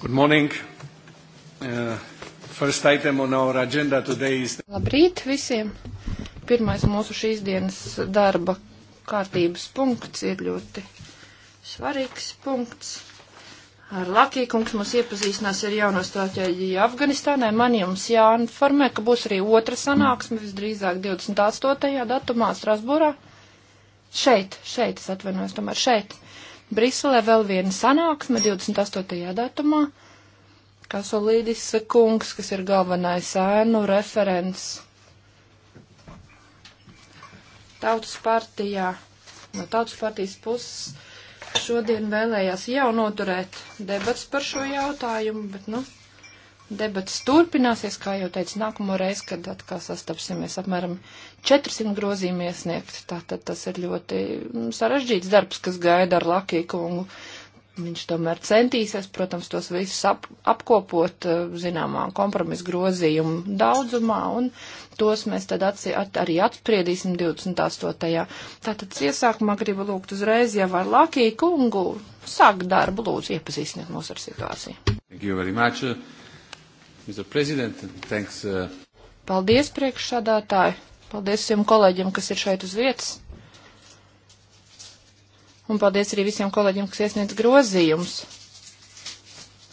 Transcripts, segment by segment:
Good morning. Uh, first item on our agenda today is... Labrīt visiem. Pirmais mūsu šīs dienas darba kārtības punkts ir ļoti svarīgs punkts. Ar Lakī kungs mums iepazīstinās ar jauno stratēģiju Afganistānai. Man jums jāinformē, ka būs arī otra sanāksme, visdrīzāk 28. datumā Strasbūrā. Šeit, šeit, es atvainojos, tomēr šeit. Briselē vēl viena sanāksme 28. datumā. Kasolīdis kungs, kas ir galvenais ēnu referents tautas partijā, no tautas partijas puses šodien vēlējās jau noturēt debats par šo jautājumu, bet, nu, Debats turpināsies, kā jau teicu, nākamo reizi, kad atkal sastapsimies apmēram 400 grozījumu iesniegt. Tātad tas ir ļoti mm, sarežģīts darbs, kas gaida ar Lakiju kungu. Viņš tomēr centīsies, protams, tos visus ap, apkopot eh, zināmā kompromisa grozījumu daudzumā, un tos mēs tad atsi, at, arī atspriedīsim 28. Tātad iesākumā gribu lūgt uzreiz jau ar Lakiju kungu. Sāk darbu, lūdzu, iepazīstiniet mūs ar situāciju. Thank you very much. Mr. President, thanks. Uh... Paldies, priekšsādātāji. Paldies visiem kolēģiem, kas ir šeit uz vietas. Un paldies arī visiem kolēģiem, kas iesniedz grozījumus.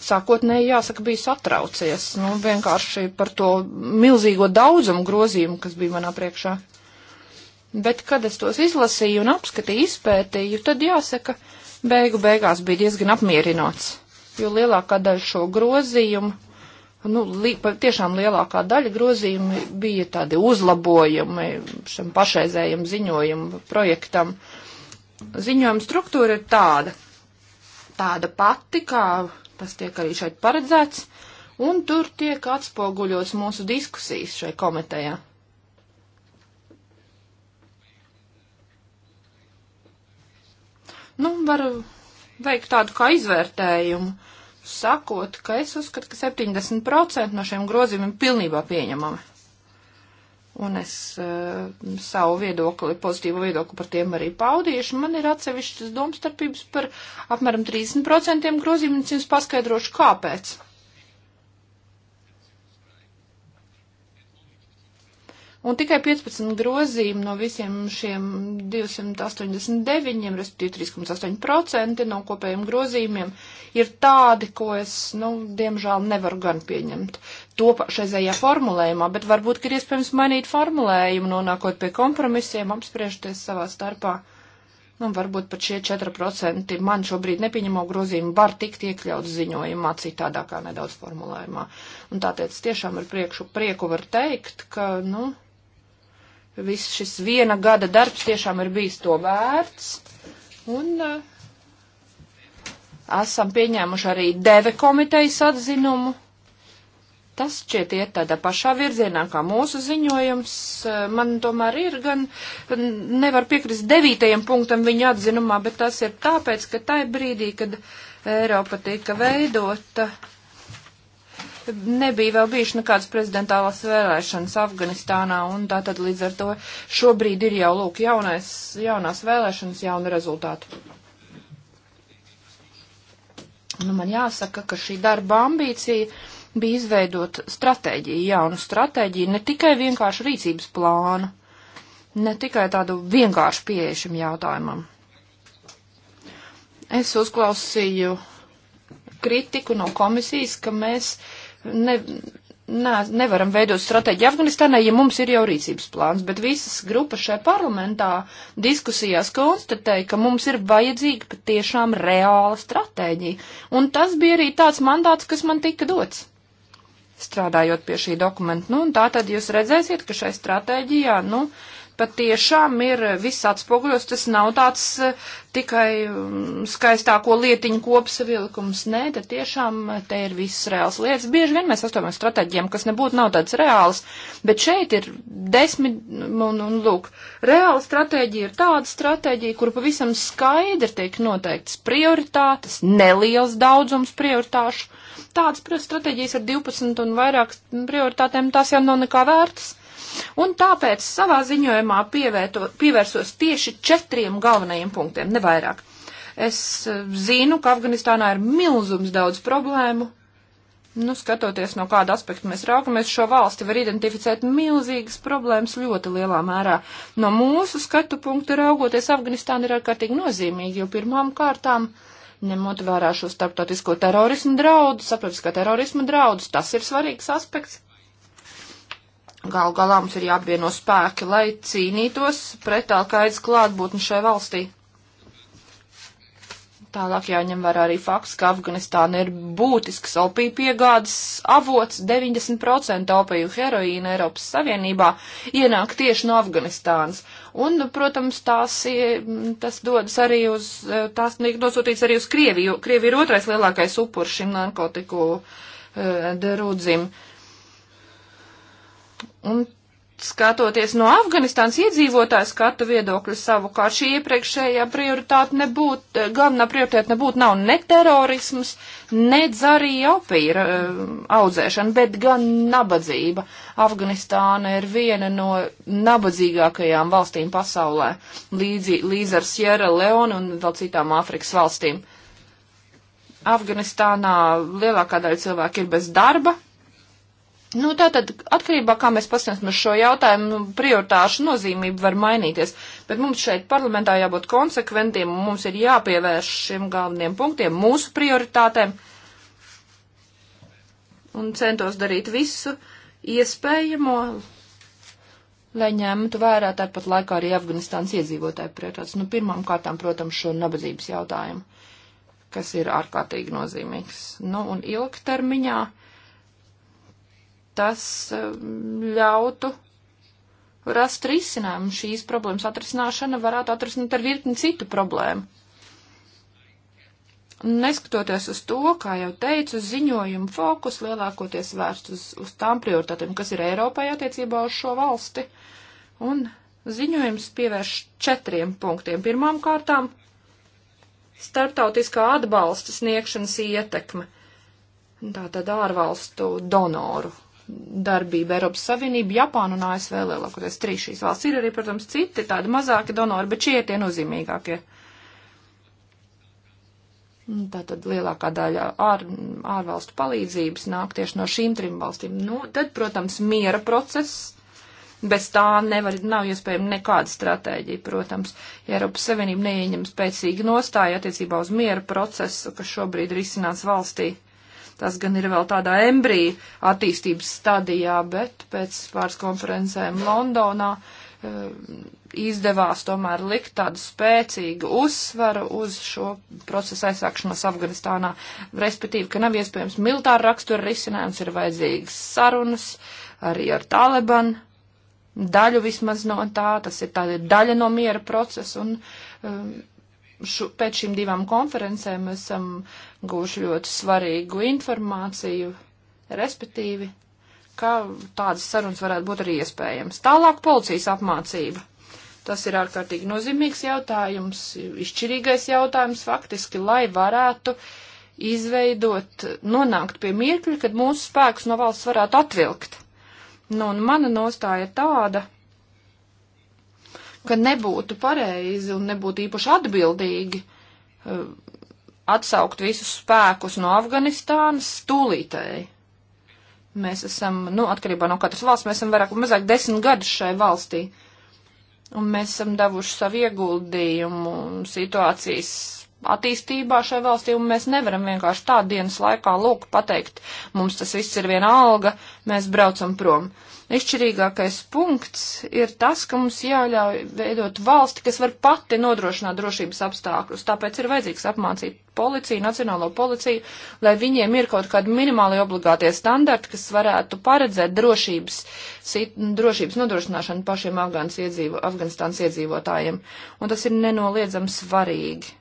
Sākotnēji, jāsaka, bija satraucies. Nu, vienkārši par to milzīgo daudzumu grozījumu, kas bija manā priekšā. Bet, kad es tos izlasīju un apskatīju, izpētīju, tad jāsaka, beigu beigās bija diezgan apmierināts. Jo lielākā daļa šo grozījumu nu, li, tiešām lielākā daļa grozījumi bija tādi uzlabojumi šim pašreizējam ziņojumu projektam. Ziņojuma struktūra ir tāda, tāda pati, kā tas tiek arī šeit paredzēts, un tur tiek atspoguļots mūsu diskusijas šai komitejā. Nu, var veikt tādu kā izvērtējumu sakot, ka es uzskatu, ka 70% no šiem grozījumiem pilnībā pieņemami. Un es uh, savu viedokli, pozitīvu viedokli par tiem arī paudīšu. Man ir atsevišķas domstarpības par apmēram 30% grozījumiem, un es paskaidrošu, kāpēc. Un tikai 15 grozījumi no visiem šiem 289, respektīvi 3,8% no kopējiem grozījumiem ir tādi, ko es, nu, diemžēl nevaru gan pieņemt to pašreizējā formulējumā, bet varbūt, ka ir iespējams mainīt formulējumu, nonākot pie kompromisiem, apspriežoties savā starpā. Nu, varbūt pat šie 4% man šobrīd nepieņemo grozījumu var tikt iekļauts ziņojumā citādākā nedaudz formulējumā. Un tātēc tiešām ar priekšu prieku var teikt, ka, nu, viss šis viena gada darbs tiešām ir bijis to vērts. Un eh, esam pieņēmuši arī deve komitejas atzinumu. Tas šķiet iet tādā pašā virzienā kā mūsu ziņojums. Eh, man tomēr ir gan, nevar piekrist devītajam punktam viņa atzinumā, bet tas ir tāpēc, ka tai brīdī, kad Eiropa tika veidota, uh, nebija vēl bijuši nekādas prezidentālās vēlēšanas Afganistānā, un tā tad līdz ar to šobrīd ir jau, lūk, jaunais, jaunās vēlēšanas, jauni rezultāti. Nu, man jāsaka, ka šī darba ambīcija bija izveidot stratēģiju, jaunu stratēģiju, ne tikai vienkārši rīcības plānu, ne tikai tādu vienkāršu pieejušam jautājumam. Es uzklausīju kritiku no komisijas, ka mēs uh, ne, ne, nevaram veidot stratēģiju Afganistānai, ja mums ir jau rīcības plāns, bet visas grupas šajā parlamentā diskusijās konstatēja, ka mums ir vajadzīga patiešām reāla stratēģija. Un tas bija arī tāds mandāts, kas man tika dots. Strādājot pie šī dokumenta, nu, un tā tad jūs redzēsiet, ka šai stratēģijā, nu, uh, patiešām ir eh, viss atspoguļos, tas nav tāds eh, tikai mm, skaistāko lietiņu kopsavilkums. Nē, te tiešām eh, te ir visas reāls lietas. Bieži vien mēs astojamies strateģiem, kas nebūtu nav tāds reāls, bet šeit ir desmit, mm, un, un lūk, reāla stratēģija ir tāda stratēģija, kur pavisam skaidri tiek noteikts prioritātes, neliels daudzums prioritāšu. Tādas stratēģijas ar 12 un vairāk prioritātēm tās jau nav nekā vērtas un tāpēc savā ziņojumā pievērto, pievērsos tieši četriem galvenajiem punktiem, nevairāk. Es eh, zinu, ka Afganistānā ir milzums daudz problēmu. Nu, skatoties no kāda aspekta mēs raugamies, šo valsti var identificēt milzīgas problēmas ļoti lielā mērā. No mūsu skatu punkta raugoties, Afganistāna ir ārkārtīgi nozīmīga, jo pirmām kārtām ņemot vērā šo starptautisko terorismu draudu, saprotas, ka terorismu draudus tas ir svarīgs aspekts. Gal galā mums ir jāapvieno spēki, lai cīnītos pret Alkaidas klātbūtni šai valstī. Tālāk jāņem vērā arī fakts, ka Afganistāna ir būtisks opiju piegādes avots. 90% opiju heroīna Eiropas Savienībā ienāk tieši no Afganistānas. Un, protams, tās, tas dodas arī uz, tās tiek nosūtīts arī uz Krieviju. Krievija ir otrais lielākais upurs šim narkotiku uh, eh, drūdzim. Uh, Un skatoties no Afganistānas iedzīvotāju skatu viedokļa savukārt, šī iepriekšējā prioritāte nebūtu, galvenā prioritāte nebūtu nav ne terorisms, ne arī opīra eh, audzēšana, bet gan nabadzība. Afganistāna ir viena no nabadzīgākajām valstīm pasaulē, līdzi, līdz ar Sierra Leone un vēl citām Āfrikas valstīm. Afganistānā lielākā daļa cilvēku ir bez darba, Nu, tātad, atkarībā kā mēs paskatāmies uz šo jautājumu, nu, prioritāšu nozīmība var mainīties, bet mums šeit parlamentā jābūt konsekventiem, un mums ir jāpievērš šiem galveniem punktiem, mūsu prioritātēm, un centos darīt visu iespējamo, lai ņemtu vērā tāpat laikā arī Afganistānas iedzīvotāju prioritātes. Nu, pirmām kārtām, protams, šo nabadzības jautājumu, kas ir ārkārtīgi nozīmīgs. Nu, un ilgtermiņā tas um, ļautu rast risinājumu. Šīs problēmas atrisināšana varētu atrisināt ar virkni citu problēmu. Neskatoties uz to, kā jau teicu, ziņojumu fokus lielākoties vērst uz, uz tām prioritātēm, kas ir Eiropai attiecībā uz šo valsti. Un ziņojums pievērš četriem punktiem. Pirmām kārtām - startautiskā atbalsta sniegšanas ietekme. Tātad ārvalstu donoru darbība Eiropas Savienība, Japāna un ASV lielākoties trīs šīs valsts. Ir arī, protams, citi tādi mazāki donori, bet šie ir tie nozīmīgākie. Tātad lielākā daļa ār, ārvalstu palīdzības nāk tieši no šīm trim valstīm. Nu, tad, protams, miera process. Bez tā nevar, nav iespējama nekāda stratēģija, protams. Ja Eiropas Savienība neieņem spēcīgi nostāju attiecībā uz miera procesu, kas šobrīd ir izcināts valstī, Tas gan ir vēl tādā embrija attīstības stadijā, bet pēc pāris konferencēm Londonā eh, izdevās tomēr likt tādu spēcīgu uzsvaru uz šo procesu aizsākšanos Afganistānā, respektīvi, ka nav iespējams militāra rakstura risinājums, ir vajadzīgas sarunas arī ar Taliban, daļu vismaz no tā, tas ir tāda daļa no miera procesa, un um, šu, pēc šīm divām konferencēm esam gūši ļoti svarīgu informāciju, respektīvi, ka tādas sarunas varētu būt arī iespējams. Tālāk policijas apmācība. Tas ir ārkārtīgi nozīmīgs jautājums, izšķirīgais jautājums faktiski, lai varētu izveidot, nonākt pie mirkļa, kad mūsu spēkus no valsts varētu atvilkt. Nu, un mana nostāja ir tāda, ka nebūtu pareizi un nebūtu īpaši atbildīgi eh, atsaukt visus spēkus no Afganistānas stūlītēji. Mēs esam, nu, atkarībā no katras valsts, mēs esam vairāk vai mazāk desmit gadus šai valstī. Un mēs esam devuši savu ieguldījumu situācijas attīstībā šai valstī, un mēs nevaram vienkārši tā dienas laikā lūk pateikt, mums tas viss ir viena alga, mēs braucam prom. Uh, Izšķirīgākais punkts ir tas, ka mums jāļauj veidot valsti, kas var pati nodrošināt drošības apstākļus. Tāpēc ir vajadzīgs apmācīt policiju, nacionālo policiju, lai viņiem ir kaut kādi minimāli obligātie standarti, kas varētu paredzēt drošības, drošības nodrošināšanu pašiem iedzīvo, Afganistānas iedzīvotājiem. Un tas ir nenoliedzami svarīgi.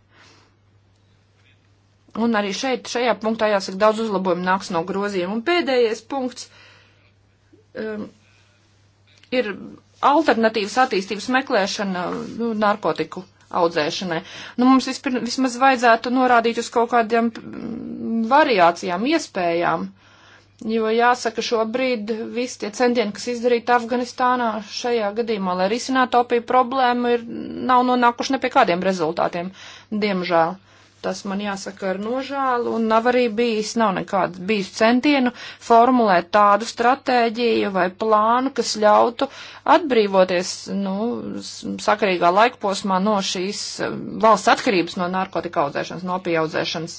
Un arī šeit, šajā punktā jāsaka, daudz uzlabojumu nāks no grozījuma. Un pēdējais punkts um, ir alternatīvas attīstības meklēšana nu, narkotiku audzēšanai. Nu, mums vispir, vismaz vajadzētu norādīt uz kaut kādiem mm, variācijām, iespējām, jo jāsaka šobrīd visi tie centieni, kas izdarīti Afganistānā šajā gadījumā, lai risinātu opiju problēmu, ir, nav nonākuši ne pie kādiem rezultātiem, diemžēl. Tas man jāsaka ar nožēlu, un nav arī bijis, nav nekāds bijis centienu formulēt tādu stratēģiju vai plānu, kas ļautu atbrīvoties, nu, sakarīgā laikposmā no šīs um, valsts atkarības no narkotika audzēšanas, no pieaudzēšanas.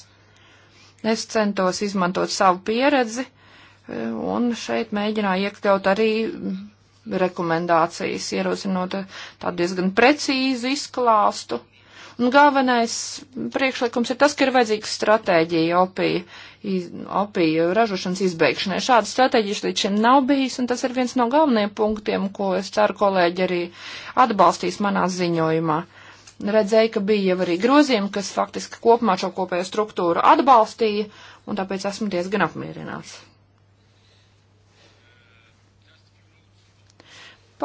Es centos izmantot savu pieredzi, uh, un šeit mēģināju iekļaut arī um, rekomendācijas, ierosinot uh, tādu diezgan precīzu izklāstu Un galvenais priekšlikums ir tas, ka ir vajadzīga stratēģija opija, opija ražošanas izbeigšanai. Šāda stratēģija līdz šim nav bijis, un tas ir viens no galvenajiem punktiem, ko es ceru kolēģi arī atbalstīs manā ziņojumā. Redzēju, ka bija jau arī grozījumi, kas faktiski kopumā šo kopējo struktūru atbalstīja, un tāpēc esmu diezgan apmierināts.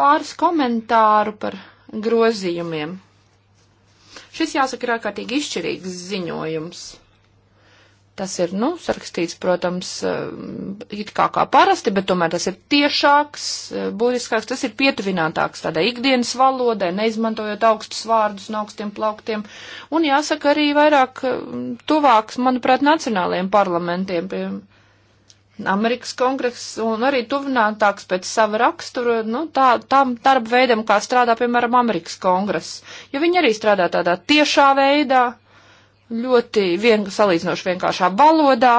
Pāris komentāru par grozījumiem. Šis jāsaka ir ārkārtīgi izšķirīgs ziņojums. Tas ir, nu, sarakstīts, protams, eh, it kā kā parasti, bet tomēr tas ir tiešāks, eh, būtiskāks, tas ir pietuvinātāks tādai ikdienas valodai, neizmantojot augstus vārdus un augstiem plauktiem. Un jāsaka arī vairāk eh, tuvāks, manuprāt, nacionālajiem parlamentiem, piemēram Amerikas kongress un arī tuvinātāks pēc sava rakstura, nu, tā, tam darba veidam, kā strādā, piemēram, Amerikas kongress. Jo viņi arī strādā tādā tiešā veidā, ļoti vien, salīdzinoši vienkāršā valodā,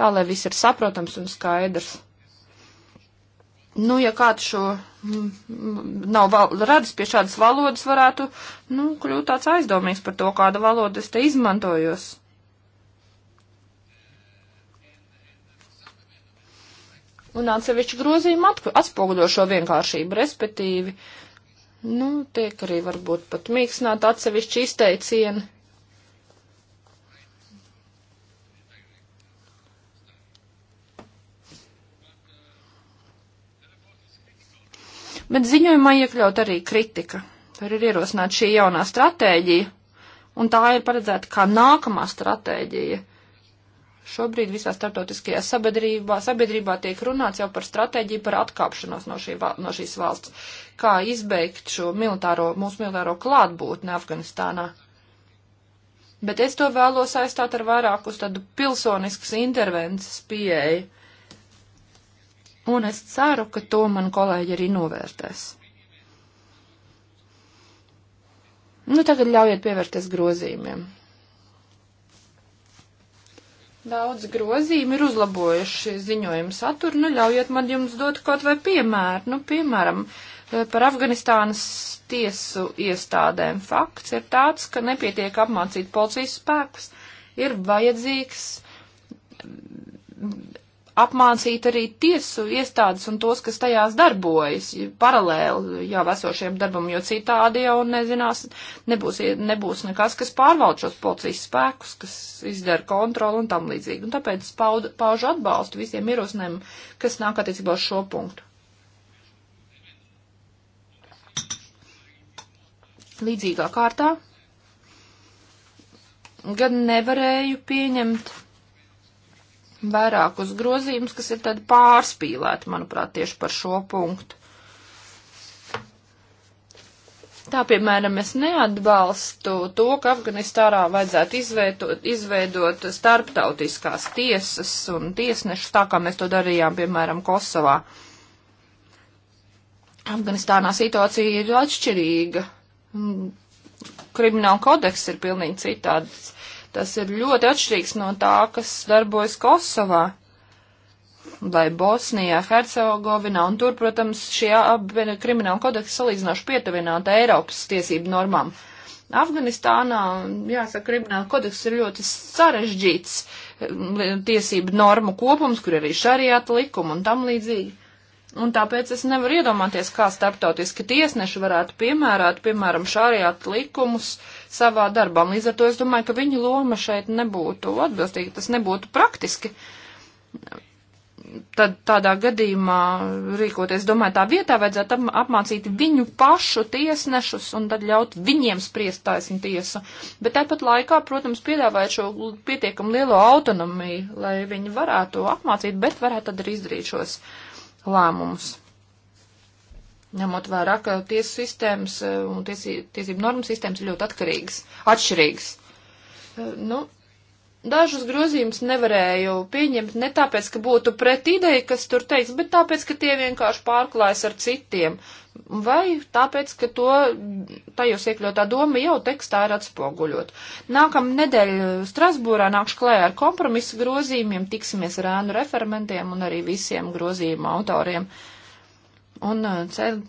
tā, lai viss ir saprotams un skaidrs. Nu, ja kāds šo mm, mm, nav val, radis pie šādas valodas, varētu, nu, kļūt tāds aizdomīgs par to, kāda valoda es te izmantojos. un atsevišķi grozījumi atspoguļo šo vienkāršību, respektīvi, nu, tiek arī varbūt pat mīkstināt atsevišķi izteicieni. Bet ziņojumā iekļaut arī kritika. Tur ir ierosināta šī jaunā stratēģija, un tā ir paredzēta kā nākamā stratēģija Šobrīd visā starptautiskajā sabiedrībā, sabiedrībā tiek runāts jau par stratēģiju par atkāpšanos no, šī, no šīs valsts. Kā izbeigt šo militāro, mūsu militāro klātbūtni Afganistānā? Bet es to vēlos aizstāt ar vairāk uz tādu pilsoniskas intervences pieeju. Un es ceru, ka to man kolēģi arī novērtēs. Nu, tagad ļaujiet pievērties grozījumiem. Daudz grozījumi ir uzlabojuši ziņojumu saturu, nu ļaujiet man jums dot kaut vai piemēru, nu piemēram, eh, par Afganistānas tiesu iestādēm. Fakts ir tāds, ka nepietiek apmācīt policijas spēkus, ir vajadzīgs apmācīt arī tiesu iestādes un tos, kas tajās darbojas, paralēli jau esošiem darbam, jo citādi jau nezinās, nebūs, nebūs nekas, kas pārvalda šos policijas spēkus, kas izdara kontroli un tam līdzīgi. Un tāpēc paud, paužu atbalstu visiem ierosinājumiem, kas nāk attiecībā uz šo punktu. Līdzīgā kārtā gan nevarēju pieņemt vairākus grozījumus, kas ir tādi pārspīlēti, manuprāt, tieši par šo punktu. Tā, piemēram, es neatbalstu to, ka Afganistānā vajadzētu izveidot, izveidot starptautiskās tiesas un tiesnešus, tā kā mēs to darījām, piemēram, Kosovā. Afganistānā situācija ir atšķirīga. Mm, Krimināla kodeks ir pilnīgi citāds Tas ir ļoti atšķirīgs no tā, kas darbojas Kosovā vai Bosnijā, Hercegovinā, un tur, protams, šie abi krimināla kodeksi salīdzinoši pietuvināti Eiropas tiesību normām. Afganistānā, jāsaka, krimināla kodeks ir ļoti sarežģīts mm, tiesību normu kopums, kur arī šariāta likuma un tam līdzīgi. Un tāpēc es nevaru iedomāties, kā starptautiski tiesneši varētu piemērāt, piemēram, šārijāt likumus savā darbā. Līdz ar to es domāju, ka viņa loma šeit nebūtu atbilstīga, tas nebūtu praktiski. Tad tādā gadījumā rīkoties, domāju, tā vietā vajadzētu apmācīt viņu pašu tiesnešus un tad ļaut viņiem spriest taisnu tiesu. Bet tāpat laikā, protams, piedāvājot šo pietiekam lielo autonomiju, lai viņi varētu apmācīt, bet varētu tad arī izdarīt šos uh, lēmumus. Ņemot vērā, ka tiesu sistēmas eh, un tiesi, tiesību normu sistēmas ir ļoti atkarīgas, atšķirīgas. Eh, nu, Dažus grozījumus nevarēju pieņemt ne tāpēc, ka būtu pret ideju, kas tur teiks, bet tāpēc, ka tie vienkārši pārklājas ar citiem. Vai tāpēc, ka to tajos iekļautā doma jau tekstā ir atspoguļot. Nākam nedēļ Strasbūrā nākšu klējā ar kompromisu grozījumiem, tiksimies ar ēnu referentiem un arī visiem grozījumu autoriem. Uh, un uh,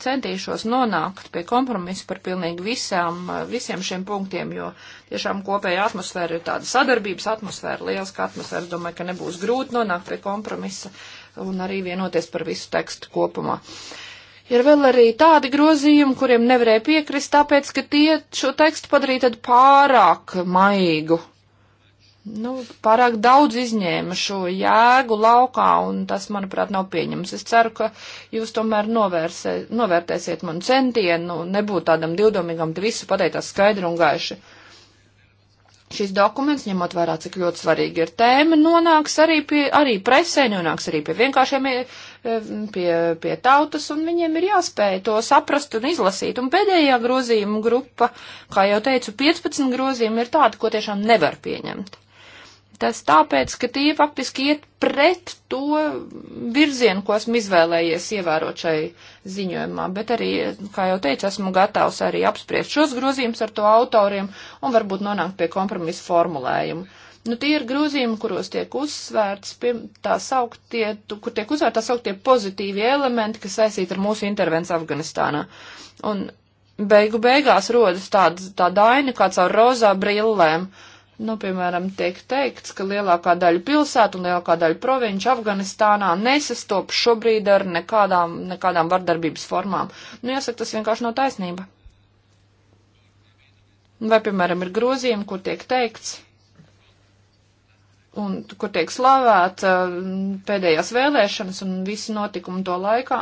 centīšos nonākt pie kompromisa par pilnīgi visām, uh, visiem šiem punktiem, jo tiešām kopēja atmosfēra ir tāda sadarbības atmosfēra, lieliska atmosfēra. Domāju, ka nebūs grūti nonākt pie kompromisa un arī vienoties par visu tekstu kopumā. Ir vēl arī tādi grozījumi, kuriem nevarēja piekrist, tāpēc, ka tie šo tekstu padarīja tad pārāk maigu, nu, pārāk daudz izņēma šo jēgu laukā, un tas, manuprāt, nav pieņems. Es ceru, ka jūs tomēr novērsē, novērtēsiet manu centienu, nebūt tādam divdomīgam, te visu pateicās skaidri un gaiši. Šis dokuments, ņemot vērā, cik ļoti svarīgi ir tēma, nonāks arī, pie, arī presē, nonāks arī pie vienkāršiem, e, e, pie, pie tautas, un viņiem ir jāspēj to saprast un izlasīt. Un pēdējā grozījuma grupa, kā jau teicu, 15 grozījumi ir tādi, ko tiešām nevar pieņemt. Tas tāpēc, ka tie faktiski iet pret to virzienu, ko esmu izvēlējies ievērot šai ziņojumā, bet arī, kā jau teicu, esmu gatavs arī apspriest šos grozījumus ar to autoriem un varbūt nonākt pie kompromisa formulējumu. Nu, tie ir grozījumi, kuros tiek uzsvērts, pie, tā sauktie, kur tiek uzsvērts tā sauktie pozitīvie elementi, kas saistīti ar mūsu intervenciju Afganistānā. Un beigu beigās rodas tāda, tāda aina kā caur rozā brillēm. Uh, Nu, piemēram, tiek teikts, ka lielākā daļa pilsētu un lielākā daļa provinču Afganistānā nesastop šobrīd ar nekādām, nekādām vardarbības formām. Nu, jāsaka, tas vienkārši nav taisnība. Vai, piemēram, ir grozījumi, kur tiek teikts, un kur tiek slavēta mm, pēdējās vēlēšanas un visi notikumi to laikā,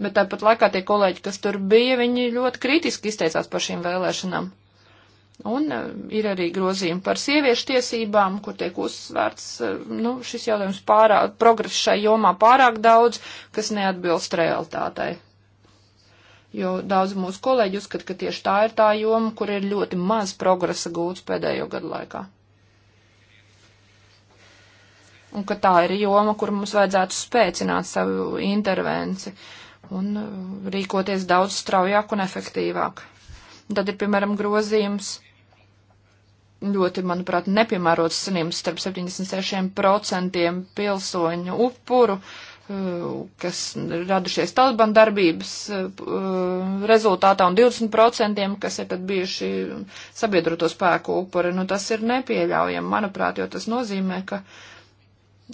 bet tāpat laikā tie kolēģi, kas tur bija, viņi ļoti kritiski izteicās par šīm vēlēšanām. Un eh, ir arī grozījumi par sieviešu tiesībām, kur tiek uzsvērts, eh, nu, šis jautājums pārāk, progress šai jomā pārāk daudz, kas neatbilst realitātei. Jo daudz mūsu kolēģi uzskata, ka tieši tā ir tā joma, kur ir ļoti maz progresa gūts pēdējo gadu laikā. Un ka tā ir joma, kur mums vajadzētu spēcināt savu intervenci un eh, rīkoties daudz straujāk un efektīvāk. Un tad ir, piemēram, grozījums ļoti, manuprāt, nepiemērots sanījums starp 76% pilsoņu upuru, uh, kas radušies Taliban darbības uh, rezultātā un 20%, kas ir tad bijuši sabiedroto spēku upuri. Nu, tas ir nepieļaujami, manuprāt, jo tas nozīmē, ka,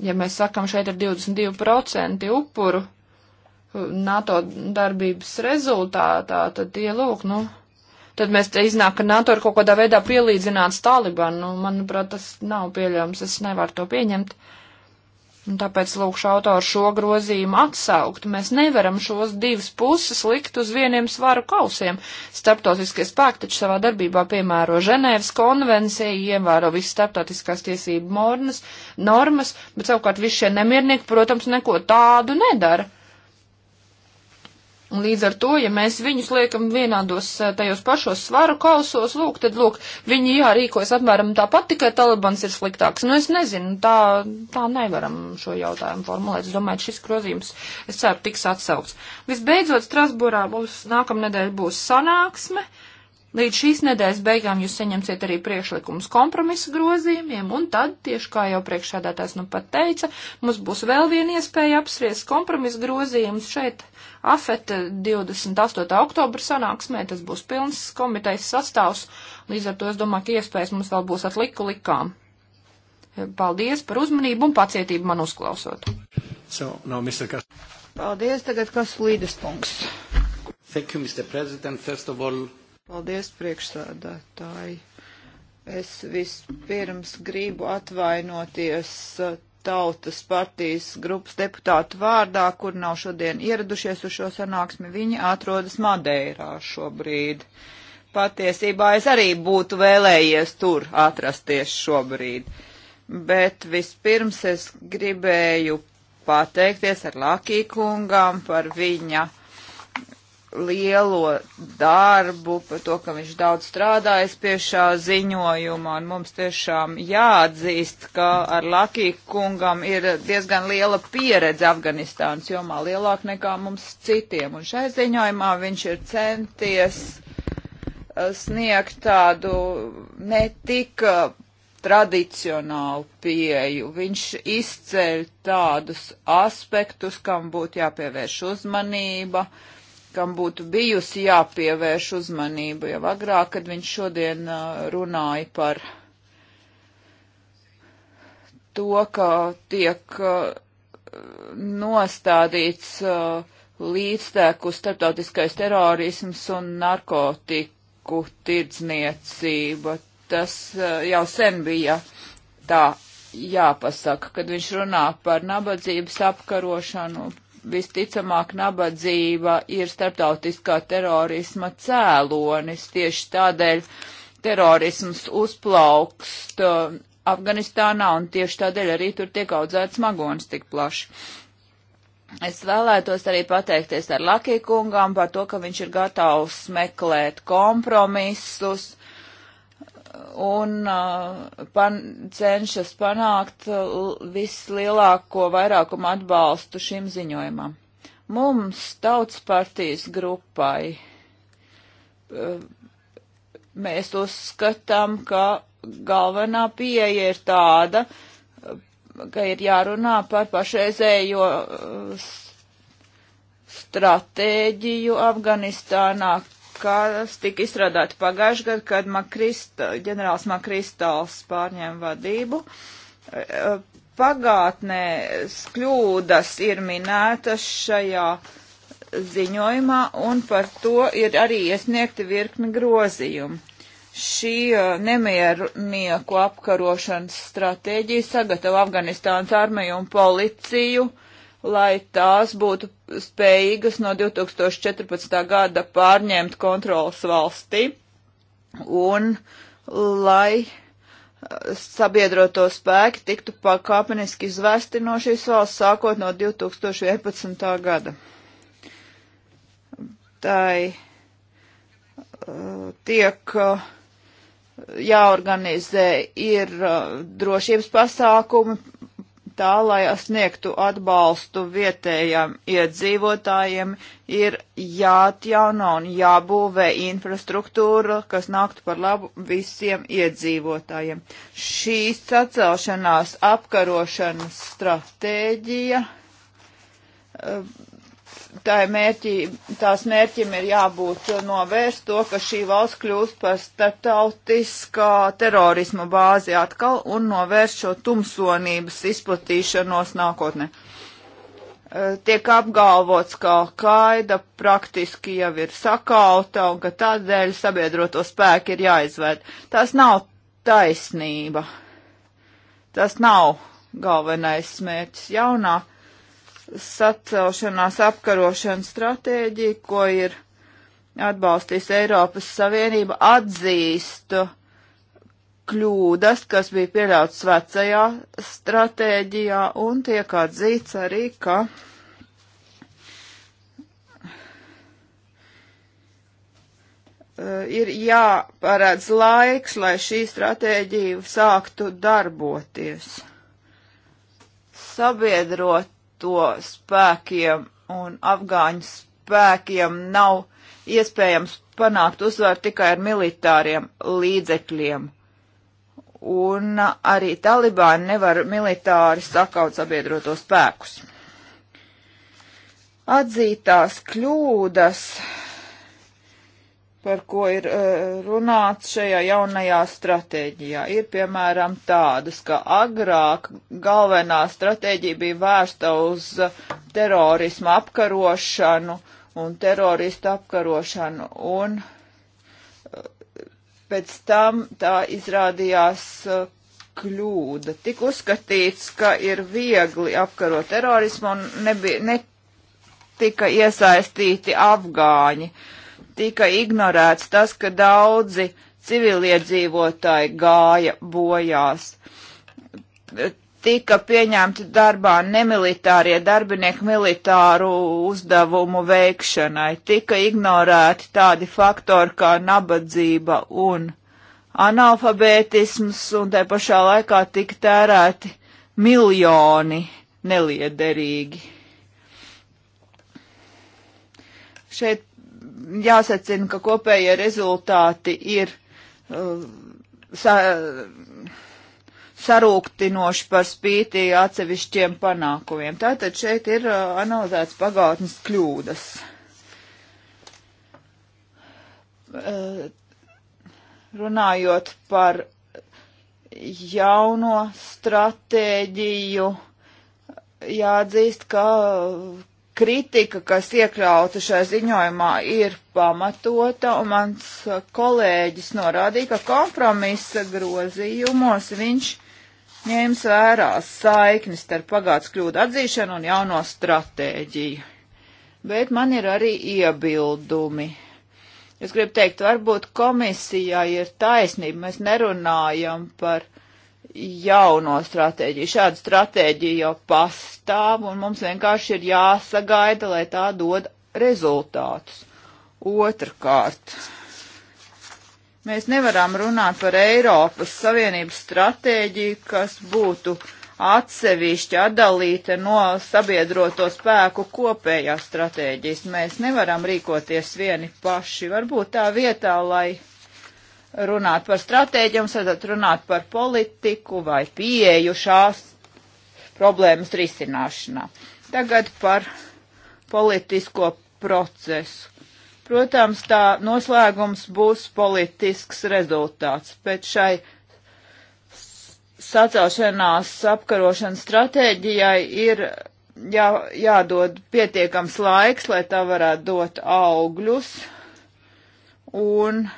ja mēs sakam, šeit ir 22% upuru uh, NATO darbības rezultātā, tad tie lūk, nu tad mēs te iznāk, ka NATO ir kaut kādā veidā pielīdzināts Talibanu. Nu, manuprāt, tas nav pieļams, es nevaru to pieņemt. Un tāpēc lūkšu autoru šo grozījumu atsaukt. Mēs nevaram šos divas puses likt uz vieniem svaru kausiem. Starptautiskie spēki taču savā darbībā piemēro Ženēvas konvenciju, ievēro visas starptautiskās tiesību mornas, normas, bet savukārt visi šie nemiernieki, protams, neko tādu nedara. Un līdz ar to, ja mēs viņus liekam vienādos eh, tajos pašos svaru kausos, lūk, tad, lūk, viņi jārīkojas apmēram tāpat, tikai talibans ir sliktāks. Nu, es nezinu, tā, tā nevaram šo jautājumu formulēt. Es domāju, šis grozījums, es ceru, tiks atsaukts. Visbeidzot, Strasburā būs, nākamnedēļ būs sanāksme. Līdz šīs nedēļas beigām jūs saņemsiet arī priekšlikumus kompromisa grozījumiem, un tad, tieši kā jau priekšādātājs nu pat teica, mums būs vēl viena iespēja apspriest kompromisa grozījumus šeit AFET 28. Eh, oktobra sanāksmē, tas būs pilns komitejas sastāvs, līdz ar to es domāju, ka iespējas mums vēl būs atliku likām. Eh, paldies par uzmanību un pacietību man uzklausot. So, no, Paldies, tagad kas līdes punkts. Thank you, Mr. President, first of all. Paldies, priekšsādātāji. Es vispirms gribu atvainoties eh, tautas partijas grupas deputātu vārdā, kur nav šodien ieradušies uz šo sanāksmi. Viņi atrodas Madeirā šobrīd. Patiesībā es arī būtu vēlējies tur atrasties šobrīd. Bet vispirms es gribēju pateikties ar Lakī kungām par viņa lielo darbu, par to, ka viņš daudz strādājis pie šā ziņojuma, un mums tiešām jāatzīst, ka ar Lakī kungam ir diezgan liela pieredze Afganistānas jomā, lielāka nekā mums citiem, un šai ziņojumā viņš ir centies eh, sniegt tādu netika eh, tradicionālu pieju. Viņš izceļ tādus aspektus, kam būtu jāpievērš uzmanība, uh, kam būtu bijusi jāpievērš uzmanība jau agrāk, kad viņš šodien runāja par to, ka tiek nostādīts līdztēku starptautiskais terorisms un narkotiku tirdzniecība. Tas jau sen bija tā jāpasaka, kad viņš runā par nabadzības apkarošanu, visticamāk nabadzība ir starptautiskā terorisma cēlonis. Tieši tādēļ terorisms uzplaukst uh, Afganistānā un tieši tādēļ arī tur tiek audzēts magonis tik plaši. Es vēlētos arī pateikties ar Lakī kungām par to, ka viņš ir gatavs meklēt kompromisus, uh, un pan, cenšas panākt vislielāko vairākumu atbalstu šim ziņojumam. Mums tautas partijas grupai mēs uzskatām, ka galvenā pieeja ir tāda, ka ir jārunā par pašreizējo stratēģiju Afganistānā, kas tika izstrādāti pagājuši gadu, kad Makrista, ģenerāls Makristāls pārņēma vadību. E, pagātnē kļūdas ir minētas šajā ziņojumā, un par to ir arī iesniegti virkni grozījumi. Šī e, nemiernieku apkarošanas stratēģija sagatavo Afganistānas armiju un policiju uh, lai tās būtu spējīgas no 2014. gada pārņemt kontrolas valstī un lai eh, sabiedroto spēki tiktu pakāpeniski izvesti no šīs valsts sākot no 2011. gada. Tai eh, tiek eh, jāorganizē ir drošības pasākumi, tā, lai sniegtu atbalstu vietējiem iedzīvotājiem, ir jāatjauno un jābūvē infrastruktūra, kas nāktu par labu visiem iedzīvotājiem. Šī sacelšanās apkarošanas stratēģija eh, tā mērķi, tās mērķim ir jābūt novērst to, ka šī valsts kļūst par starptautiskā terorisma bāzi atkal un novērst šo tumsonības izplatīšanos nākotnē. E, tiek apgalvots, ka kaida praktiski jau ir sakauta un ka tādēļ sabiedroto spēku ir jāizvērt. Tas nav taisnība. Tas nav galvenais smērķis jaunā sacelšanās apkarošanas stratēģija, ko ir atbalstījis Eiropas Savienība, atzīst kļūdas, kas bija pieļautas vecajā stratēģijā, un tiek atzīts arī, ka ir jāparedz laiks, lai šī stratēģija sāktu darboties. Sabiedrot to spēkiem un afgāņu spēkiem nav iespējams panākt uzvaru tikai ar militāriem līdzekļiem. Un arī talibāni nevar militāri sakaut sabiedroto spēkus. Atzītās kļūdas par ko ir e, runāts šajā jaunajā stratēģijā. Ir piemēram tādas, ka agrāk galvenā stratēģija bija vērsta uz e, terorismu apkarošanu un teroristu apkarošanu, un e, pēc tam tā izrādījās kļūda. Tik uzskatīts, ka ir viegli apkarot terorismu un nebija, netika iesaistīti afgāņi. Uh, tika ignorēts tas, ka daudzi civiliedzīvotāji gāja bojās. Tika pieņemti darbā nemilitārie darbinieki militāru uzdevumu veikšanai, tika ignorēti tādi faktori kā nabadzība un analfabētisms, un te pašā laikā tika tērēti miljoni neliederīgi. Šeit jāsacina, ka kopējie rezultāti ir uh, sa, sarūktinoši par spītī atsevišķiem panākumiem. Tātad šeit ir uh, analizēts pagātnes kļūdas. Uh, runājot par jauno stratēģiju, jāatzīst, ka kritika, kas iekļauta šajā ziņojumā, ir pamatota, un mans kolēģis norādīja, ka kompromisa grozījumos viņš ņēma vērā saiknis starp pagātnes kļūdu atzīšanu un jauno stratēģiju. Bet man ir arī iebildumi. Es gribu teikt, varbūt komisijā ir taisnība, mēs nerunājam par jauno stratēģiju. Šāda stratēģija jau pastāv, un mums vienkārši ir jāsagaida, lai tā dod rezultātus. Otrakārt, mēs nevaram runāt par Eiropas Savienības stratēģiju, kas būtu atsevišķi atdalīta no sabiedroto spēku kopējās stratēģijas. Mēs nevaram rīkoties vieni paši. Varbūt tā vietā, lai runāt par stratēģiem, sadat runāt par politiku vai pieeju šās problēmas risināšanā. Tagad par politisko procesu. Protams, tā noslēgums būs politisks rezultāts, bet šai sacelšanās apkarošanas stratēģijai ir jā, jādod pietiekams laiks, lai tā varētu dot augļus. Un uh,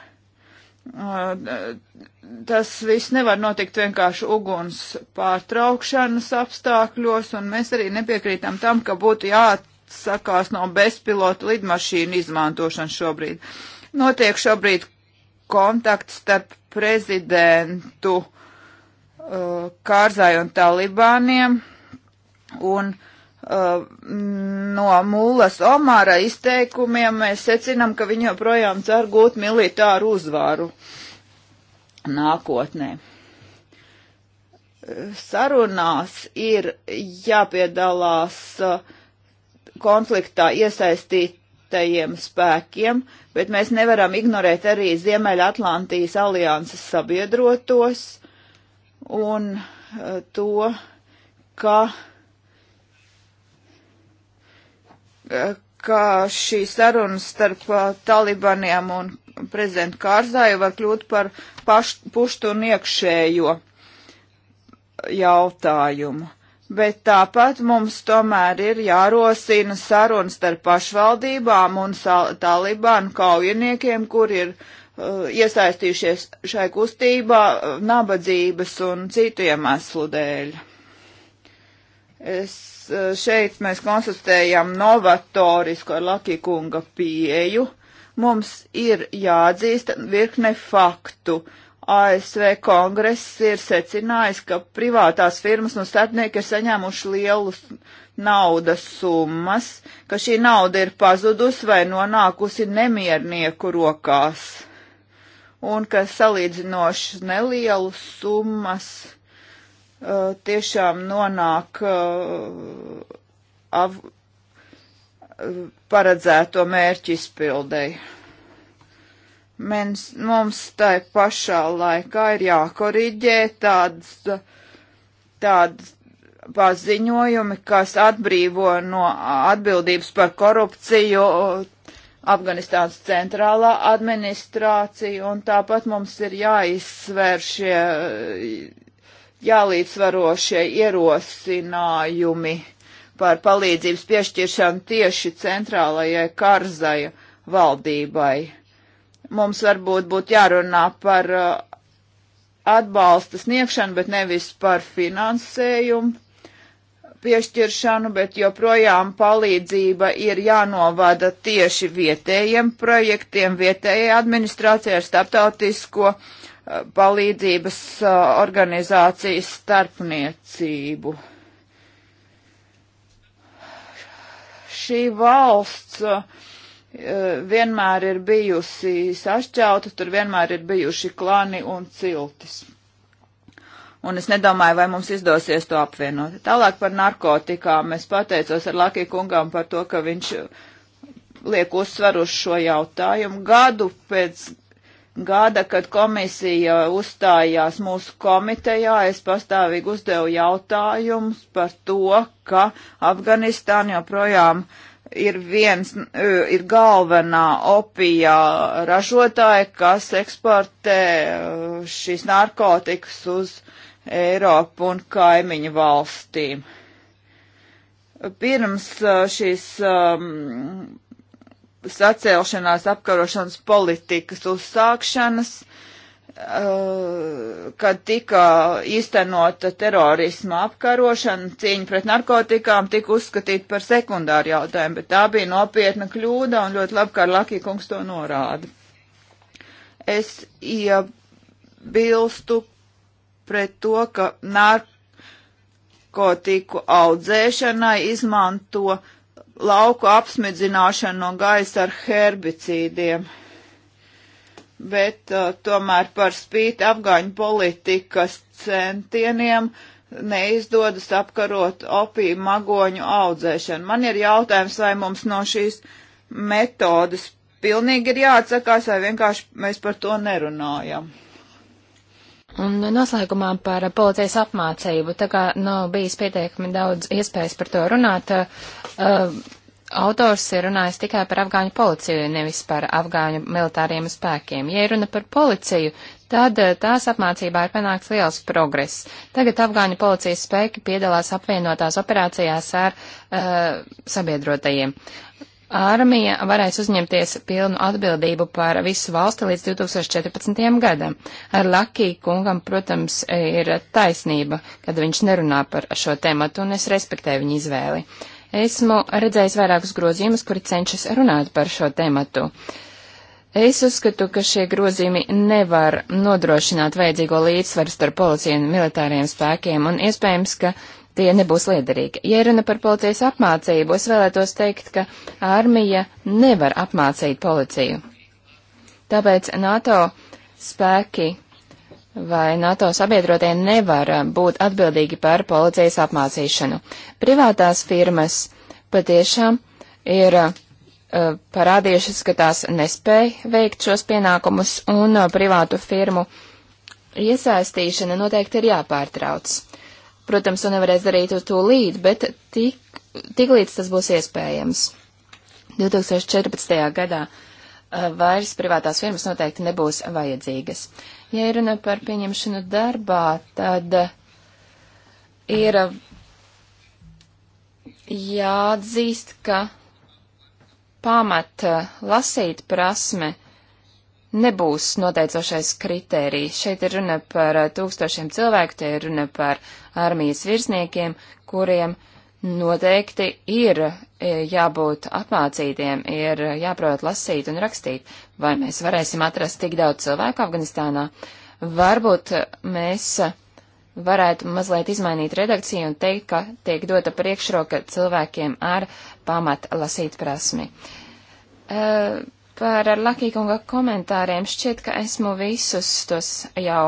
Tas viss nevar notikt vienkārši uguns pārtraukšanas apstākļos, un mēs arī nepiekrītam tam, ka būtu jāatsakās no bezpilota lidmašīnu izmantošanas šobrīd. Notiek šobrīd kontakts starp prezidentu uh, Kārzai un Talibāniem, un uh, Uh, no Mullas Omāra izteikumiem mēs secinām, ka viņi joprojām cer gūt militāru uzvaru nākotnē. Sarunās ir jāpiedalās uh, konfliktā iesaistītajiem spēkiem, bet mēs nevaram ignorēt arī Ziemeļatlantijas alianses sabiedrotos un uh, to, ka uh, ka šīs sarunas starp uh, talibaniem un prezidentu Kārzāju var kļūt par pašt, puštu un iekšējo jautājumu. Bet tāpat mums tomēr ir jārosina sarunas starp pašvaldībām un talibānu kaujiniekiem, kur ir uh, iesaistījušies šai kustībā uh, nabadzības un citu iemeslu dēļ. Es Eh, šeit mēs konstatējam novatorisku ar Lakikunga pieeju. Mums ir jāatzīst virkne faktu. ASV kongress ir secinājis, ka privātās firmas un starpnieki ir saņēmuši lielus naudas summas, ka šī nauda ir pazudusi vai nonākusi nemiernieku rokās, un ka salīdzinoši nelielas summas Eh, tiešām nonāk eh, av, eh, paredzēto mērķu izpildēji. Mens, mums tai pašā laikā ir jākoriģē tāds, tāds paziņojumi, kas atbrīvo no atbildības par korupciju Afganistānas centrālā administrācija, un tāpat mums ir jāizsver šie jālīdzvaro šie ierosinājumi par palīdzības piešķiršanu tieši centrālajai Karzaja valdībai. Mums varbūt būtu jārunā par uh, atbalsta sniegšanu, bet nevis par finansējumu piešķiršanu, bet joprojām palīdzība ir jānovada tieši vietējiem projektiem, vietējai administrācijai ar starptautisko uh, palīdzības uh, organizācijas starpniecību. Šī valsts uh, vienmēr ir bijusi sašķauta, tur vienmēr ir bijuši klani un ciltis. Un es nedomāju, vai mums izdosies to apvienot. Tālāk par narkotikām. Es pateicos ar Lakī kungam par to, ka viņš liek uzsvaru uz šo jautājumu. Gadu pēc gada, kad komisija uzstājās mūsu komitejā, es pastāvīgi uzdevu jautājumus par to, ka Afganistāna joprojām ir viens, e, ir galvenā opijā ražotāja, kas eksportē e, šīs narkotikas uz Eiropu un kaimiņu valstīm. Pirms e, šīs um, sacēlšanās apkarošanas politikas uzsākšanas, uh, kad tika īstenota terorisma apkarošana, cīņa pret narkotikām tika uzskatīta par sekundāru jautājumu, bet tā bija nopietna kļūda un ļoti labi, kā Lakija kungs to norāda. Es iebilstu pret to, ka narkotiku audzēšanai izmanto uh, lauku apsmidzināšanu no gaisa ar herbicīdiem. Bet uh, tomēr par spīti afgāņu politikas centieniem neizdodas apkarot opiju magoņu audzēšanu. Man ir jautājums, vai mums no šīs metodas pilnīgi ir jāatsakās, vai vienkārši mēs par to nerunājam. Un noslēgumā par policijas apmācību. Tā kā nav nu, bijis pietiekami daudz iespējas par to runāt, uh, autors ir runājis tikai par afgāņu policiju, nevis par afgāņu militāriem spēkiem. Ja runa par policiju, tad uh, tās apmācībā ir panākts liels progress. Tagad afgāņu policijas spēki piedalās apvienotās operācijās ar uh, sabiedrotajiem. Armija varēs uzņemties pilnu atbildību par visu valsti līdz 2014. gadam. Ar Lakī kungam, protams, ir taisnība, kad viņš nerunā par šo tēmatu, un es respektēju viņa izvēli. Esmu redzējis vairākus grozījumus, kuri cenšas runāt par šo tēmatu. Es uzskatu, ka šie grozījumi nevar nodrošināt vajadzīgo līdzsvaru starp policiju un militāriem spēkiem, un iespējams, ka tie nebūs liederīgi. Ja runa par policijas apmācību, es vēlētos teikt, ka armija nevar apmācīt policiju. Tāpēc NATO spēki vai NATO sabiedrotie nevar būt atbildīgi par policijas apmācīšanu. Privātās firmas patiešām ir uh, parādījušas, ka tās nespēja veikt šos pienākumus, un uh, privātu firmu iesaistīšana noteikti ir jāpārtrauc. Protams, to nevarēs darīt uz to līdz, bet tik, tik līdz tas būs iespējams. 2014. gadā uh, vairs privātās firmas noteikti nebūs vajadzīgas. Ja runa par pieņemšanu darbā, tad ir jāatzīst, ka pamat uh, lasīt prasme nebūs noteicošais kritērijs. Šeit ir runa par uh, tūkstošiem cilvēku, te ir runa par armijas virsniekiem, kuriem noteikti ir e, jābūt apmācītiem, ir e, jāprot lasīt un rakstīt. Vai mēs varēsim atrast tik daudz cilvēku Afganistānā? Varbūt e, mēs varētu mazliet izmainīt redakciju un teikt, ka tiek dota priekšroka cilvēkiem ar pamat lasīt prasmi. Uh, Par Lakīkunga komentāriem šķiet, ka esmu visus tos jau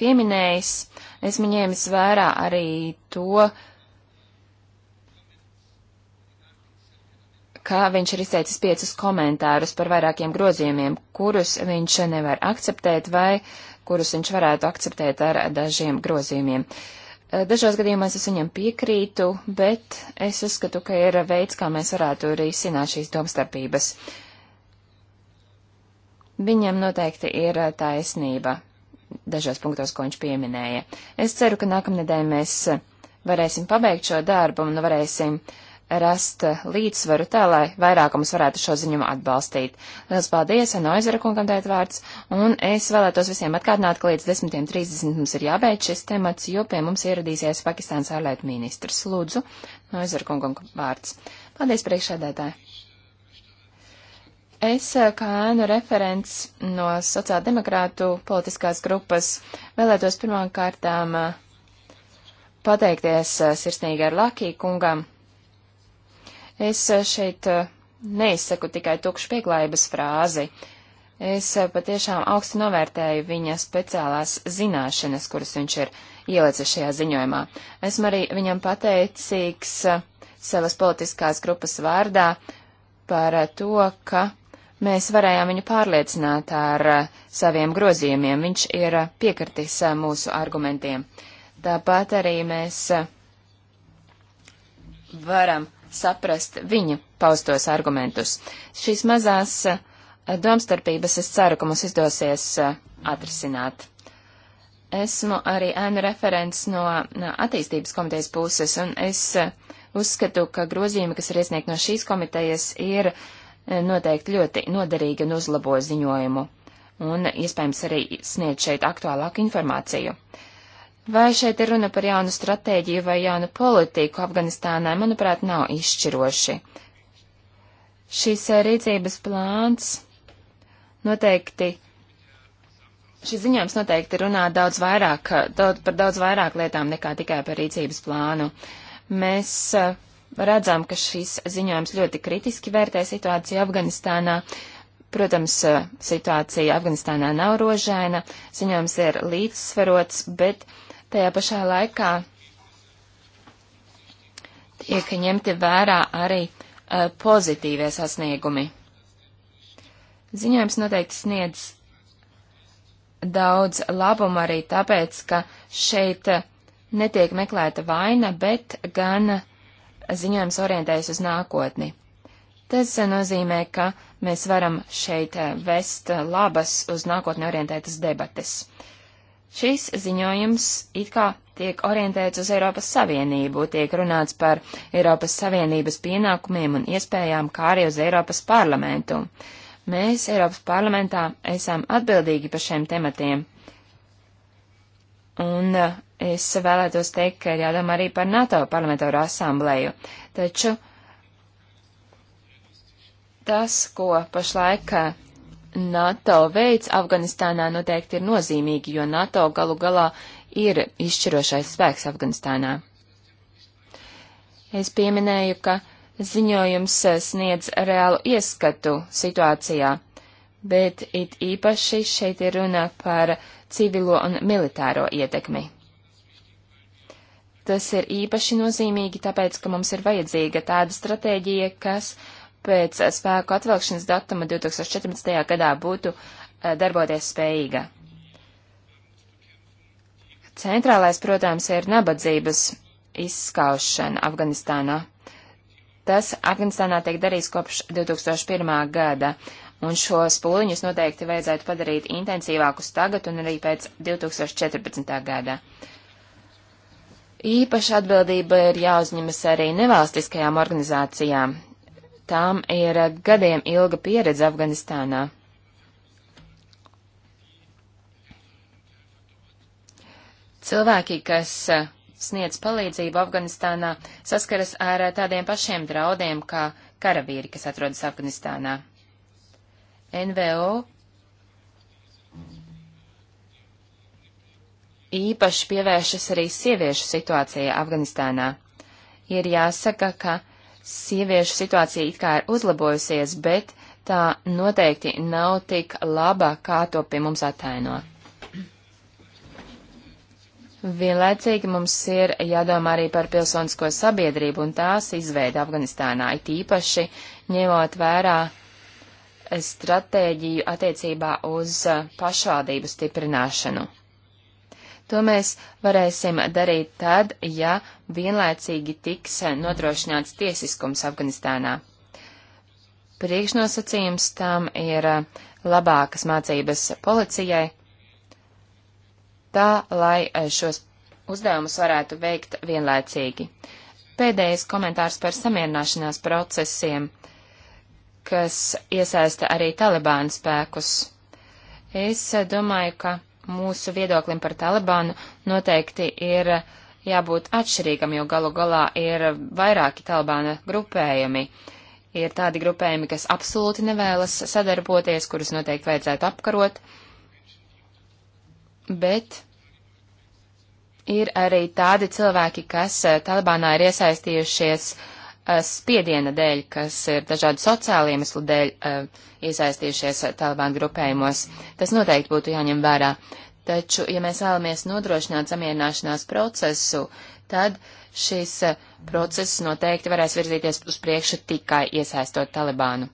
pieminējis. Esmu ņēmis vērā arī to, ka viņš ir izteicis piecus komentārus par vairākiem grozījumiem, kurus viņš nevar akceptēt vai kurus viņš varētu akceptēt ar dažiem grozījumiem. Dažos gadījumos es viņam piekrītu, bet es uzskatu, ka ir veids, kā mēs varētu risināt šīs domstarpības. Uh, Viņam noteikti ir eh, taisnība dažos punktos, ko viņš pieminēja. Es ceru, ka nākamnedēļ mēs eh, varēsim pabeigt šo darbu un varēsim rast eh, līdzsvaru tā, lai vairākums varētu šo ziņumu atbalstīt. Lielas paldies, Noizera kungam tēt vārds, un es vēlētos visiem atkārtināt, ka līdz 10.30 mums ir jābeidz šis temats, jo pie mums ieradīsies Pakistāns ārlietu ministrs. Lūdzu, Noizera kungam vārds. Paldies, priekšsēdētāji! Es, eh, kā ēnu referents no sociāldemokrātu politiskās grupas, vēlētos pirmām kārtām eh, pateikties eh, sirsnīgi ar Lakī kungam. Es šeit neizsaku tikai tukšu pieklājības frāzi. Es patiešām augstu novērtēju viņa speciālās zināšanas, kuras viņš ir ielicis šajā ziņojumā. Esmu arī viņam pateicīgs savas politiskās grupas vārdā par to, ka Mēs varējām viņu pārliecināt ar eh, saviem grozījumiem. Viņš ir eh, piekritis eh, mūsu argumentiem. Tāpat arī mēs varam saprast viņa paustos argumentus. Šīs mazās domstarpības es ceru, ka mums izdosies atrisināt. Esmu arī ēnu referents no attīstības komitejas puses, un es uzskatu, ka grozījumi, kas ir iesniegti no šīs komitejas, ir uh, noteikti ļoti noderīgi un uzlabo ziņojumu, un iespējams arī sniedz šeit aktuālāku informāciju. Vai šeit ir runa par jaunu stratēģiju vai jaunu politiku Afganistānā, manuprāt, nav izšķiroši. Šis eh, rīcības plāns noteikti, šis ziņojums noteikti runā daudz vairāk, eh, daudz, par daudz vairāk lietām nekā tikai par rīcības plānu. Mēs uh, redzam, ka šis ziņojums ļoti kritiski vērtē situāciju Afganistānā. Protams, eh, situācija Afganistānā nav rožaina, ziņojums ir līdzsvarots, bet tajā pašā laikā tiek ņemti vērā arī uh, pozitīvie sasniegumi. Ziņojums noteikti sniedz daudz labumu arī tāpēc, ka šeit eh, netiek meklēta vaina, bet gan ziņojums orientējas uz nākotni. Tas nozīmē, ka mēs varam šeit eh, vest labas uz nākotni orientētas debates. Šis ziņojums it kā tiek orientēts uz Eiropas Savienību, tiek runāts par Eiropas Savienības pienākumiem un iespējām, kā arī uz Eiropas parlamentu. Mēs Eiropas parlamentā esam atbildīgi par šiem tematiem. Un eh, Es vēlētos teikt, ka ir jādomā arī par NATO parlamentāro asamblēju, taču tas, ko pašlaik eh, NATO veids Afganistānā noteikti ir nozīmīgi, jo NATO galu galā ir izšķirošais spēks Afganistānā. Es pieminēju, ka ziņojums eh, sniedz reālu ieskatu situācijā, bet it īpaši šeit ir runa par civilo un militāro ietekmi. Tas ir īpaši nozīmīgi, tāpēc, ka mums ir vajadzīga tāda stratēģija, kas pēc spēku atvilkšanas datuma 2014. gadā būtu eh, darboties spējīga. Centrālais, protams, ir nabadzības izskaušana Afganistānā. Tas Afganistānā tiek darīts kopš 2001. gada, un šos pūliņus noteikti vajadzētu padarīt intensīvākus tagad un arī pēc 2014. gada. Īpaša atbildība ir jāuzņemas arī nevalstiskajām organizācijām. Tām ir gadiem ilga pieredze Afganistānā. Cilvēki, kas sniedz palīdzību Afganistānā, saskaras ar tādiem pašiem draudiem kā karavīri, kas atrodas Afganistānā. NVO īpaši pievēršas arī sieviešu situācijai Afganistānā. Ir jāsaka, ka sieviešu situācija it kā ir uzlabojusies, bet tā noteikti nav tik laba, kā to pie mums ataino. Vienlaicīgi mums ir jādomā arī par pilsonisko sabiedrību un tās izveidu Afganistānā, it īpaši ņemot vērā stratēģiju attiecībā uz pašvaldību stiprināšanu. To mēs varēsim darīt tad, ja vienlaicīgi tiks nodrošināts tiesiskums Afganistānā. Priekšnosacījums tam ir labākas mācības policijai, tā lai šos uzdevumus varētu veikt vienlaicīgi. Pēdējais komentārs par samierināšanās procesiem, kas iesaista arī Talibāna spēkus. Es domāju, ka mūsu viedoklim par Talibānu noteikti ir jābūt atšķirīgam, jo galu galā ir vairāki Talibāna grupējumi. Ir tādi grupējumi, kas absolūti nevēlas sadarboties, kurus noteikti vajadzētu apkarot, bet ir arī tādi cilvēki, kas Talibānā ir iesaistījušies uh, Eh, spiediena dēļ, kas ir dažādu sociālu iemeslu dēļ eh, iesaistījušies Taliban grupējumos. Tas noteikti būtu jāņem vērā. Taču, ja mēs vēlamies nodrošināt samierināšanās procesu, tad šis eh, process noteikti varēs virzīties uz priekšu tikai iesaistot Talibānu.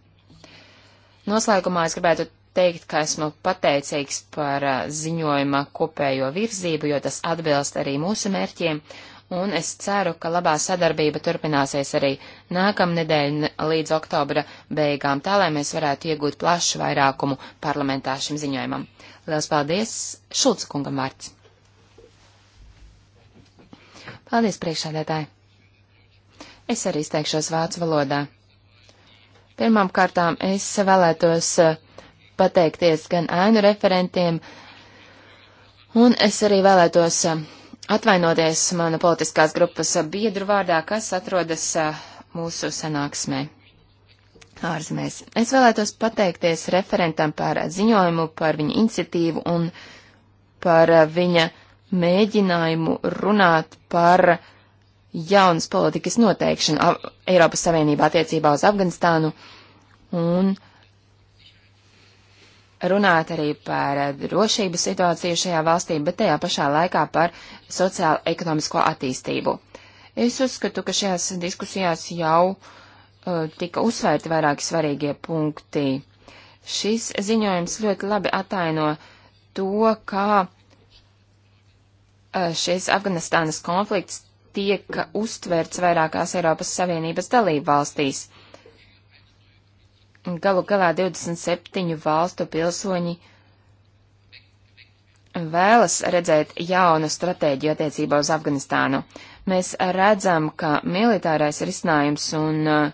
Noslēgumā es gribētu teikt, ka esmu pateicīgs par ziņojuma kopējo virzību, jo tas atbilst arī mūsu mērķiem, un es ceru, ka labā sadarbība turpināsies arī nākamnedēļ līdz oktobra beigām, tā lai mēs varētu iegūt plašu vairākumu parlamentā šim ziņojumam. Lielas paldies! Šulca kungam vārds! Paldies, priekšādētāji! Es arī izteikšos vācu valodā. Pirmām kārtām es vēlētos eh, pateikties gan ēnu referentiem, un es arī vēlētos eh, atvainoties mana politiskās grupas biedru vārdā, kas atrodas mūsu sanāksmē ārzemēs. Es vēlētos pateikties referentam par ziņojumu, par viņa iniciatīvu un par viņa mēģinājumu runāt par jaunas politikas noteikšanu Eiropas Savienībā attiecībā uz Afganistānu un runāt arī par drošības situāciju šajā valstī, bet tajā pašā laikā par sociālo-ekonomisko attīstību. Es uzskatu, ka šajās diskusijās jau uh, tika uzsvērti vairāki svarīgie punkti. Šis ziņojums ļoti labi ataino to, kā uh, šis Afganistānas konflikts tiek uztverts vairākās Eiropas Savienības dalību valstīs. Galu galā 27 valstu pilsoņi vēlas redzēt jaunu stratēģiju attiecībā uz Afganistānu. Mēs redzam, ka militārais risinājums un uh,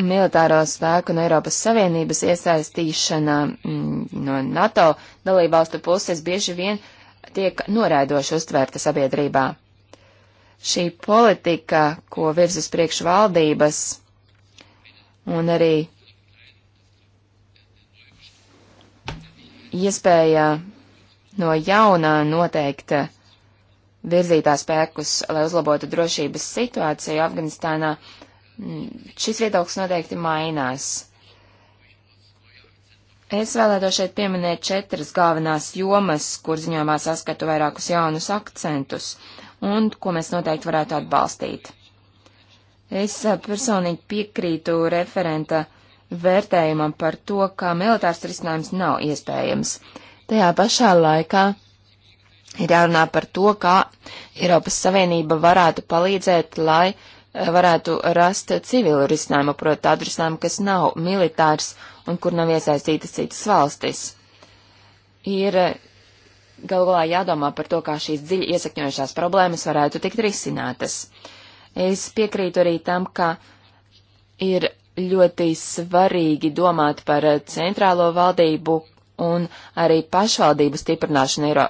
militāro spēku un Eiropas Savienības iesaistīšana mm, no NATO dalībvalstu puses bieži vien tiek noraidoši uztvērta sabiedrībā. Šī politika, ko virz uz priekšu valdības, un arī iespēja no jaunā noteikt virzītā spēkus, lai uzlabotu drošības situāciju Afganistānā, mm, šis viedoklis noteikti mainās. Es vēlētos šeit pieminēt četras galvenās jomas, kur ziņojumā saskatu vairākus jaunus akcentus un ko mēs noteikti varētu atbalstīt. Es eh, personīgi piekrītu referenta vērtējumam par to, ka militārs risinājums nav iespējams. Tajā pašā laikā ir jārunā par to, kā Eiropas Savienība varētu palīdzēt, lai eh, varētu rast civilu risinājumu, proti tādu risinājumu, kas nav militārs un kur nav iesaistītas citas valstis. Ir eh, galvā jādomā par to, kā šīs dziļi iesakņojušās problēmas varētu tikt risinātas. Uh, Es piekrītu arī tam, ka ir ļoti svarīgi domāt par eh, centrālo valdību un arī pašvaldību stiprināšanu Eiro,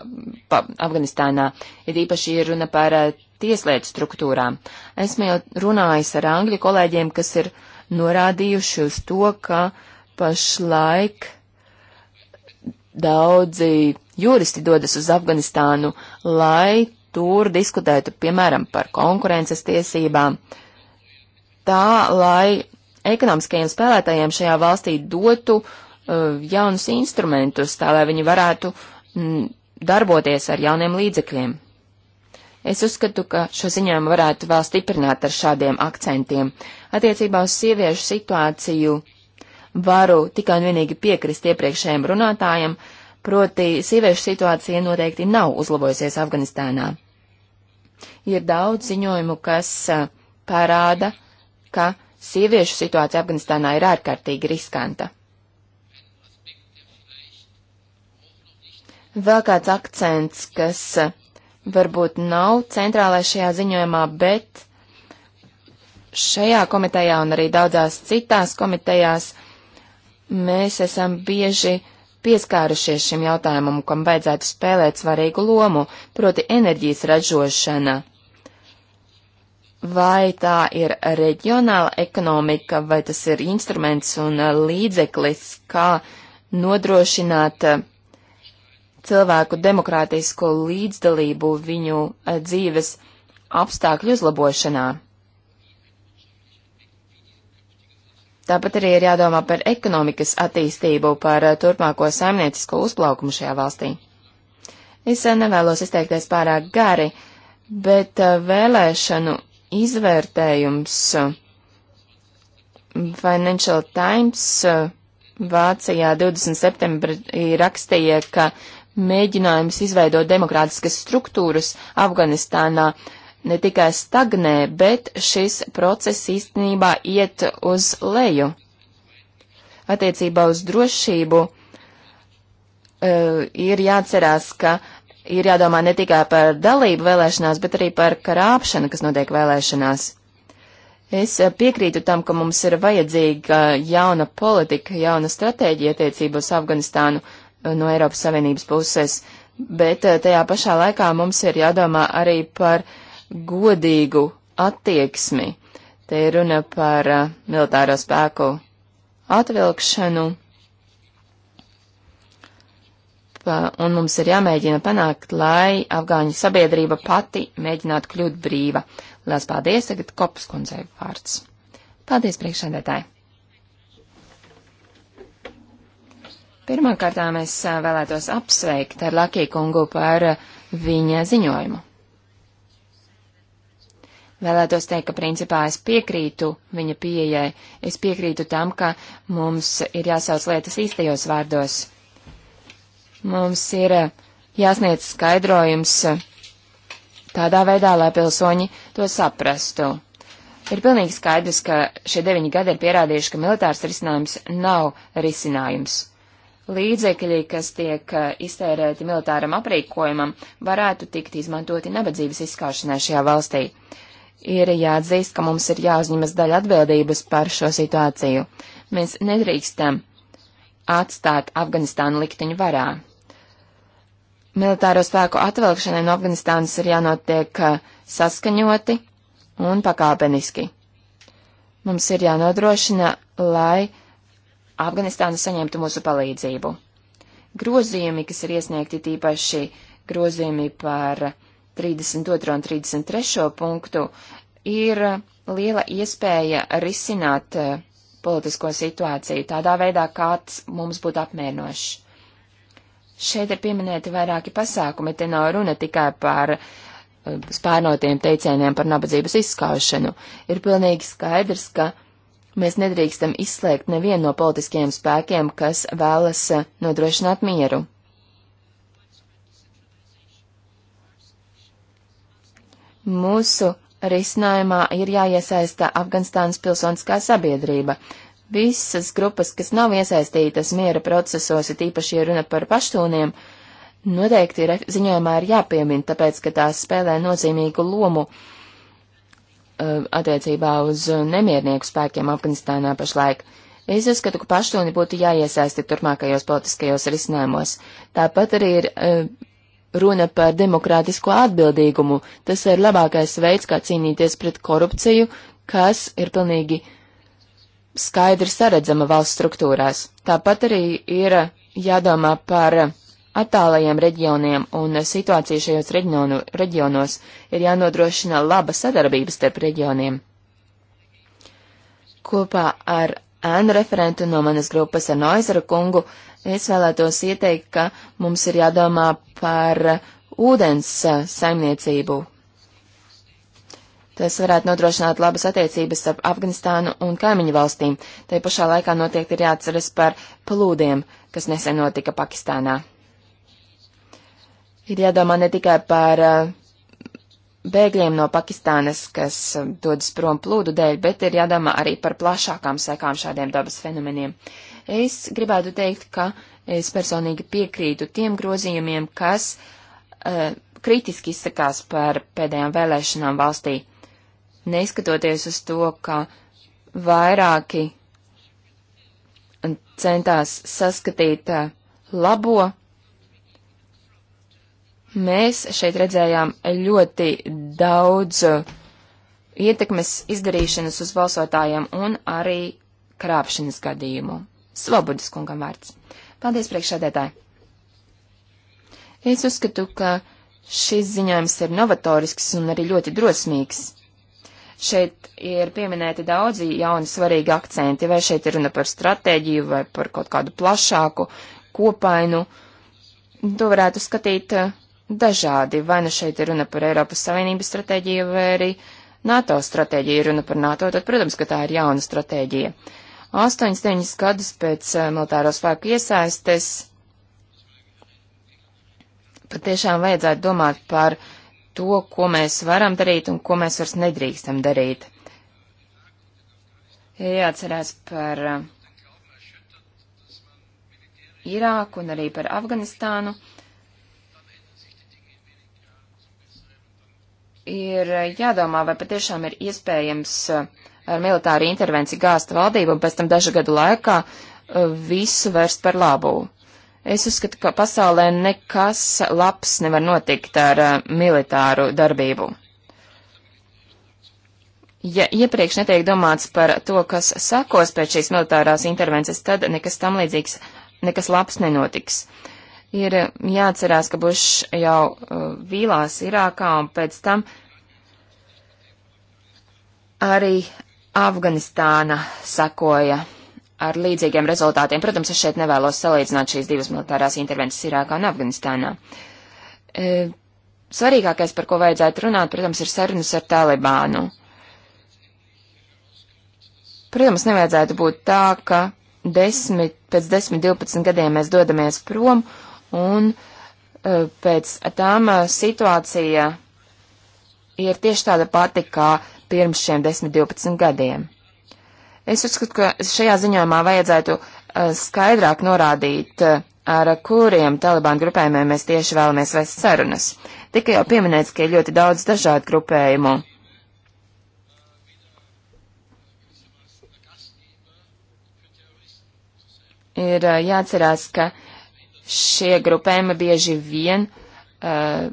pa, Afganistānā, ir īpaši ir runa par eh, tieslietu struktūrām. Esmu jau runājis ar angļu kolēģiem, kas ir norādījuši uz to, ka pašlaik daudzi juristi dodas uz Afganistānu, lai tur diskutētu, piemēram, par konkurences tiesībām, tā, lai ekonomiskajiem spēlētājiem šajā valstī dotu uh, jaunus instrumentus, tā lai viņi varētu m, mm, darboties ar jauniem līdzekļiem. Es uzskatu, ka šo ziņojumu varētu vēl stiprināt ar šādiem akcentiem. Attiecībā uz sieviešu situāciju varu tikai un vienīgi piekrist iepriekšējiem runātājiem, proti sieviešu situācija noteikti nav uzlabojusies Afganistānā. Ir daudz ziņojumu, kas parāda, ka sieviešu situācija Afganistānā ir ārkārtīgi riskanta. Vēl kāds akcents, kas varbūt nav centrālais šajā ziņojumā, bet šajā komitejā un arī daudzās citās komitejās mēs esam bieži pieskārušies šim jautājumam, kam vajadzētu spēlēt svarīgu lomu, proti enerģijas ražošana. Vai tā ir reģionāla ekonomika, vai tas ir instruments un līdzeklis, kā nodrošināt cilvēku demokrātisko līdzdalību viņu dzīves apstākļu uzlabošanā? Tāpat arī ir jādomā par ekonomikas attīstību, par eh, turpmāko saimniecisko uzplaukumu šajā valstī. Es eh, nevēlos izteikties pārāk gari, bet eh, vēlēšanu izvērtējums Financial Times Vācijā 20. septembrī rakstīja, ka mēģinājums izveidot demokrātiskas struktūras Afganistānā uh, ne tikai stagnē, bet šis process īstenībā iet uz leju. Attiecībā uz drošību uh, ir jāatcerās, ka ir jādomā ne tikai par dalību vēlēšanās, bet arī par karāpšanu, kas notiek vēlēšanās. Es piekrītu tam, ka mums ir vajadzīga jauna politika, jauna stratēģija attiecību uz Afganistānu e, no Eiropas Savienības puses, bet e, tajā pašā laikā mums ir jādomā arī par uh, godīgu attieksmi. Te ir runa par uh, militāro spēku atvilkšanu, pa, un mums ir jāmēģina panākt, lai afgāņu sabiedrība pati mēģinātu kļūt brīva. Lielas paldies, tagad kopas kundzei vārds. Paldies, priekšsēdētāji! Pirmkārtām es uh, vēlētos apsveikt ar Lakī kungu par uh, viņa ziņojumu. Vēlētos teikt, ka principā es piekrītu viņa pieejai. Es piekrītu tam, ka mums ir jāsauc lietas īstajos vārdos. Mums ir eh, jāsniedz skaidrojums eh, tādā veidā, lai pilsoņi to saprastu. Ir pilnīgi skaidrs, ka šie deviņi gadi ir pierādījuši, ka militārs risinājums nav risinājums. Līdzekļi, kas tiek eh, iztērēti militāram aprīkojumam, varētu tikt izmantoti nabadzības izskaušanai šajā valstī ir jāatzīst, ka mums ir jāuzņemas daļa atbildības par šo situāciju. Mēs nedrīkstam atstāt Afganistānu likteņu varā. Militāro spēku atvilkšanai no Afganistānas ir jānotiek uh, saskaņoti un pakāpeniski. Mums ir jānodrošina, lai Afganistāna saņemtu mūsu palīdzību. Grozījumi, kas ir iesniegti tīpaši grozījumi par 32. un 33. punktu ir liela iespēja risināt eh, politisko situāciju tādā veidā, kāds mums būtu apmierinošs. Šeit ir pieminēti vairāki pasākumi, te nav runa tikai par eh, spērnotiem teicieniem par nabadzības izskaušanu. Ir pilnīgi skaidrs, ka mēs nedrīkstam izslēgt nevienu no politiskajiem spēkiem, kas vēlas eh, nodrošināt mieru. Mūsu risinājumā ir jāiesaista Afganistānas pilsoniskā sabiedrība. Visas grupas, kas nav iesaistītas miera procesos, ir īpaši runa par paštūniem, noteikti ir, ziņojumā ir jāpiemina, tāpēc, ka tās spēlē nozīmīgu lomu uh, attiecībā uz nemiernieku spēkiem Afganistānā pašlaik. Es uzskatu, ka paštūni būtu jāiesaista turpmākajos politiskajos risinājumos. Tāpat arī ir uh, runa par demokrātisko atbildīgumu. Tas ir labākais veids, kā cīnīties pret korupciju, kas ir pilnīgi skaidri saredzama valsts struktūrās. Tāpat arī ir jādomā par attālajiem reģioniem un situāciju šajos reģionu, reģionos ir jānodrošina laba sadarbības starp reģioniem. Kopā ar ēnu referentu no manas grupas ar Noizara kungu, es vēlētos ieteikt, ka mums ir jādomā par ūdens saimniecību. Tas varētu nodrošināt labas attiecības ar Afganistānu un kaimiņu valstīm. Te pašā laikā noteikti ir jāatceras par plūdiem, kas nesen notika Pakistānā. Ir jādomā ne tikai par uh, bēgļiem no Pakistānas, kas um, dodas prom plūdu dēļ, bet ir jādomā arī par plašākām sekām šādiem dabas fenomeniem. Es gribētu teikt, ka es personīgi piekrītu tiem grozījumiem, kas uh, kritiski izsakās par pēdējām vēlēšanām valstī, neskatoties uz to, ka vairāki centās saskatīt uh, labo Mēs šeit redzējām ļoti daudz uh, ietekmes izdarīšanas uz balsotājiem un arī krāpšanas gadījumu. Svobodas kungam vārds. Paldies priekšādētāji. Es uzskatu, ka šis ziņojums ir novatorisks un arī ļoti drosmīgs. Šeit ir pieminēti daudzi jauni svarīgi akcenti, vai šeit ir runa par stratēģiju vai par kaut kādu plašāku kopainu. To varētu skatīt uh, dažādi. Vai nu šeit ir runa par Eiropas Savienības stratēģiju, vai arī NATO stratēģiju, ir runa par NATO, tad, protams, ka tā ir jauna stratēģija. 8-9 gadus pēc eh, militāro spēku iesaistes patiešām vajadzētu domāt par to, ko mēs varam darīt un ko mēs vairs nedrīkstam darīt. Ir jāatcerās par eh, Irāku un arī par Afganistānu. ir eh, jādomā, vai patiešām ir iespējams eh, ar militāru intervenciju gāzt valdību un pēc tam dažu gadu laikā eh, visu vērst par labu. Es uzskatu, ka pasaulē nekas labs nevar notikt ar militāru darbību. Ja iepriekš netiek domāts par to, kas sakos pēc šīs militārās intervences, tad nekas tam līdzīgs, nekas labs nenotiks. Uh, ir eh, jāatcerās, ka Bušs jau uh, vīlās Irākā un pēc tam arī Afganistāna sakoja ar līdzīgiem rezultātiem. Protams, es šeit nevēlos salīdzināt šīs divas militārās intervences Irākā un Afganistānā. E, svarīgākais, par ko vajadzētu runāt, protams, ir sarunas ar Talibānu. Protams, nevajadzētu būt tā, ka desmit, pēc 10-12 gadiem mēs dodamies prom un eh, pēc tam eh, situācija ir tieši tāda pati kā pirms šiem 10-12 gadiem. Es uzskatu, ka šajā ziņojumā vajadzētu eh, skaidrāk norādīt, ar kuriem Talibānu grupējumiem mēs tieši vēlamies vest sarunas. Tikai jau pieminēts, ka ir ļoti daudz dažādu grupējumu. Ir jāatcerās, ka šie grupējumi bieži vien uh,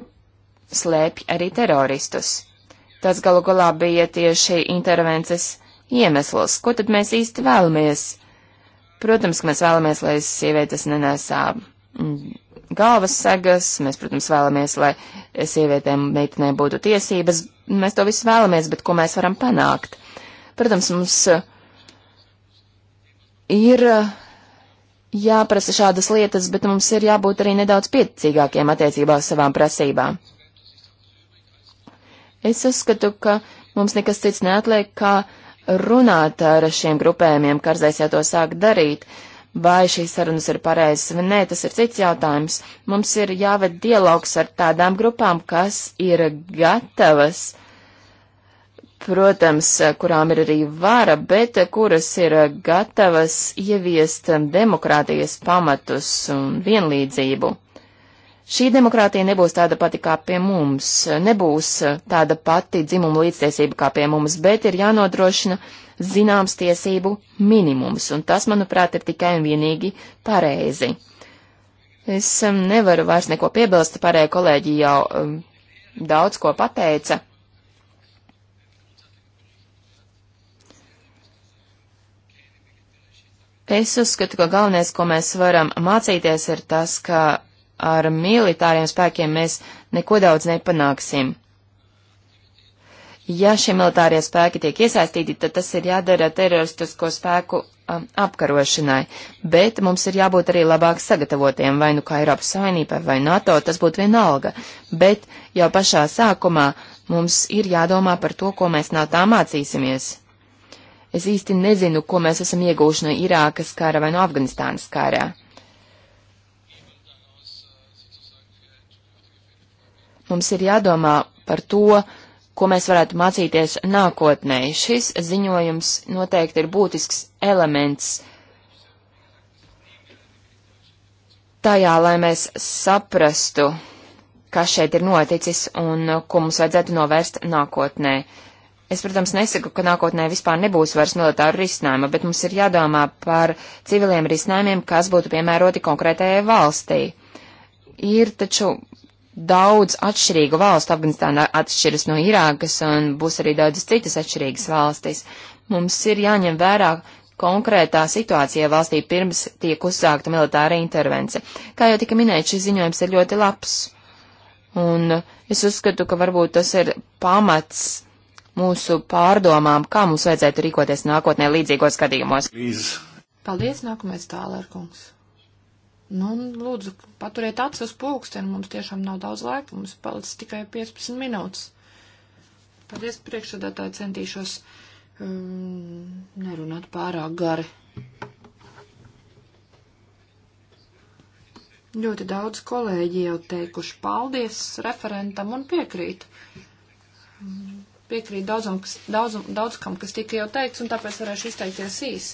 slēpj arī teroristus. Tas galu galā bija tieši intervences iemesls. Ko tad mēs īsti vēlamies? Protams, ka mēs vēlamies, lai sievietes nenesā mm, galvas segas, mēs, protams, vēlamies, lai sievietēm meitenēm būtu tiesības, mēs to visu vēlamies, bet ko mēs varam panākt? Protams, mums ir uh, jāprasa šādas lietas, bet mums ir jābūt arī nedaudz pieticīgākiem attiecībā uz savām prasībām. Es uzskatu, ka mums nekas cits neatliek, kā runāt ar šiem grupējumiem, karzēs jau to sāk darīt. Vai šīs sarunas ir pareizas vai nē, tas ir cits jautājums. Mums ir jāved dialogs ar tādām grupām, kas ir gatavas protams, kurām ir arī vara, bet kuras ir gatavas ieviest demokrātijas pamatus un vienlīdzību. Šī demokrātija nebūs tāda pati kā pie mums, nebūs tāda pati dzimuma līdztiesība kā pie mums, bet ir jānodrošina zināms tiesību minimums, un tas, manuprāt, ir tikai un vienīgi pareizi. Es um, nevaru vairs neko piebilst, pārējie kolēģi jau um, daudz ko pateica. Es uzskatu, ka galvenais, ko mēs varam mācīties, ir tas, ka ar militāriem spēkiem mēs neko daudz nepanāksim. Ja šie militārie spēki tiek iesaistīti, tad tas ir jādara teroristisko spēku um, apkarošanai, bet mums ir jābūt arī labāk sagatavotiem, vai nu kā Eiropas Savienībai vai NATO, tas būtu vienalga, bet jau pašā sākumā mums ir jādomā par to, ko mēs no tā mācīsimies. Es īsti nezinu, ko mēs esam iegūši no Irākas kara vai no Afganistānas kara. Mums ir jādomā par to, ko mēs varētu mācīties nākotnē. Šis ziņojums noteikti ir būtisks elements tajā, lai mēs saprastu, kas šeit ir noticis un ko mums vajadzētu novērst nākotnē. Es, protams, nesaku, ka nākotnē vispār nebūs vairs militāru risinājumu, bet mums ir jādomā par civiliem risinājumiem, kas būtu piemēroti konkrētajai valstī. Ir taču daudz atšķirīgu valstu. Afganistāna atšķiras no Irākas un būs arī daudzas citas atšķirīgas valstis. Mums ir jāņem vērā konkrētā situācija valstī pirms tiek uzsākta militāra intervence. Kā jau tika minēts, šis ziņojums ir ļoti labs. Un es uzskatu, ka varbūt tas ir pamats mūsu pārdomām, kā mums vajadzētu rīkoties nākotnē līdzīgos gadījumos. Līdz. Paldies, nākamais tālērkungs. Nu, lūdzu, paturiet acis uz pulksteni, mums tiešām nav daudz laika, mums palicis tikai 15 minūtes. Paldies, priekšsēdētāji, centīšos um, nerunāt pārāk gari. Ļoti daudz kolēģi jau teikuši paldies referentam un piekrīt piekrīt daudzam, kas, daudzam, daudz kam, kas tika jau teikts, un tāpēc varēšu izteikties īs.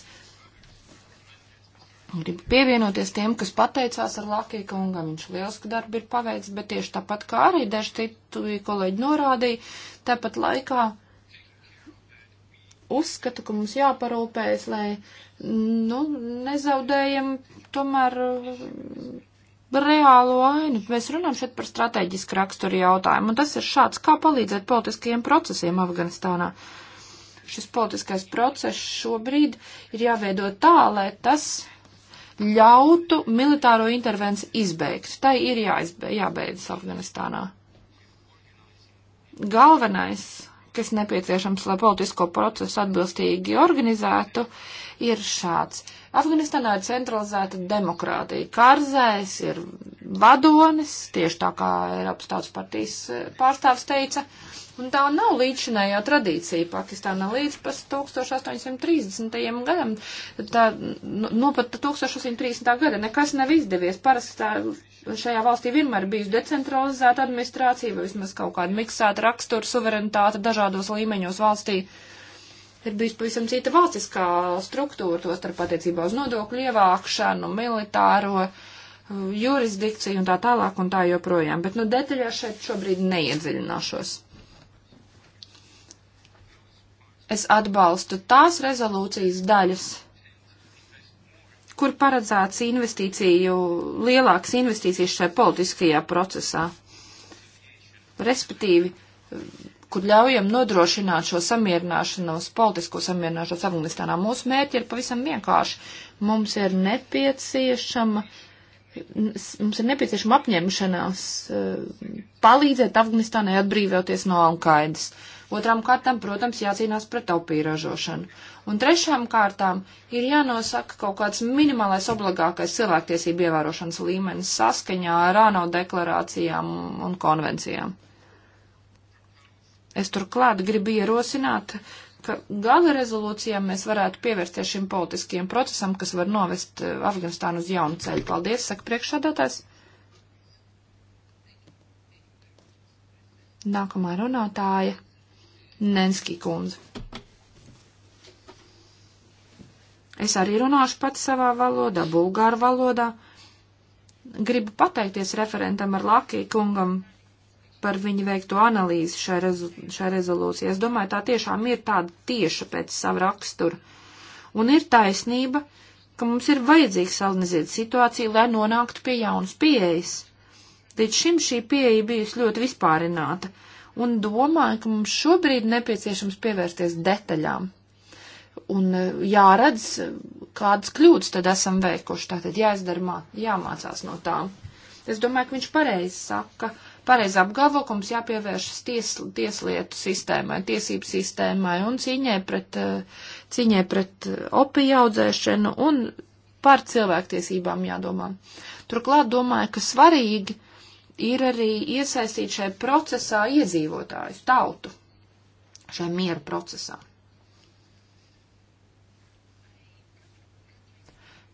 Gribu pievienoties tiem, kas pateicās ar Lakiju kungam, viņš lielsku darbu ir paveicis, bet tieši tāpat kā arī daži citu kolēģi norādīja, tāpat laikā uzskatu, ka mums jāparūpējas, lai, nu, nezaudējam tomēr reālo ainu. Mēs runājam šeit par strateģisku raksturu jautājumu, un tas ir šāds, kā palīdzēt politiskajiem procesiem Afganistānā. Šis politiskais process šobrīd ir jāveido tā, lai tas ļautu militāro intervenciju izbeigt. Tai ir jāizbe, jābeidzas Afganistānā. Galvenais, kas nepieciešams, lai politisko procesu atbilstīgi organizētu, ir šāds Afganistānā ir centralizēta demokrātija. Karzēs ir vadonis, tieši tā kā Eiropas tautas partijas eh, pārstāvs teica, un tā nav līdzinējā tradīcija Pakistānā līdz pat 1830. gadam, tā, no, nu, no nu, pat 1830. gada nekas nav izdevies. Parasti tā šajā valstī vienmēr bijusi decentralizēta administrācija vai vismaz kaut kāda miksēta rakstura suverenitāte dažādos līmeņos valstī. Uh, ir bijusi pavisam cita valstiskā struktūra, to starp attiecībā uz nodokļu ievākšanu, militāro uh, jurisdikciju un tā tālāk un tā joprojām. Bet, nu, detaļās šeit šobrīd neiedziļināšos. Es atbalstu tās rezolūcijas daļas, kur paredzēts investīciju, lielāks investīcijas šajā politiskajā procesā. Respektīvi, kur ļaujam nodrošināt šo samierināšanos, politisko samierināšanos Afganistānā. Mūsu mērķi ir pavisam vienkārši. Mums ir nepieciešama, mums ir nepieciešama apņemšanās eh, palīdzēt Afganistānai atbrīvoties no Alkaidas. Otrām kārtām, protams, jācīnās pret taupīju ražošanu. Un trešām kārtām ir jānosaka kaut kāds minimālais obligākais cilvēktiesību ievērošanas līmenis saskaņā ar ANO deklarācijām un konvencijām. Es turklāt gribu ierosināt, ka gala rezolūcijā mēs varētu pievērsties šim politiskajam procesam, kas var novest eh, Afganistānu uz jaunu ceļu. Paldies, saka priekšādātājs. Nākamā runātāja - Nenski kundze. Es arī runāšu pati savā valodā, bulgāru valodā. Gribu pateikties referentam ar Lakiju kungam par viņu veikto analīzi šai, rezo, šai rezolūcijai. Es domāju, tā tiešām ir tāda tieša pēc sava rakstura. Un ir taisnība, ka mums ir vajadzīgs analizēt situāciju, lai nonāktu pie jaunas pieejas. Līdz šim šī pieeja bijusi ļoti vispārināta, un domāju, ka mums šobrīd nepieciešams pievērsties detaļām. Un eh, jāredz, kādas kļūdas tad esam veikuši, tātad jāizdara, jāmācās no tām. Es domāju, ka viņš pareizi saka, ka pareizi apgalvo, ka mums jāpievēršas ties, tieslietu sistēmai, tiesību sistēmai un cīņai pret, eh, cīņai pret eh, opiju audzēšanu un par cilvēktiesībām jādomā. Turklāt domāju, ka svarīgi ir arī iesaistīt šajā procesā iedzīvotājus, tautu, šajā miera procesā.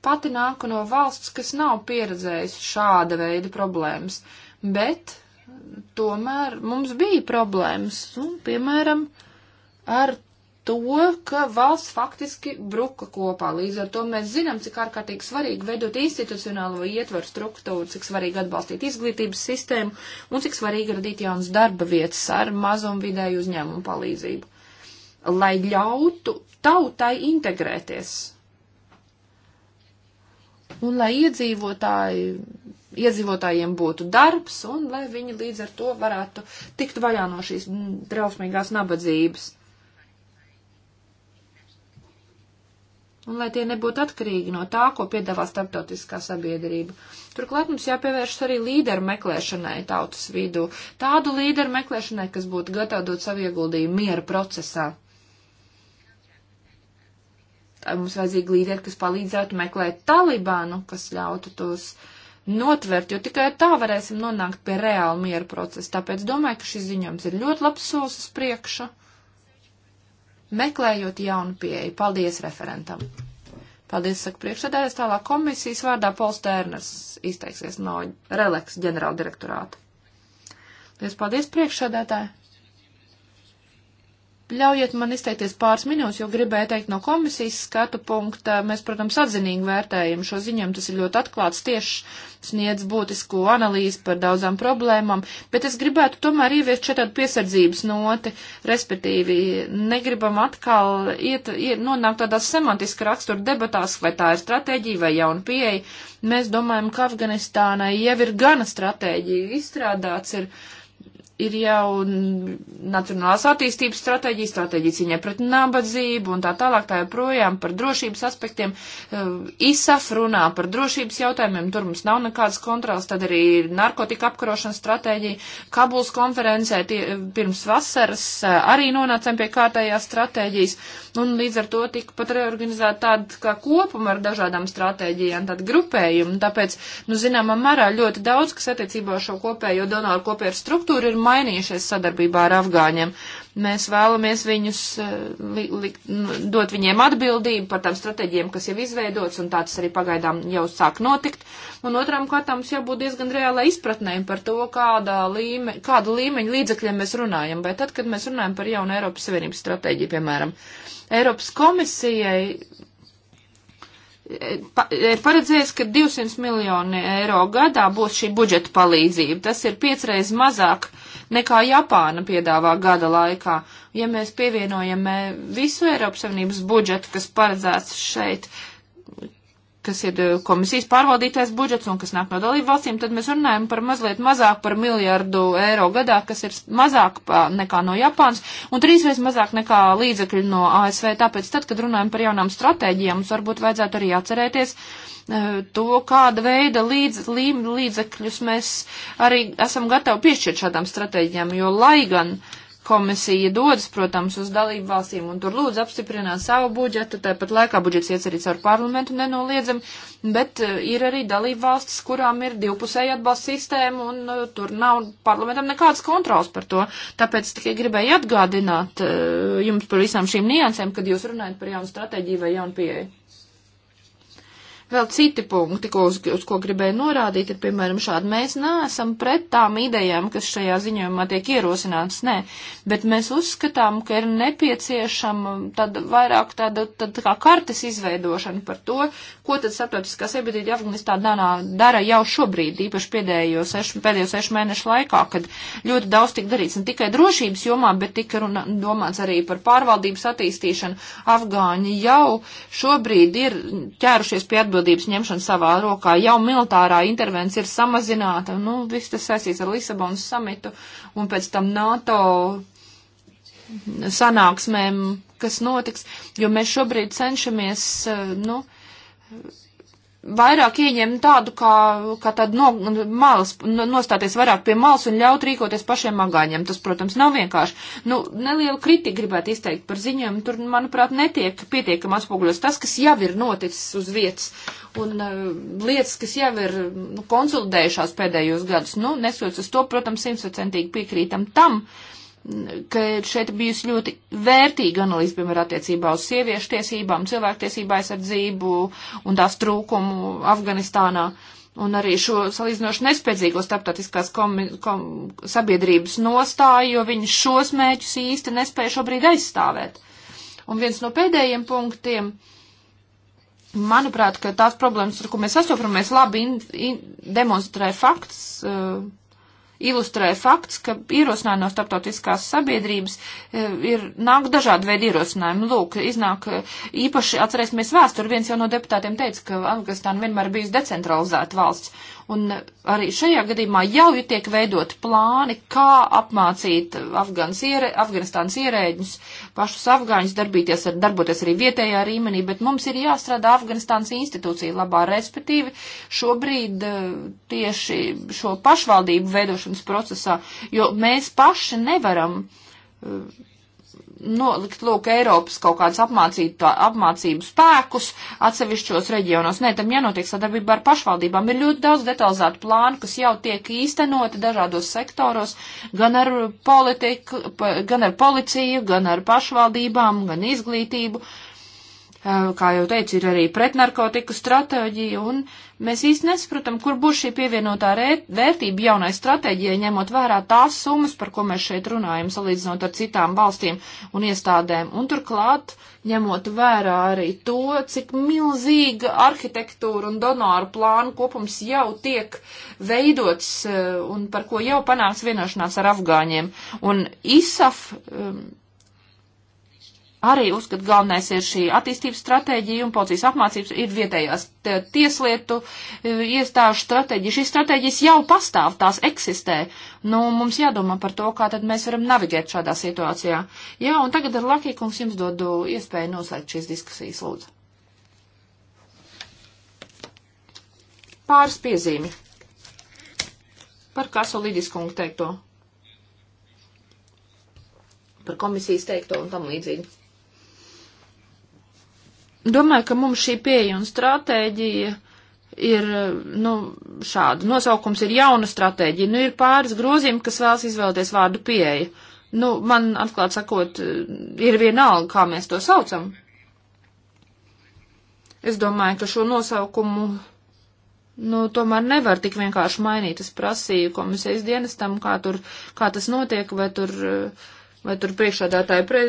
Pati nāku no valsts, kas nav pieredzējusi šāda veida problēmas, bet tomēr mums bija problēmas, un, piemēram, ar to, ka valsts faktiski bruka kopā. Līdz ar to mēs zinām, cik ārkārtīgi svarīgi veidot institucionālo ietvaru struktūru, cik svarīgi atbalstīt izglītības sistēmu un cik svarīgi radīt jaunas darba vietas ar mazu un vidēju uzņēmumu palīdzību, lai ļautu tautai integrēties un lai iedzīvotāji iedzīvotājiem būtu darbs un lai viņi līdz ar to varētu tikt vaļā no šīs drausmīgās nabadzības. Un lai tie nebūtu atkarīgi no tā, ko piedāvā starptautiskā sabiedrība. Turklāt mums jāpievērš arī līderu meklēšanai tautas vidū. Tādu līderu meklēšanai, kas būtu gatavi dot savu ieguldījumu miera procesā. Tā mums vajadzīgi līderi, kas palīdzētu meklēt Talibānu, kas ļautu tos uh, notvert, jo tikai tā varēsim nonākt pie reāla miera procesa. Tāpēc domāju, ka šis ziņojums ir ļoti labs solis uz priekšu, meklējot jaunu pieeju. Paldies referentam! Paldies, saka priekšsēdētājs, tālāk komisijas vārdā Pols Tērners izteiksies no Releks ģenerāldirektorāta. Lies paldies priekšsēdētāji! Ļaujiet man izteikties pāris minūtes, jo gribēju teikt no komisijas skatu punkta, mēs, protams, atzinīgi vērtējam šo ziņojumu, tas ir ļoti atklāts, tieši sniedz būtisku analīzi par daudzām problēmām, bet es gribētu tomēr ieviest šeit tādu piesardzības noti, respektīvi negribam atkal iet, iet, nonākt tādās semantiska rakstura debatās, vai tā ir stratēģija vai jauna pieeja. Mēs domājam, ka Afganistānai jau ir gana stratēģija izstrādāts. Ir, ir jau nacionālās attīstības stratēģija, stratēģija ciņai pret nabadzību un tā tālāk, tā joprojām par drošības aspektiem. Eh, ISAF runā par drošības jautājumiem, tur mums nav nekādas kontrols, tad arī narkotika apkarošanas stratēģija. Kabuls konferencē tie, eh, pirms vasaras eh, arī nonācām pie kārtējās stratēģijas, un līdz ar to tika pat reorganizēta tāda kā kopuma ar dažādām stratēģijām, tāda grupējuma, tāpēc, nu, zināmā mērā ļoti daudz, kas attiecībā ar šo kopējo donoru kopēju struktūru ir mainījušies sadarbībā ar afgāņiem. Mēs vēlamies viņus eh, li, li, dot viņiem atbildību par tām stratēģiem, kas jau izveidots, un tā tas arī pagaidām jau sāk notikt. Un otram kārtām mums jābūt diezgan reālai izpratnē par to, kāda līme, kāda līmeņa līdzekļiem mēs runājam. Vai tad, kad mēs runājam par jaunu Eiropas Savienības stratēģiju, piemēram, Eiropas komisijai ir e, paredzējis, ka 200 miljoni eiro gadā būs šī budžeta palīdzība. Tas ir piecreiz mazāk nekā Japāna piedāvā gada laikā. Ja mēs pievienojam e, visu Eiropas Savienības budžetu, kas paredzēts šeit, kas ir eh, komisijas pārvaldītais budžets un kas nāk no dalību valstīm, tad mēs runājam par mazliet mazāk par miljardu eiro gadā, kas ir mazāk nekā no Japānas un trīsreiz mazāk nekā līdzekļu no ASV. Tāpēc tad, kad runājam par jaunām stratēģijām, mums varbūt vajadzētu arī atcerēties eh, to, kāda veida līdz, līdzekļus mēs arī esam gatavi piešķirt šādām stratēģijām, jo lai gan uh, Komisija dodas, protams, uz dalību valstīm un tur lūdzu apstiprināt savu budžetu, tāpat laikā budžets iet arī caur parlamentu nenoliedzam, bet eh, ir arī dalību valstis, kurām ir divpusēja atbalsta sistēma un uh, tur nav parlamentam nekādas kontrols par to. Tāpēc tikai gribēju atgādināt uh, jums par visām šīm niansēm, kad jūs runājat par jaunu stratēģiju vai jaunu pieeju. Vēl citi punkti, ko uz, uz ko gribēju norādīt, ir, piemēram, šādi. Mēs neesam pret tām idejām, kas šajā ziņojumā tiek ierosināts, nē, bet mēs uzskatām, ka ir nepieciešama tad vairāk tāda, tad kā kartes izveidošana par to, ko tad starptautiskā sabiedrība Afganistānā dara jau šobrīd, īpaši pēdējo sešu, pēdējo sešu mēnešu laikā, kad ļoti daudz tika darīts ne tikai drošības jomā, bet tika runa, domāts arī par pārvaldības attīstīšanu. Afgāņi jau šobrīd ir ķērušies pie atbildības atbildības ņemšanu savā rokā. Jau militārā intervence ir samazināta, nu, viss tas saistīts ar Lisabonas samitu un pēc tam NATO sanāksmēm, kas notiks, jo mēs šobrīd cenšamies, eh, nu, vairāk ieņem tādu, kā, kā tādu no, malas, nostāties vairāk pie malas un ļaut rīkoties pašiem magāņiem. Tas, protams, nav vienkārši. Nu, nelielu kritiku gribētu izteikt par ziņām. Tur, manuprāt, netiek pietiekam atspoguļos tas, kas jau ir noticis uz vietas un uh, lietas, kas jau ir nu, konsolidējušās pēdējos gadus. Nu, nesot uz to, protams, simtprocentīgi piekrītam tam. Uh, ka šeit bijusi ļoti vērtīga analīze, piemēram, attiecībā uz sieviešu tiesībām, cilvēktiesībā aizsardzību un tās trūkumu Afganistānā. Un arī šo salīdzinoši nespēcīgo starptautiskās kom, kom, sabiedrības nostāju, jo viņi šos mēķus īsti nespēja šobrīd aizstāvēt. Un viens no pēdējiem punktiem manuprāt, ka tās problēmas, ar ko mēs sastopamies, labi in, in, demonstrē fakts, uh, ilustrē fakts, ka ierosinājumi no starptautiskās sabiedrības e, ir nāk dažādi veidi ierosinājumi. Lūk, iznāk e, īpaši atcerēsimies vēsturi. Viens jau no deputātiem teica, ka Afganistāna vienmēr bijusi decentralizēta valsts. Un arī šajā gadījumā jau ir tiek veidot plāni, kā apmācīt ierē, Afganistānas ierēģus, pašus afgāņus darbīties, ar, darboties arī vietējā līmenī, bet mums ir jāstrādā Afganistānas institūcija labā, respektīvi šobrīd eh, tieši šo pašvaldību veidošanas procesā, jo mēs paši nevaram eh, nolikt, lūk, Eiropas kaut kādus apmācību, apmācību spēkus atsevišķos reģionos. Nē, tam jānotiek sadarbībā ar pašvaldībām. Ir ļoti daudz detalizētu plānu, kas jau tiek īstenoti dažādos sektoros, gan ar politiku, gan ar policiju, gan ar pašvaldībām, gan izglītību. Uh, Eh, kā jau teicu, ir arī pretnarkotiku stratēģija, un mēs īsti nesaprotam, kur būs šī pievienotā vērtība jaunai stratēģijai, ņemot vērā tās summas, par ko mēs šeit runājam, salīdzinot ar citām valstīm un iestādēm, un turklāt ņemot vērā arī to, cik milzīga arhitektūra un donoru plānu kopums jau tiek veidots eh, un par ko jau panāks vienošanās ar afgāņiem. Un ISAF um, arī uzskat galvenais ir šī attīstības stratēģija un policijas apmācības ir vietējās tieslietu e, iestāžu stratēģija. Šīs stratēģijas jau pastāv, tās eksistē. Nu, mums jādomā par to, kā tad mēs varam navigēt šādā situācijā. Jā, un tagad ar Lakīkungs jums dodu iespēju noslēgt šīs diskusijas, lūdzu. Pāris piezīmi par Kasolidis kungu teikto par komisijas teikto un tam līdzīgi. Domāju, ka mums šī pieeja un stratēģija ir, nu, šāda nosaukums ir jauna stratēģija. Nu, ir pāris grozījumi, kas vēlas izvēlēties vārdu pieeja. Nu, man, atklāt sakot, ir vienalga, kā mēs to saucam. Es domāju, ka šo nosaukumu, nu, tomēr nevar tik vienkārši mainīt. Es prasīju komisijas dienestam, kā tur, kā tas notiek, vai tur. Uh, vai tur priekšādātāja pre,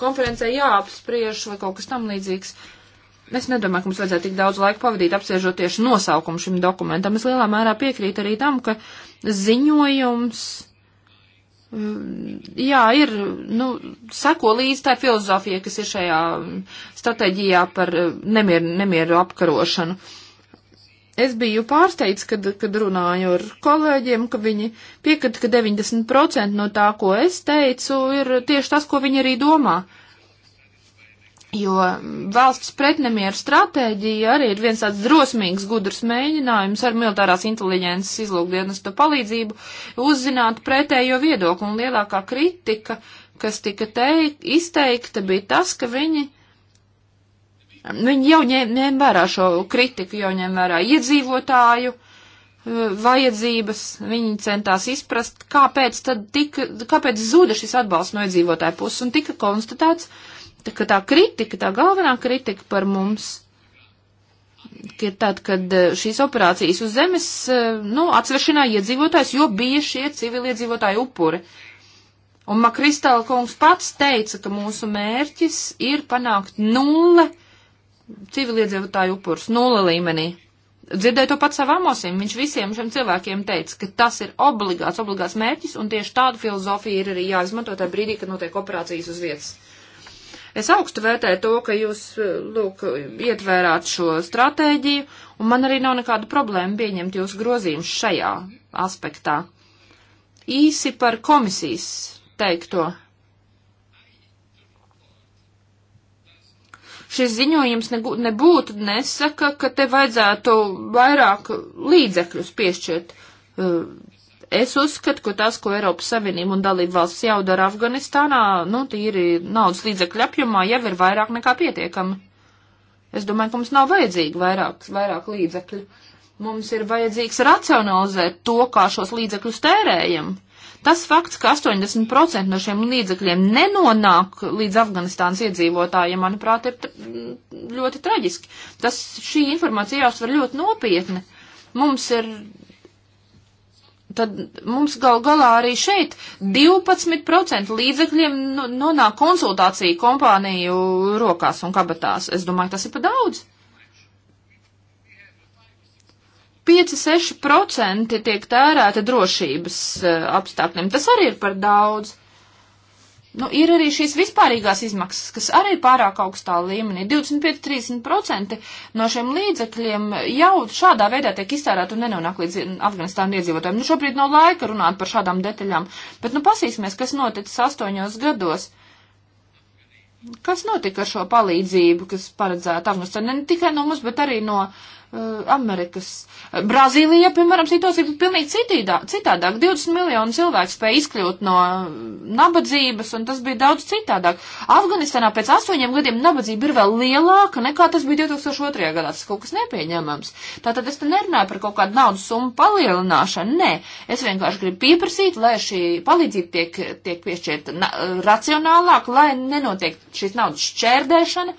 konferencē jāapspriež vai kaut kas tam līdzīgs. Es nedomāju, ka mums vajadzētu tik daudz laika pavadīt apspriežot tieši nosaukumu šim dokumentam. Es lielā mērā piekrītu arī tam, ka ziņojums. Mm, jā, ir, nu, seko līdz tā filozofija, kas ir šajā stratēģijā par mm, nemieru, nemieru apkarošanu. Uh, Es biju pārsteigts, kad, kad runāju ar kolēģiem, ka viņi piekrita, ka 90% no tā, ko es teicu, ir tieši tas, ko viņi arī domā. Jo valsts pretnemieru stratēģija arī ir viens tāds drosmīgs, gudrs mēģinājums ar militārās inteliģences izlūkdienestu palīdzību uzzināt pretējo viedokli. Un lielākā kritika, kas tika teik, izteikta, bija tas, ka viņi Viņi jau ņem, ņem vērā šo kritiku, jau ņem vērā iedzīvotāju uh, vajadzības, viņi centās izprast, kāpēc tad tika, kāpēc zuda šis atbalsts no iedzīvotāju puses, un tika konstatēts, ka tā kritika, tā galvenā kritika par mums ir tad, kad uh, šīs operācijas uz zemes, uh, nu, atsvešināja iedzīvotājs, jo bija šie civiliedzīvotāji upuri. Un Makristēla kungs pats teica, ka mūsu mērķis ir panākt nulle civiliedzīvotāju upurs nula līmenī. Dzirdēju to pat savām osīm. Viņš visiem šiem cilvēkiem teica, ka tas ir obligāts, obligāts mērķis, un tieši tāda filozofija ir arī jāizmanto tajā brīdī, kad notiek operācijas uz vietas. Es augstu vērtēju to, ka jūs, lūk, ietvērāt šo stratēģiju, un man arī nav nekāda problēma pieņemt jūsu grozījumus šajā aspektā. Īsi par komisijas teikto. šis ziņojums nebūtu nesaka, ka te vajadzētu vairāk līdzekļus piešķirt. Uh, es uzskatu, ka tas, ko Eiropas Savienība un dalību valsts jau dara Afganistānā, nu, tīri naudas līdzekļu apjomā jau ir vairāk nekā pietiekami. Es domāju, ka mums nav vajadzīgi vairāk, vairāk līdzekļu. Uh, Mums ir vajadzīgs racionalizēt to, kā šos līdzekļus tērējam. Tas fakts, ka 80% no šiem līdzekļiem nenonāk līdz Afganistānas iedzīvotājiem, manuprāt, ir ļoti traģiski. Tas šī informācija jāuztver ļoti nopietni. Mums ir tad mums gal galā arī šeit 12% līdzekļiem nonāk konsultāciju kompāniju rokās un kabatās. Es domāju, tas ir pa daudz. 5-6% tiek tērēta drošības uh, apstākļiem. Tas arī ir par daudz. Nu, ir arī šīs vispārīgās izmaksas, kas arī ir pārāk augstā līmenī. 25-30% no šiem līdzekļiem jau šādā veidā tiek iztērēti un nenonāk līdz Afganistāna iedzīvotājiem. Nu, šobrīd nav laika runāt par šādām detaļām, bet nu pasīsimies, kas noticis astoņos gados. Kas notika ar šo palīdzību, kas paredzēta Afganistāna ne tikai no mums, bet arī no uh, Eh, Amerikas. Eh, Brazīlijā, piemēram, situācija ir pilnīgi citīdā, citādāk. 20 miljonu cilvēku spēja izkļūt no mm, nabadzības, un tas bija daudz citādāk. Afganistānā pēc astoņiem gadiem nabadzība ir vēl lielāka nekā tas bija 2002. gadā. Tas kaut kas nepieņemams. Tātad es te nerunāju par kaut kādu naudas summu palielināšanu. Nē, es vienkārši gribu pieprasīt, lai šī palīdzība tiek, tiek piešķirta racionālāk, lai nenotiek šīs naudas šķērdēšana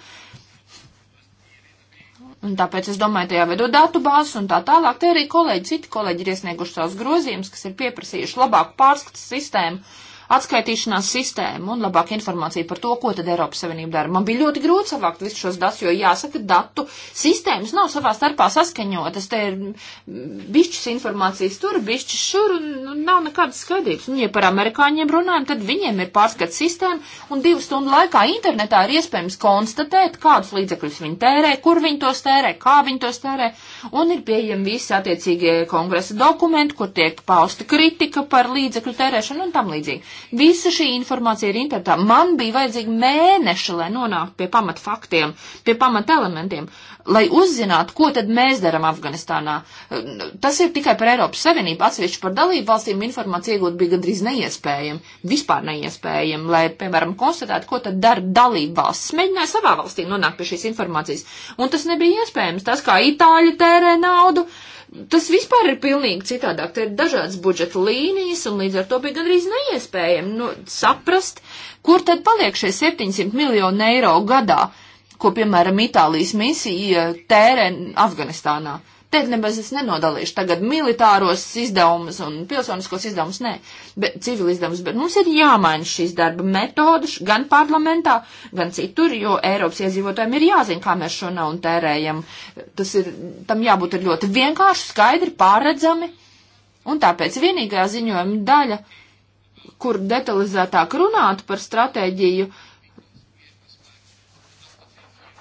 Un tāpēc es domāju, tajā vedo datu bāzes un tā tālāk. Te arī kolēģi, citi kolēģi ir iesnieguši savus grozījumus, kas ir pieprasījuši labāku pārskatu sistēmu atskaitīšanās sistēmu un labāku informāciju par to, ko tad Eiropas Savienība dara. Man bija ļoti grūti savākt visus šos datus, jo jāsaka, datu sistēmas nav savā starpā saskaņotas. Te ir bišķis informācijas tur, bišķis šur un nu, nav nekādas skaidrības. Un, ja par amerikāņiem runājam, tad viņiem ir pārskats sistēma un divu stundu laikā internetā ir iespējams konstatēt, kādus līdzekļus viņi tērē, kur viņi tos tērē, kā viņi tos tērē. Un ir pieejami visi attiecīgie kongresa dokumenti, kur tiek pausta kritika par līdzekļu tērēšanu un tam līdzīgi. Visa šī informācija ir internetā. Man bija vajadzīgi mēneši, lai nonāktu pie pamat faktiem, pie pamat elementiem, lai uzzinātu, ko tad mēs daram Afganistānā. Tas ir tikai par Eiropas Savienību, atsevišķi par dalību valstīm informācija iegūt bija gandrīz neiespējami, vispār neiespējami, lai, piemēram, konstatētu, ko tad dara dalību valsts. Mēģināja savā valstī nonākt pie šīs informācijas. Un tas nebija iespējams. Tas, kā Itāļi tērē naudu, uh, Tas vispār ir pilnīgi citādāk. Te ir dažādas budžeta līnijas, un līdz ar to bija gandrīz neiespējami nu, saprast, kur tad paliek šie 700 miljoni eiro gadā, ko, piemēram, Itālijas misija tērē Afganistānā. Uh, Te nemaz es nenodalīšu tagad militāros izdevumus un pilsoniskos izdevumus, nē, bet civil izdevumus, bet mums ir jāmaina šīs darba metodas gan parlamentā, gan citur, jo Eiropas iedzīvotājiem ir jāzina, kā mēs šo naudu tērējam. Tas ir, tam jābūt ir ļoti vienkārši, skaidri, pārredzami, un tāpēc vienīgā ziņojuma daļa, kur detalizētāk runātu par stratēģiju, uh,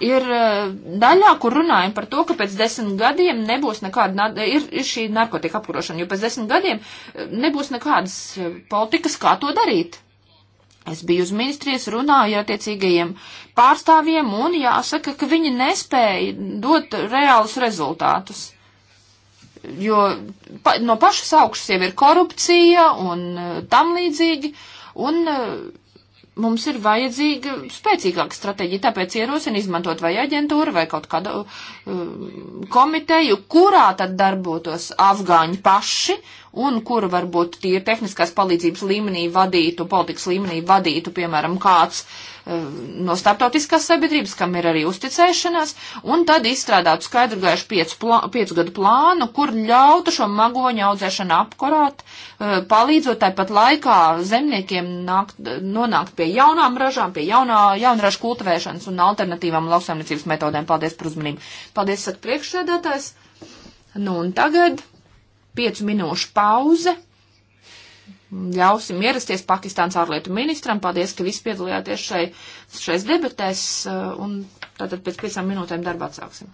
ir e, daļā, kur runājam par to, ka pēc desmit gadiem nebūs nekāda, ir, ir šī narkotika apkurošana, jo pēc desmit gadiem e, nebūs nekādas e, politikas, kā to darīt. Es biju uz ministrijas, runāju ar attiecīgajiem pārstāvjiem, un jāsaka, ka viņi nespēja dot reālus rezultātus. Jo pa, no pašas augšas jau ir korupcija un tam līdzīgi, un mums ir vajadzīga spēcīgāka stratēģija, tāpēc ierosinu izmantot vai aģentūru, vai kaut kādu uh, komiteju, kurā tad darbotos afgāņi paši, uh, un kuru varbūt tie tehniskās palīdzības līmenī vadītu, politikas līmenī vadītu, piemēram, kāds eh, no starptautiskās sabiedrības, kam ir arī uzticēšanās, un tad izstrādātu skaidru gaišu piecu, plā, piecu gadu plānu, kur ļautu šo magoņu audzēšanu apkorāt, eh, palīdzot tāpat laikā zemniekiem nākt, nonākt pie jaunām ražām, pie jaunā, jaunražu kultivēšanas un alternatīvām lauksaimniecības metodēm. Paldies par uzmanību. Paldies, saka priekšsēdētājs. Nu un tagad piecu minūšu pauze. Ļausim ierasties Pakistāns ārlietu ministram. Paldies, ka visi piedalījāties šai, šais debatēs. Uh, un tātad pēc piecām minūtēm darbā atsāksim.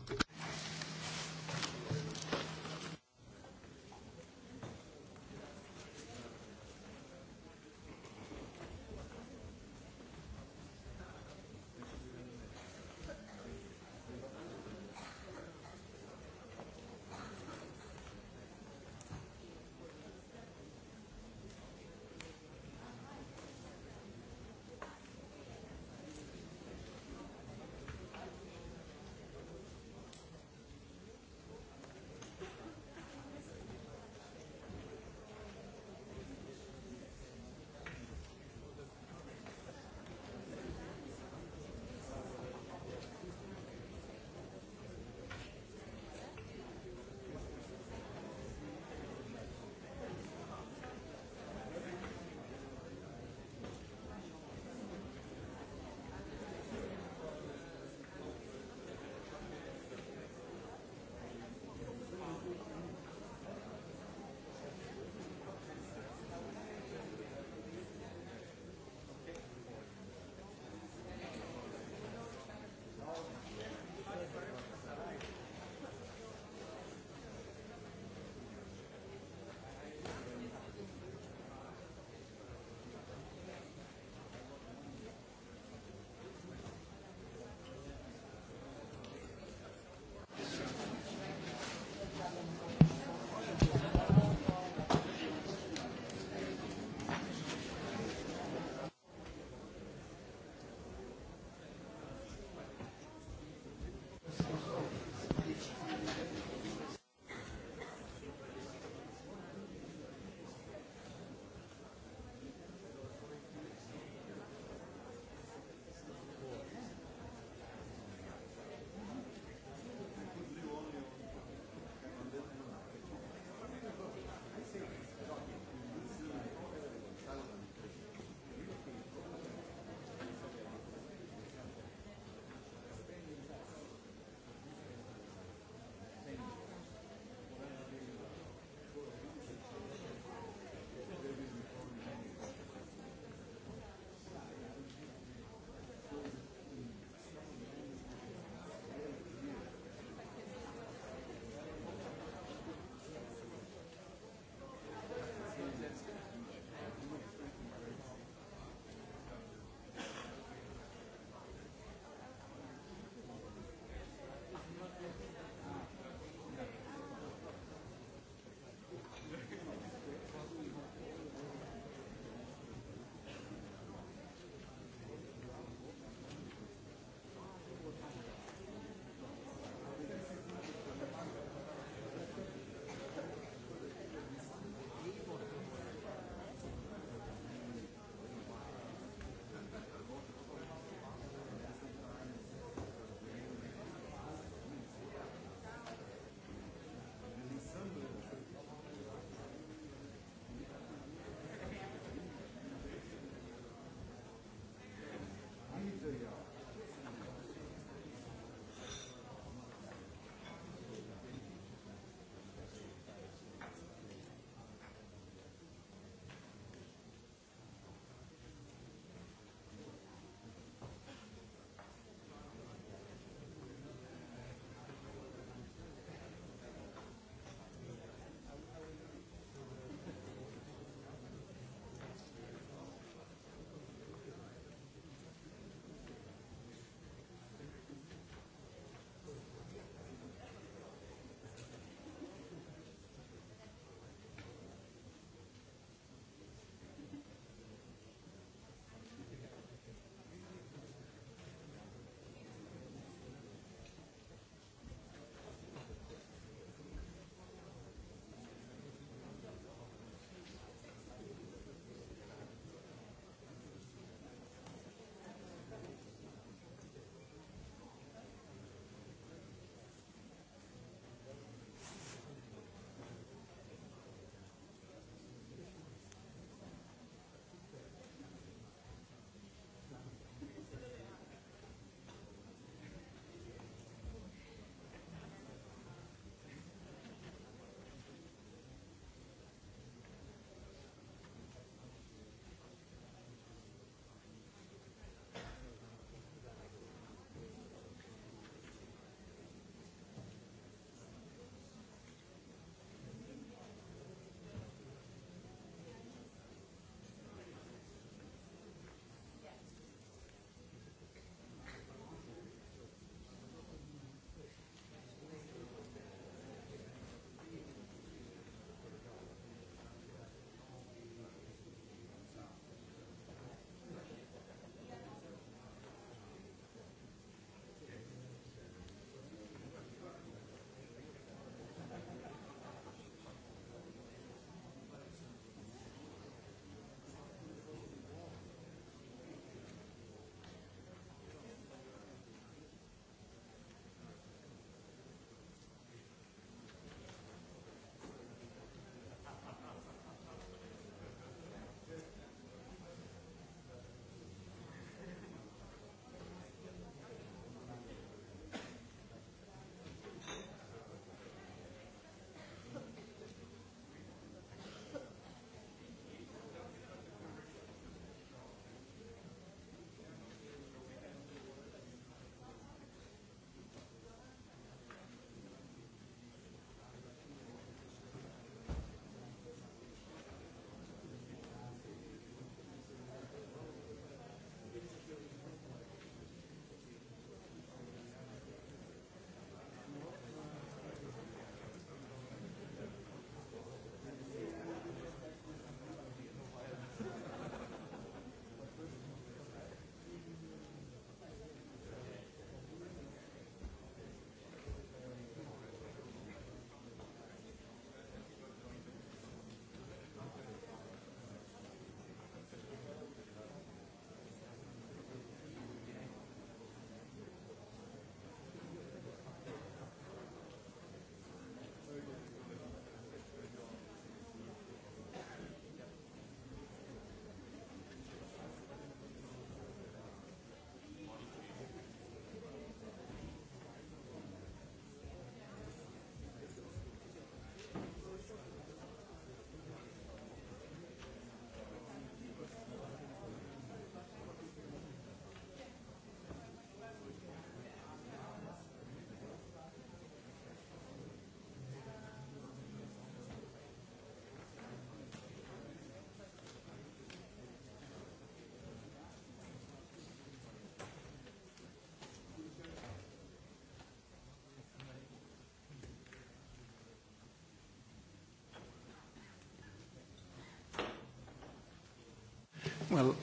Well,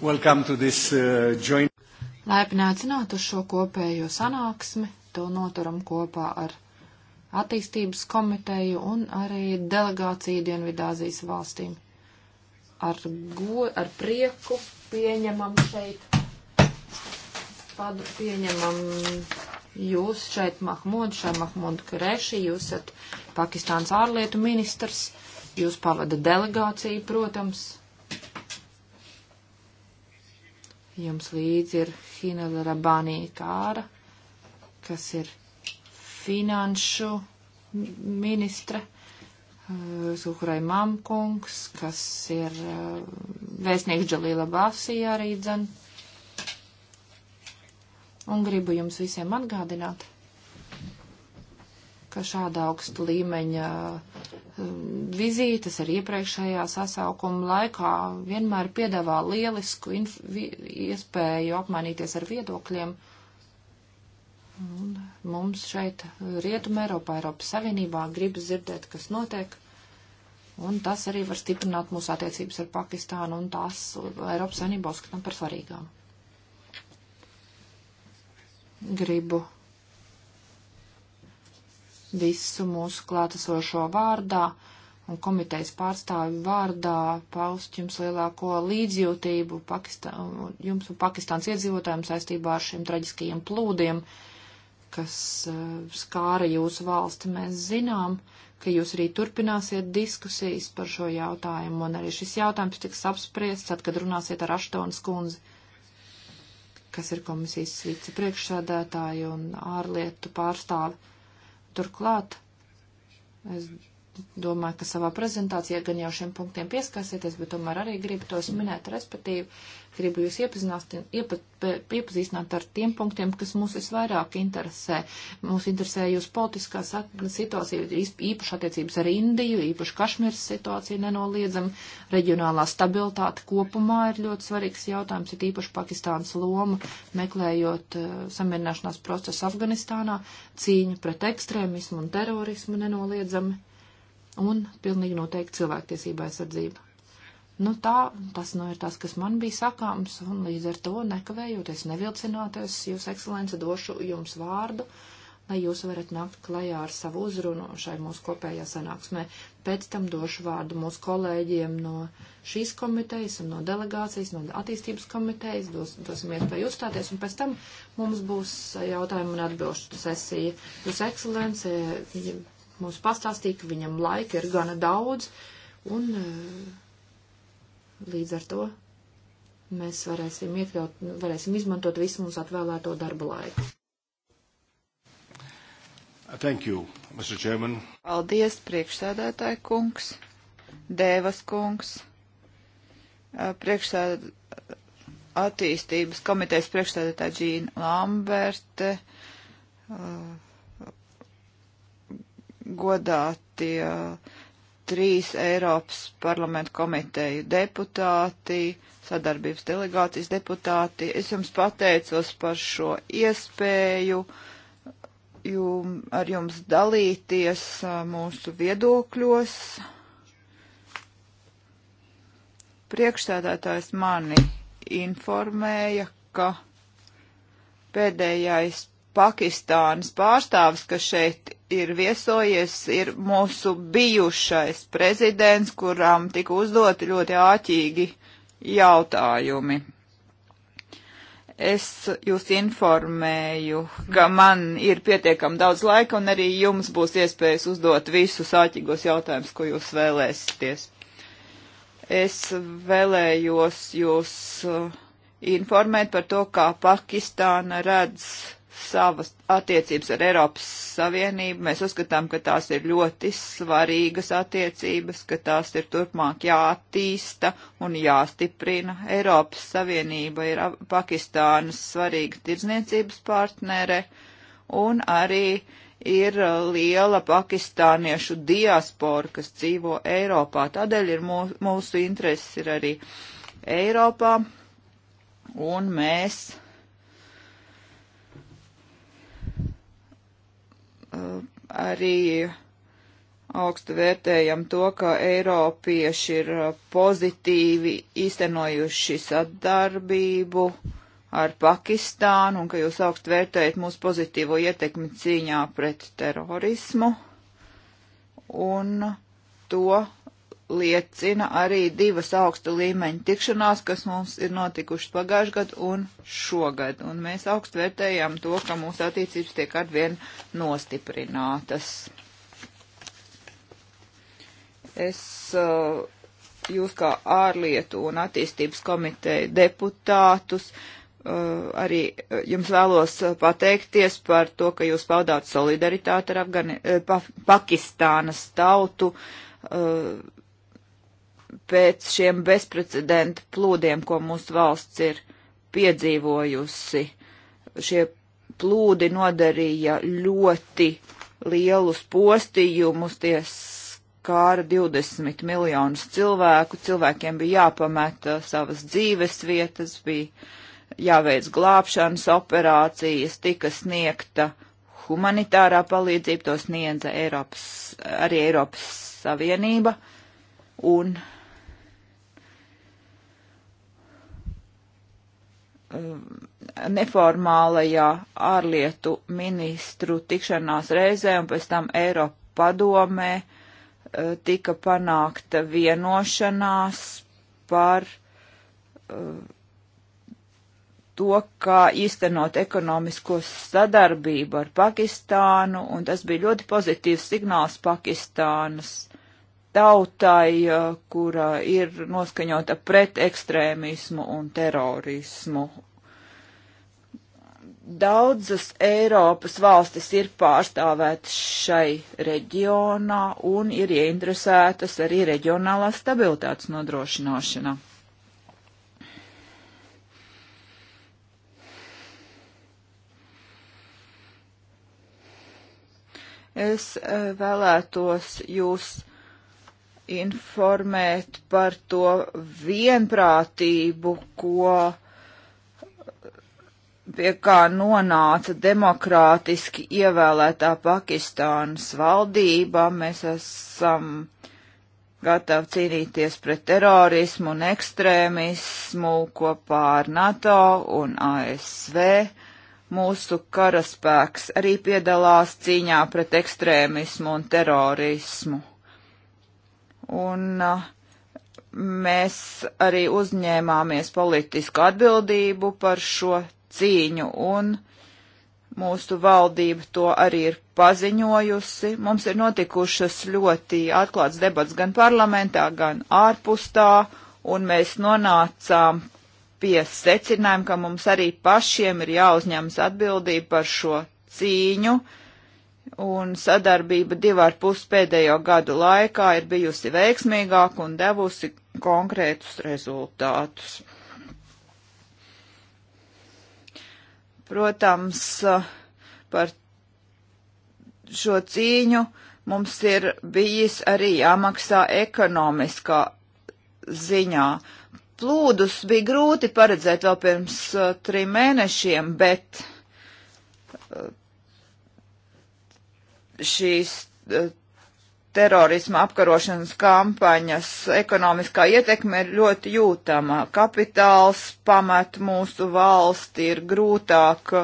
welcome to this uh, joint. Laipni aicināt uz šo kopējo sanāksmi. To noturam kopā ar attīstības komiteju un arī delegāciju Dienvidāzijas valstīm. Ar, go, ar prieku pieņemam šeit, pad, pieņemam jūs šeit, Mahmud, šai Mahmud Kureši, jūs esat Pakistāns ārlietu ministrs, jūs pavada delegāciju, protams, Jums līdzi ir Hinala Rabanī Kāra, kas ir finanšu ministre, eh, Zuhurai Mamkungs, kas ir eh, vēstnieks Džalīla Basija arī dzen. Un gribu jums visiem atgādināt, ka šāda augsta līmeņa um, vizītes ar iepriekšējā sasaukuma laikā vienmēr piedāvā lielisku iespēju apmainīties ar viedokļiem. Un mums šeit Rietumē, Eiropā, Eiropas Savienībā gribas dzirdēt, kas notiek. Un tas arī var stiprināt mūsu attiecības ar Pakistānu un tās Eiropas Savienībā uzskatām par svarīgām. Gribu visu mūsu klātesošo vārdā un komitejas pārstāvju vārdā paust jums lielāko līdzjūtību Pakistā, jums un Pakistāns iedzīvotājiem saistībā ar šiem traģiskajiem plūdiem, kas uh, skāra jūsu valsti. Mēs zinām, ka jūs arī turpināsiet diskusijas par šo jautājumu, un arī šis jautājums tiks apspriests, tad, kad runāsiet ar Aštonas kundzi, kas ir komisijas vicepriekšsēdētāja un ārlietu pārstāve Turklāt es domāju, ka savā prezentācijā gan jau šiem punktiem pieskāsieties, bet tomēr arī gribu tos minēt, respektīvi, gribu jūs iepa, iepazīstināt ar tiem punktiem, kas mūs visvairāk interesē. Mūs interesē jūs politiskā situācija, īpaši attiecības ar Indiju, īpaši Kašmiras situācija nenoliedzam, reģionālā stabilitāte kopumā ir ļoti svarīgs jautājums, ir īpaši Pakistānas loma, meklējot uh, samierināšanās procesu Afganistānā, cīņu pret ekstrēmismu un terorismu nenoliedzami un pilnīgi noteikti cilvēktiesība aizsardzība. Nu tā, tas nu ir tas, kas man bija sakāms, un līdz ar to nekavējoties, nevilcinoties, jūs ekscelence došu jums vārdu, lai jūs varat nākt klajā ar savu uzrunu šai mūsu kopējā sanāksmē. Pēc tam došu vārdu mūsu kolēģiem no šīs komitejas un no delegācijas, no attīstības komitejas, dos, dosim iespēju uzstāties, un pēc tam mums būs jautājumu un atbilšu sesija. Jūs ekscelence, mums pastāstīja, ka viņam laika ir gana daudz, un eh, līdz ar to mēs varēsim, iekļaut, varēsim izmantot visu mums atvēlēto darba laiku. Thank you, Mr. Chairman. Paldies, priekšsēdētāji kungs, Dēvas kungs, eh, priekšsēdētāji attīstības komitejas priekšsēdētāja Džīna Lamberte. Uh, godātie trīs Eiropas parlamentu komiteju deputāti, sadarbības delegācijas deputāti. Es jums pateicos par šo iespēju jum, ar jums dalīties mūsu viedokļos. Priekšstādātājs mani informēja, ka pēdējais Pakistānas pārstāvis, kas šeit ir viesojies, ir mūsu bijušais prezidents, kuram tika uzdoti ļoti āķīgi jautājumi. Es jūs informēju, ka man ir pietiekam daudz laika un arī jums būs iespējas uzdot visus āķīgos jautājumus, ko jūs vēlēsieties. Es vēlējos jūs uh, informēt par to, kā Pakistāna redz savas attiecības ar Eiropas Savienību. Mēs uzskatām, ka tās ir ļoti svarīgas attiecības, ka tās ir turpmāk jātīsta un jāstiprina. Eiropas Savienība ir Pakistānas svarīga tirdzniecības partnere un arī ir liela pakistāniešu diaspora, kas dzīvo Eiropā. Tādēļ ir mūsu, mūsu intereses ir arī Eiropā un mēs arī augstu vērtējam to, ka Eiropieši ir uh, pozitīvi īstenojuši sadarbību ar Pakistānu un ka jūs augstu vērtējat mūsu pozitīvo ietekmi cīņā pret terorismu un to, liecina arī divas augsta līmeņa tikšanās, kas mums ir notikušas pagājušajā gadā un šogad. Un mēs augstu vērtējām to, ka mūsu attiecības tiek arvien nostiprinātas. Es uh, jūs kā ārlietu un attīstības komiteja deputātus uh, arī uh, jums vēlos pateikties par to, ka jūs paudāt solidaritāti ar Afgani Pakistānas tautu. Uh, pēc šiem bezprecedenta plūdiem, ko mūsu valsts ir piedzīvojusi. Šie plūdi nodarīja ļoti lielus postījumus, tie skāra 20 miljonus cilvēku, cilvēkiem bija jāpameta savas dzīves vietas, bija jāveic glābšanas operācijas, tika sniegta humanitārā palīdzība, to sniedza Eiropas, arī Eiropas Savienība, un Mm, neformālajā ārlietu ministru tikšanās reizē un pēc tam Eiropa padomē eh, tika panākta vienošanās par eh, to, kā īstenot ekonomisko sadarbību ar Pakistānu, un tas bija ļoti pozitīvs signāls Pakistānas tautai, eh, kura ir noskaņota pret ekstrēmismu un terorismu. Daudzas Eiropas valstis ir pārstāvētas šai reģionā un ir ieinteresētas arī reģionālās stabilitātes nodrošināšanā. Es eh, vēlētos jūs informēt par to vienprātību, ko pie kā nonāca demokrātiski ievēlētā Pakistānas valdība. Mēs esam gatavi cīnīties pret terorismu un ekstrēmismu kopā ar NATO un ASV. Mūsu karaspēks arī piedalās cīņā pret ekstrēmismu un terorismu Un uh, mēs arī uzņēmāmies politisku atbildību par šo cīņu, un mūsu valdība to arī ir paziņojusi. Mums ir notikušas ļoti atklāts debats gan parlamentā, gan ārpus tā, un mēs nonācām pie secinājuma, ka mums arī pašiem ir jāuzņemas atbildība par šo cīņu. Uh, un sadarbība divu ar pus pēdējo gadu laikā ir bijusi veiksmīgāka un devusi konkrētus rezultātus. Protams, par šo cīņu mums ir bijis arī jāmaksā ekonomiskā ziņā. Plūdus bija grūti paredzēt vēl pirms eh, trim mēnešiem, bet eh, šīs eh, terorisma apkarošanas kampaņas ekonomiskā ietekme ir ļoti jūtama. Kapitāls pamet mūsu valsti, ir grūtāk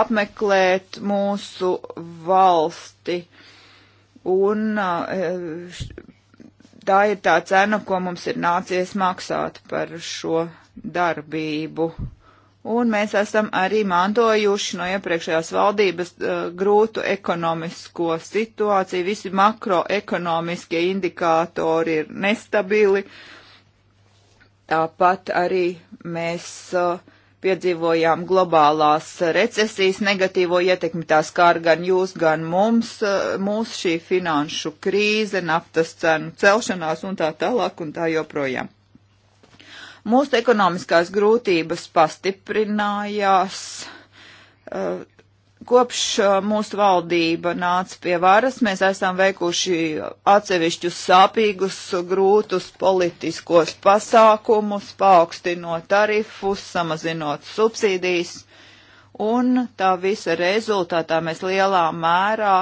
apmeklēt mūsu valsti. Un eh, tā ir tā cena, ko mums ir nācies maksāt par šo darbību un mēs esam arī mantojuši no iepriekšējās valdības uh, grūtu ekonomisko situāciju. Visi makroekonomiskie indikātori ir nestabili. Tāpat arī mēs uh, piedzīvojām globālās recesijas negatīvo ietekmi, tās kār gan jūs, gan mums, uh, eh, mūsu šī finanšu krīze, naftas cenu celšanās un tā tālāk un tā joprojām. Mūsu ekonomiskās grūtības pastiprinājās. E, kopš e, mūsu valdība nāca pie varas, mēs esam veikuši atsevišķus sāpīgus, grūtus politiskos pasākumus, paaugstinot tarifus, samazinot subsīdijas, un tā visa rezultātā mēs lielā mērā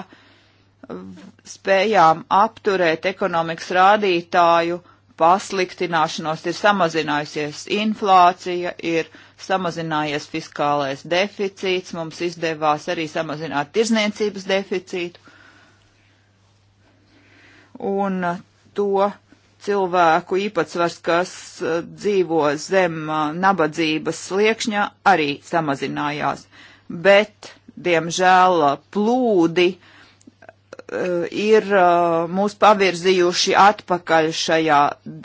spējām apturēt ekonomikas rādītāju uh, pasliktināšanos, ir samazinājusies inflācija, ir samazinājies fiskālais deficīts, mums izdevās arī samazināt tirzniecības deficītu. Un to cilvēku īpatsvars, kas eh, dzīvo zem eh, nabadzības sliekšņa, arī samazinājās. Bet, diemžēl, plūdi uh, Eh, ir eh, mūs pavirzījuši atpakaļ šajā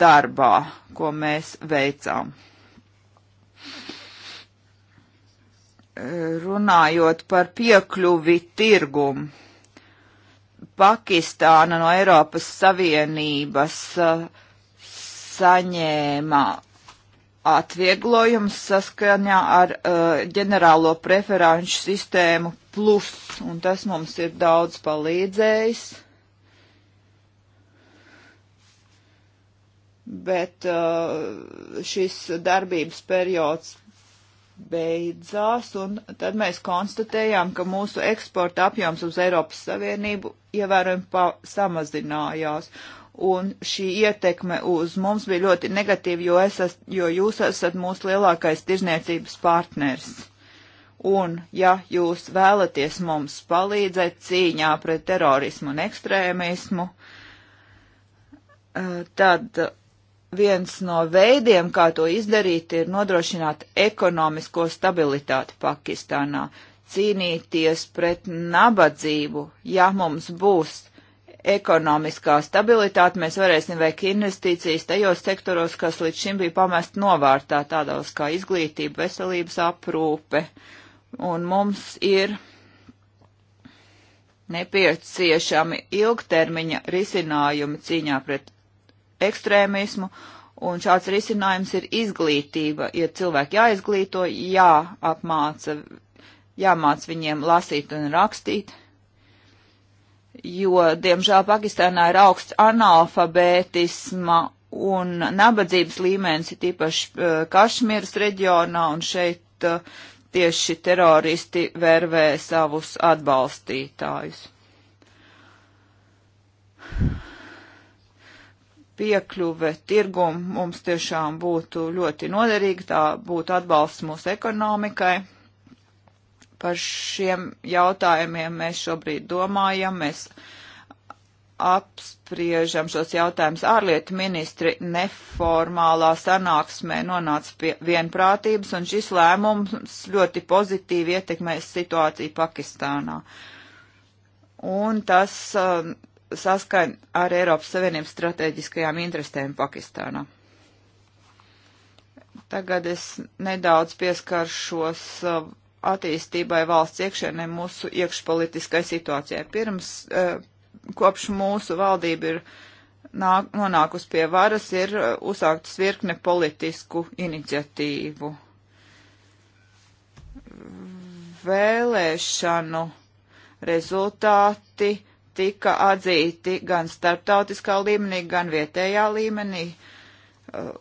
darbā, ko mēs veicām. Eh, runājot par piekļuvi tirgumu, Pakistāna no Eiropas Savienības saņēma atvieglojums saskaņā ar uh, ģenerālo preferanšu sistēmu plus, un tas mums ir daudz palīdzējis. Bet uh, šis darbības periods beidzās, un tad mēs konstatējām, ka mūsu eksporta apjoms uz Eiropas Savienību ievērojami samazinājās. Un šī ietekme uz mums bija ļoti negatīva, jo, es, jo jūs esat mūsu lielākais tirzniecības partners. Un, ja jūs vēlaties mums palīdzēt cīņā pret terorismu un ekstrēmismu, eh, tad viens no veidiem, kā to izdarīt, ir nodrošināt ekonomisko stabilitāti Pakistānā, cīnīties pret nabadzību. Ja mums būs ekonomiskā stabilitāte, mēs varēsim veikt investīcijas tajos sektoros, kas līdz šim bija pamest novārtā, tādos kā izglītība, veselības aprūpe. Uh, un mums ir nepieciešami ilgtermiņa risinājumi cīņā pret ekstrēmismu, un šāds risinājums ir izglītība. Ir cilvēki jāizglīto, jāapmāca, jāmāc viņiem lasīt un rakstīt, jo, diemžēl, Pakistānā ir augsts analfabētisma un nabadzības līmenis, ir tīpaši eh, Kašmiras reģionā, un šeit uh, tieši teroristi vervē savus atbalstītājus. Piekļuve tirgum mums tiešām būtu ļoti noderīga, tā būtu atbalsts mūsu ekonomikai. Par šiem jautājumiem mēs šobrīd domājam, mēs uh, apspriežam šos jautājumus. Ārlietu ministri neformālā sanāksmē nonāca pie vienprātības, un šis lēmums ļoti pozitīvi ietekmēs situāciju Pakistānā. Un tas um, saskaņ ar Eiropas Savienības strateģiskajām interesēm Pakistānā. Tagad es nedaudz pieskaršos uh, attīstībai valsts iekšēnē mūsu iekšpolitiskai situācijai. Pirms uh, kopš mūsu valdība ir nāk, nonākus pie varas, ir uh, uzsāktas virkne politisku iniciatīvu. Vēlēšanu rezultāti tika atzīti gan starptautiskā līmenī, gan vietējā līmenī. Uh,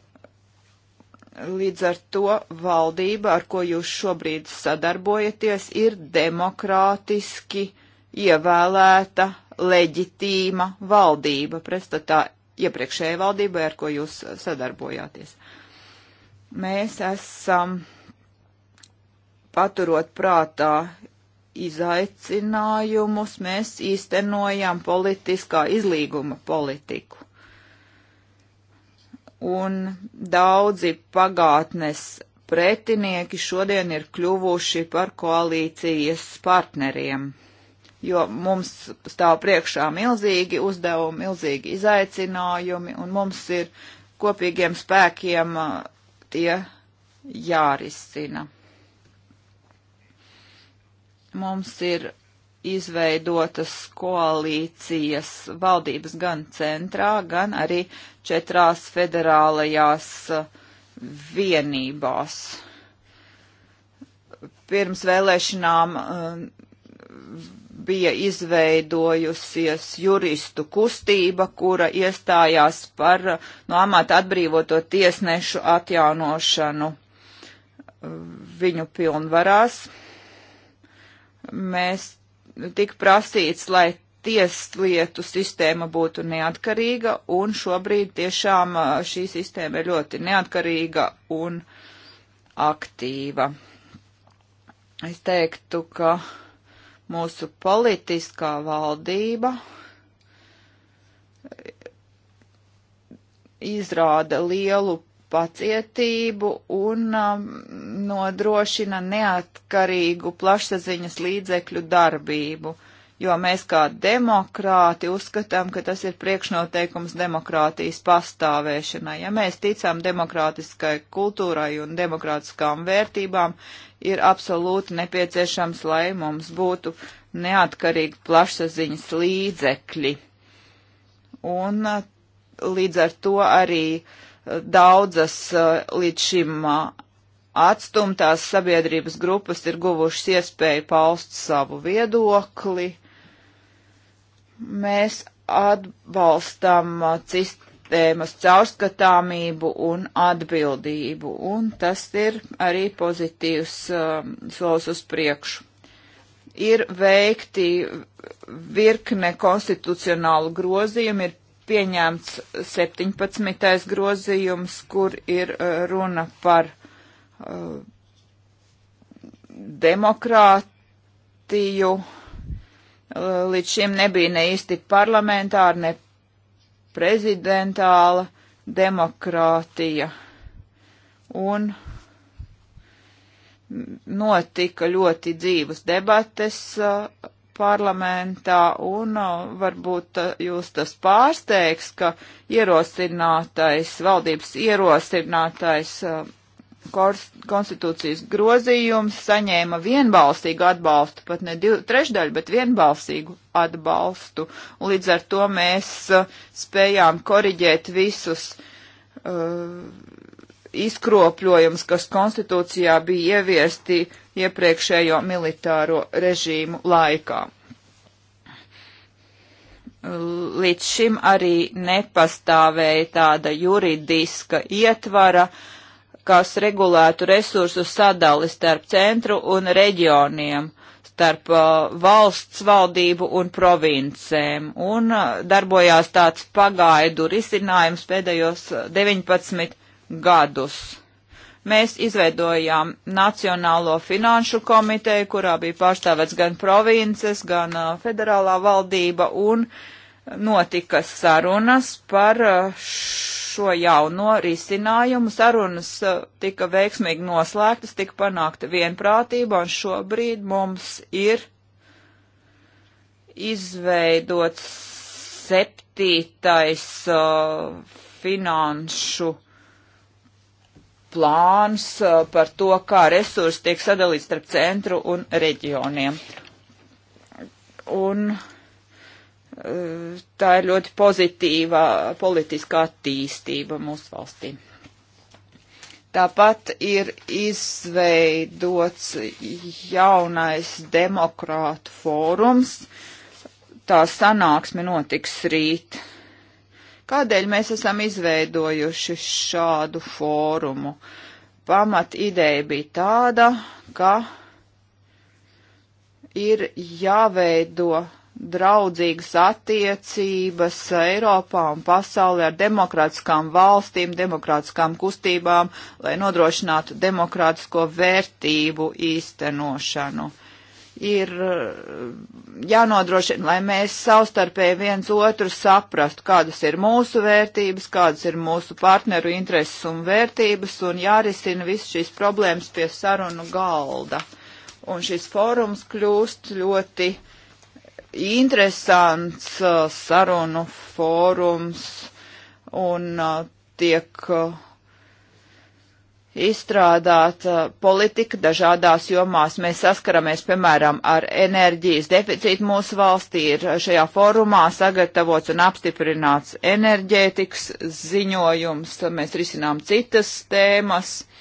Līdz ar to valdība, ar ko jūs šobrīd sadarbojaties, ir demokrātiski ievēlēta leģitīma valdība pretstatā iepriekšējai valdībai, ar ko jūs sadarbojāties. Mēs esam paturot prātā izaicinājumus, mēs īstenojam politiskā izlīguma politiku. Un daudzi pagātnes pretinieki šodien ir kļuvuši par koalīcijas partneriem jo mums stāv priekšā milzīgi uzdevumi, milzīgi izaicinājumi, un mums ir kopīgiem spēkiem uh, tie jārisina. Mums ir izveidotas koalīcijas valdības gan centrā, gan arī četrās federālajās uh, vienībās. Pirms vēlēšanām uh, bija izveidojusies juristu kustība, kura iestājās par no amata atbrīvoto tiesnešu atjaunošanu eh, viņu pilnvarās. Mēs tik prasīts, lai tieslietu sistēma būtu neatkarīga, un šobrīd tiešām eh, šī sistēma ir ļoti neatkarīga un aktīva. Es teiktu, ka uh, mūsu politiskā valdība izrāda lielu pacietību un um, nodrošina neatkarīgu plašsaziņas līdzekļu darbību. Uh, jo mēs kā demokrāti uzskatām, ka tas ir priekšnoteikums demokrātijas pastāvēšanai. Ja mēs ticām demokrātiskai kultūrai un demokrātiskām vērtībām, ir absolūti nepieciešams, lai mums būtu neatkarīgi plašsaziņas līdzekļi. Un uh, līdz ar to arī uh, daudzas uh, līdz šim atstumtās sabiedrības grupas ir guvušas iespēju paust savu viedokli, Mēs atbalstam uh, sistēmas caurskatāmību un atbildību, un tas ir arī pozitīvs um, solis uz priekšu. Ir veikti virkne konstitucionālu grozījumu, ir pieņemts 17. grozījums, kur ir uh, runa par uh, demokrātiju. Uh, līdz šim nebija ne īsti parlamentāra, ne prezidentāla demokrātija. Un notika ļoti dzīvas debates parlamentā, un varbūt jūs tas pārsteigs, ka ierosinātais, valdības ierosinātais konstitūcijas grozījums saņēma vienbalsīgu atbalstu, pat ne div, trešdaļu, bet vienbalsīgu atbalstu. Un līdz ar to mēs uh, spējām koriģēt visus uh, izkropļojums, kas konstitūcijā bija ieviesti iepriekšējo militāro režīmu laikā. Līdz šim arī nepastāvēja tāda juridiska ietvara, uh, kas regulētu resursu sadali starp centru un reģioniem, starp uh, valsts valdību un provincēm, un uh, darbojās tāds pagaidu risinājums pēdējos 19 uh, gadus. Mēs izveidojām Nacionālo finanšu komiteju, kurā bija pārstāvēts gan provinces, gan uh, federālā valdība un uh, notika sarunas par uh, šo jauno risinājumu. Sarunas uh, tika veiksmīgi noslēgtas, tika panākta vienprātība, un šobrīd mums ir izveidots septītais uh, finanšu plāns uh, par to, kā resursi tiek sadalīts starp centru un reģioniem. Un uh, tā ir ļoti pozitīva politiskā attīstība mūsu valstī. Tāpat ir izveidots jaunais demokrātu fórums. Tā sanāksme notiks rīt. Kādēļ mēs esam izveidojuši šādu fórumu? Pamat ideja bija tāda, ka ir jāveido draudzīgas attiecības Eiropā un pasaulē ar demokrātiskām valstīm, demokrātiskām kustībām, lai nodrošinātu demokrātisko vērtību īstenošanu. Ir eh, jānodrošina, lai mēs savstarpēji viens otru saprastu, kādas ir mūsu vērtības, kādas ir mūsu partneru intereses un vērtības, un jārisina visas šīs problēmas pie sarunu galda. Un šis fórums kļūst ļoti uh, interesants uh, sarunu fórums un uh, tiek uh, izstrādāta politika dažādās jomās. Mēs saskaramies, piemēram, ar enerģijas deficītu mūsu valstī. Ir šajā fórumā sagatavots un apstiprināts enerģētikas ziņojums. Mēs risinām citas tēmas. Uh,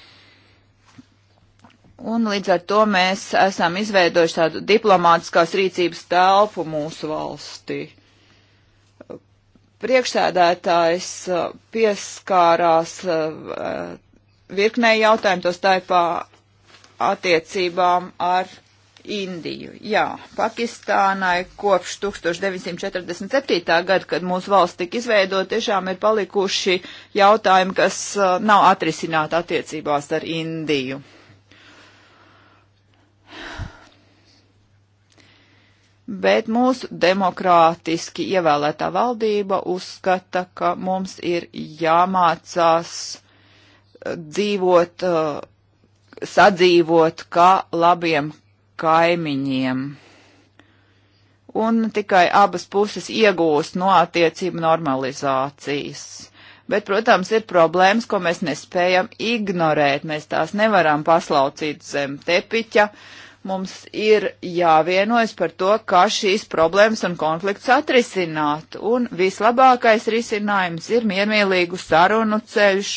Un līdz ar to mēs esam izveidojuši tādu diplomātiskās rīcības telpu mūsu valstī. Priekšsēdētājs uh, pieskārās uh, virknē jautājumu to staipā attiecībām ar Indiju. Jā, Pakistānai kopš 1947. gada, kad mūsu valsts tika izveidot, tiešām ir palikuši jautājumi, kas uh, nav atrisināti attiecībās ar Indiju. bet mūsu demokrātiski ievēlētā valdība uzskata, ka mums ir jāmācās eh, dzīvot, eh, sadzīvot kā labiem kaimiņiem. Un tikai abas puses iegūst no attiecību normalizācijas. Bet, protams, ir problēmas, ko mēs nespējam ignorēt. Mēs tās nevaram paslaucīt zem tepiķa. Uh, Mums ir jāvienojas par to, kā šīs problēmas un konflikts atrisināt, un vislabākais risinājums ir miermīlīgu sarunu ceļš.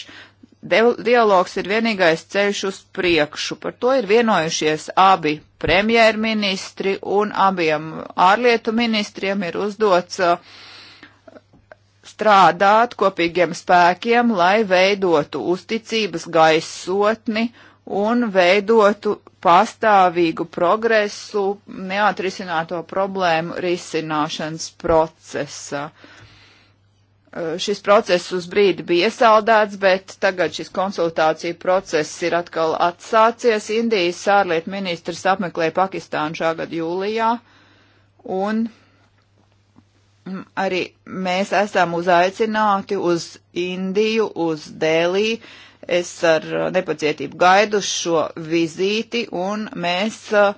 Dialogs ir vienīgais ceļš uz priekšu. Par to ir vienojušies abi premjerministri un abiem ārlietu ministriem ir uzdots uh, strādāt kopīgiem spēkiem, lai veidotu uzticības gaisotni un veidotu pastāvīgu progresu neatrisināto problēmu risināšanas procesa. Eh, šis process uz brīdi bija iesaldēts, bet tagad šis konsultāciju process ir atkal atsācies. Indijas ārlietu ministrs apmeklēja Pakistānu šā gada jūlijā, un arī mēs esam uzaicināti uz Indiju, uz Dēlī, uh, Es ar uh, nepacietību gaidu šo vizīti un mēs uh,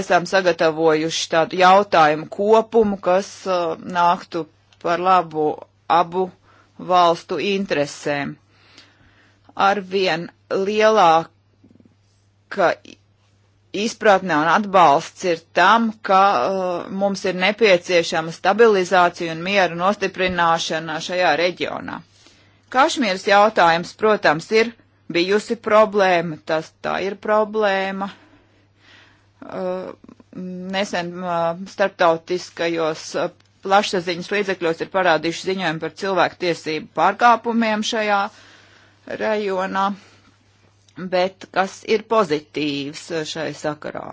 esam sagatavojuši tādu jautājumu kopumu, kas uh, nāktu par labu abu valstu interesēm. Arvien lielāka izpratne un atbalsts ir tam, ka uh, mums ir nepieciešama stabilizācija un miera nostiprināšana šajā reģionā. Kašmīras jautājums, protams, ir bijusi problēma, tas tā ir problēma. Uh, nesen uh, starptautiskajos uh, plašsaziņas līdzekļos ir parādījuši ziņojumi par cilvēku tiesību pārkāpumiem šajā rajonā, bet kas ir pozitīvs uh, šai sakarā?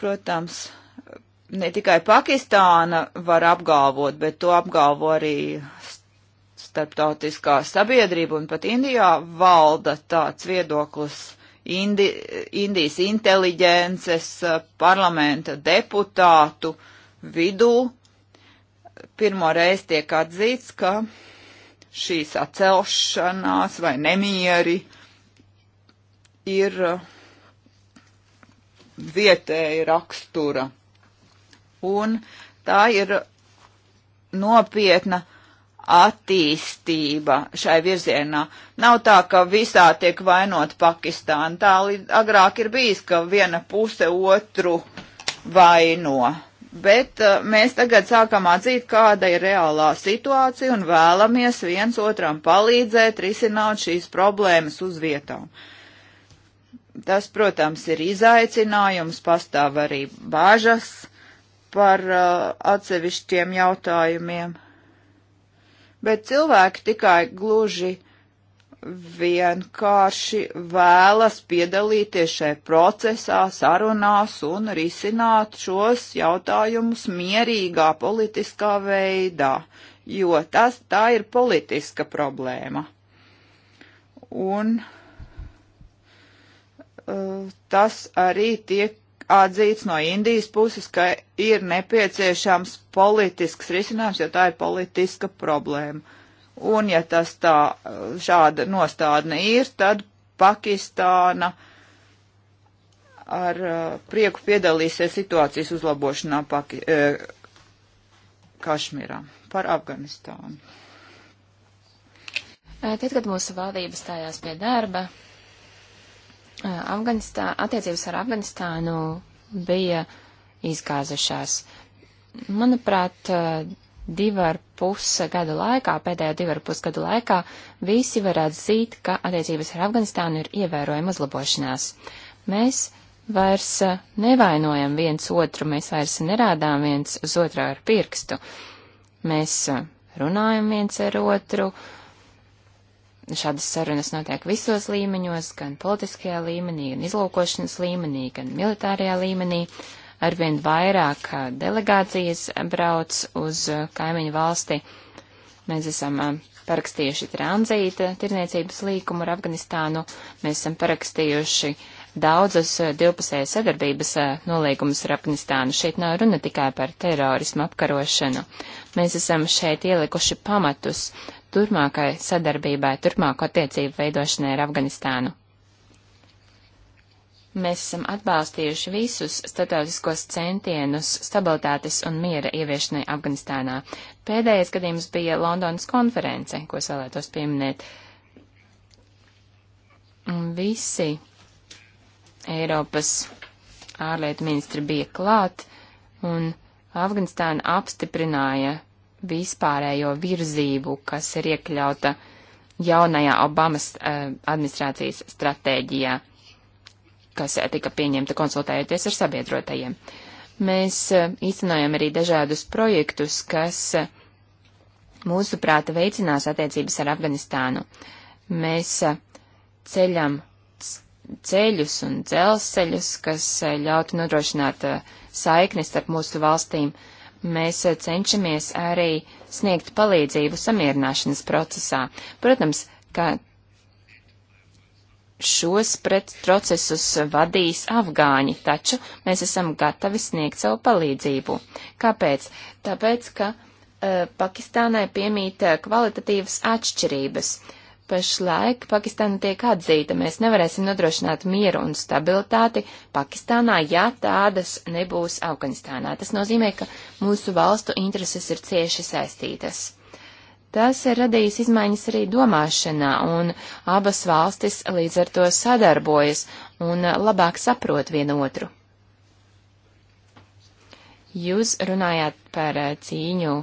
Protams, ne tikai Pakistāna var apgalvot, bet to apgalvo arī starptautiskā sabiedrība, un pat Indijā valda tāds viedoklis Indi, Indijas inteliģences eh, parlamenta deputātu vidū. Pirmo reizi tiek atzīts, ka šī sacelšanās vai nemieri ir eh, vietēja rakstura. Un tā ir nopietna attīstība šai virzienā. Nav tā, ka visā tiek vainot Pakistāna. Tā agrāk ir bijis, ka viena puse otru vaino. Bet uh, mēs tagad sākam atzīt, kāda ir reālā situācija un vēlamies viens otram palīdzēt risināt šīs problēmas uz vietām. Tas, protams, ir izaicinājums, pastāv arī bāžas par uh, atsevišķiem jautājumiem bet cilvēki tikai gluži vienkārši vēlas piedalīties šai procesā, sarunās un risināt šos jautājumus mierīgā politiskā veidā, jo tas tā ir politiska problēma. Un uh, tas arī tiek atzīts no Indijas puses, ka ir nepieciešams politisks risinājums, jo tā ir politiska problēma. Un ja tas tā šāda nostādne ir, tad Pakistāna ar uh, prieku piedalīsies situācijas uzlabošanā Paki uh, Kašmirā par Afganistānu. Tad, kad mūsu valdība stājās pie darba, Eh, Afganistā, attiecības ar Afganistānu bija izgāzušās. Manuprāt, eh, divu ar pus gadu laikā, pēdējo divu ar pus gadu laikā, visi var atzīt, ka attiecības ar Afganistānu ir ievērojama uzlabošanās. Mēs vairs eh, nevainojam viens otru, mēs vairs nerādām viens uz otru ar pirkstu. Mēs runājam viens ar otru, uh, šādas sarunas notiek visos līmeņos, gan politiskajā līmenī, gan izlūkošanas līmenī, gan militārajā līmenī. Arvien vairāk uh, delegācijas brauc uz uh, kaimiņu valsti. Mēs esam uh, parakstījuši tranzīta tirniecības līkumu ar Afganistānu, mēs esam parakstījuši daudzus divpusējas sadarbības nolīgumus ar Afganistānu. Šeit nav runa tikai par terorismu apkarošanu. Mēs esam šeit ielikuši pamatus turpmākai sadarbībai, turpmāko attiecību veidošanai ar Afganistānu. Mēs esam atbalstījuši visus statautiskos centienus stabilitātes un miera ieviešanai Afganistānā. Pēdējais gadījums bija Londonas konference, ko es vēlētos pieminēt. Visi Eiropas ārlietu ministri bija klāt, un Afganistāna apstiprināja vispārējo virzību, kas ir iekļauta jaunajā Obamas uh, administrācijas stratēģijā, kas eh, tika pieņemta konsultējoties ar sabiedrotajiem. Mēs uh, īstenojam arī dažādus projektus, kas uh, mūsuprāt veicinās attiecības ar Afganistānu. Mēs uh, ceļam ceļus un dzelzceļus, kas ļautu nodrošināt saiknis starp mūsu valstīm. Uh, Mēs eh, cenšamies arī sniegt palīdzību samierināšanas procesā. Protams, ka šos procesus vadīs afgāņi, taču mēs esam gatavi sniegt savu palīdzību. Kāpēc? Tāpēc, ka uh, Pakistānai piemīt eh, kvalitatīvas atšķirības. Uh, pašlaik Pakistāna tiek atzīta. Mēs nevarēsim nodrošināt mieru un stabilitāti Pakistānā, ja tādas nebūs Afganistānā. Tas nozīmē, ka mūsu valstu intereses ir cieši saistītas. Tas ir radījis izmaiņas arī domāšanā, un abas valstis līdz ar to sadarbojas un labāk saprot vienu otru. Jūs runājāt par cīņu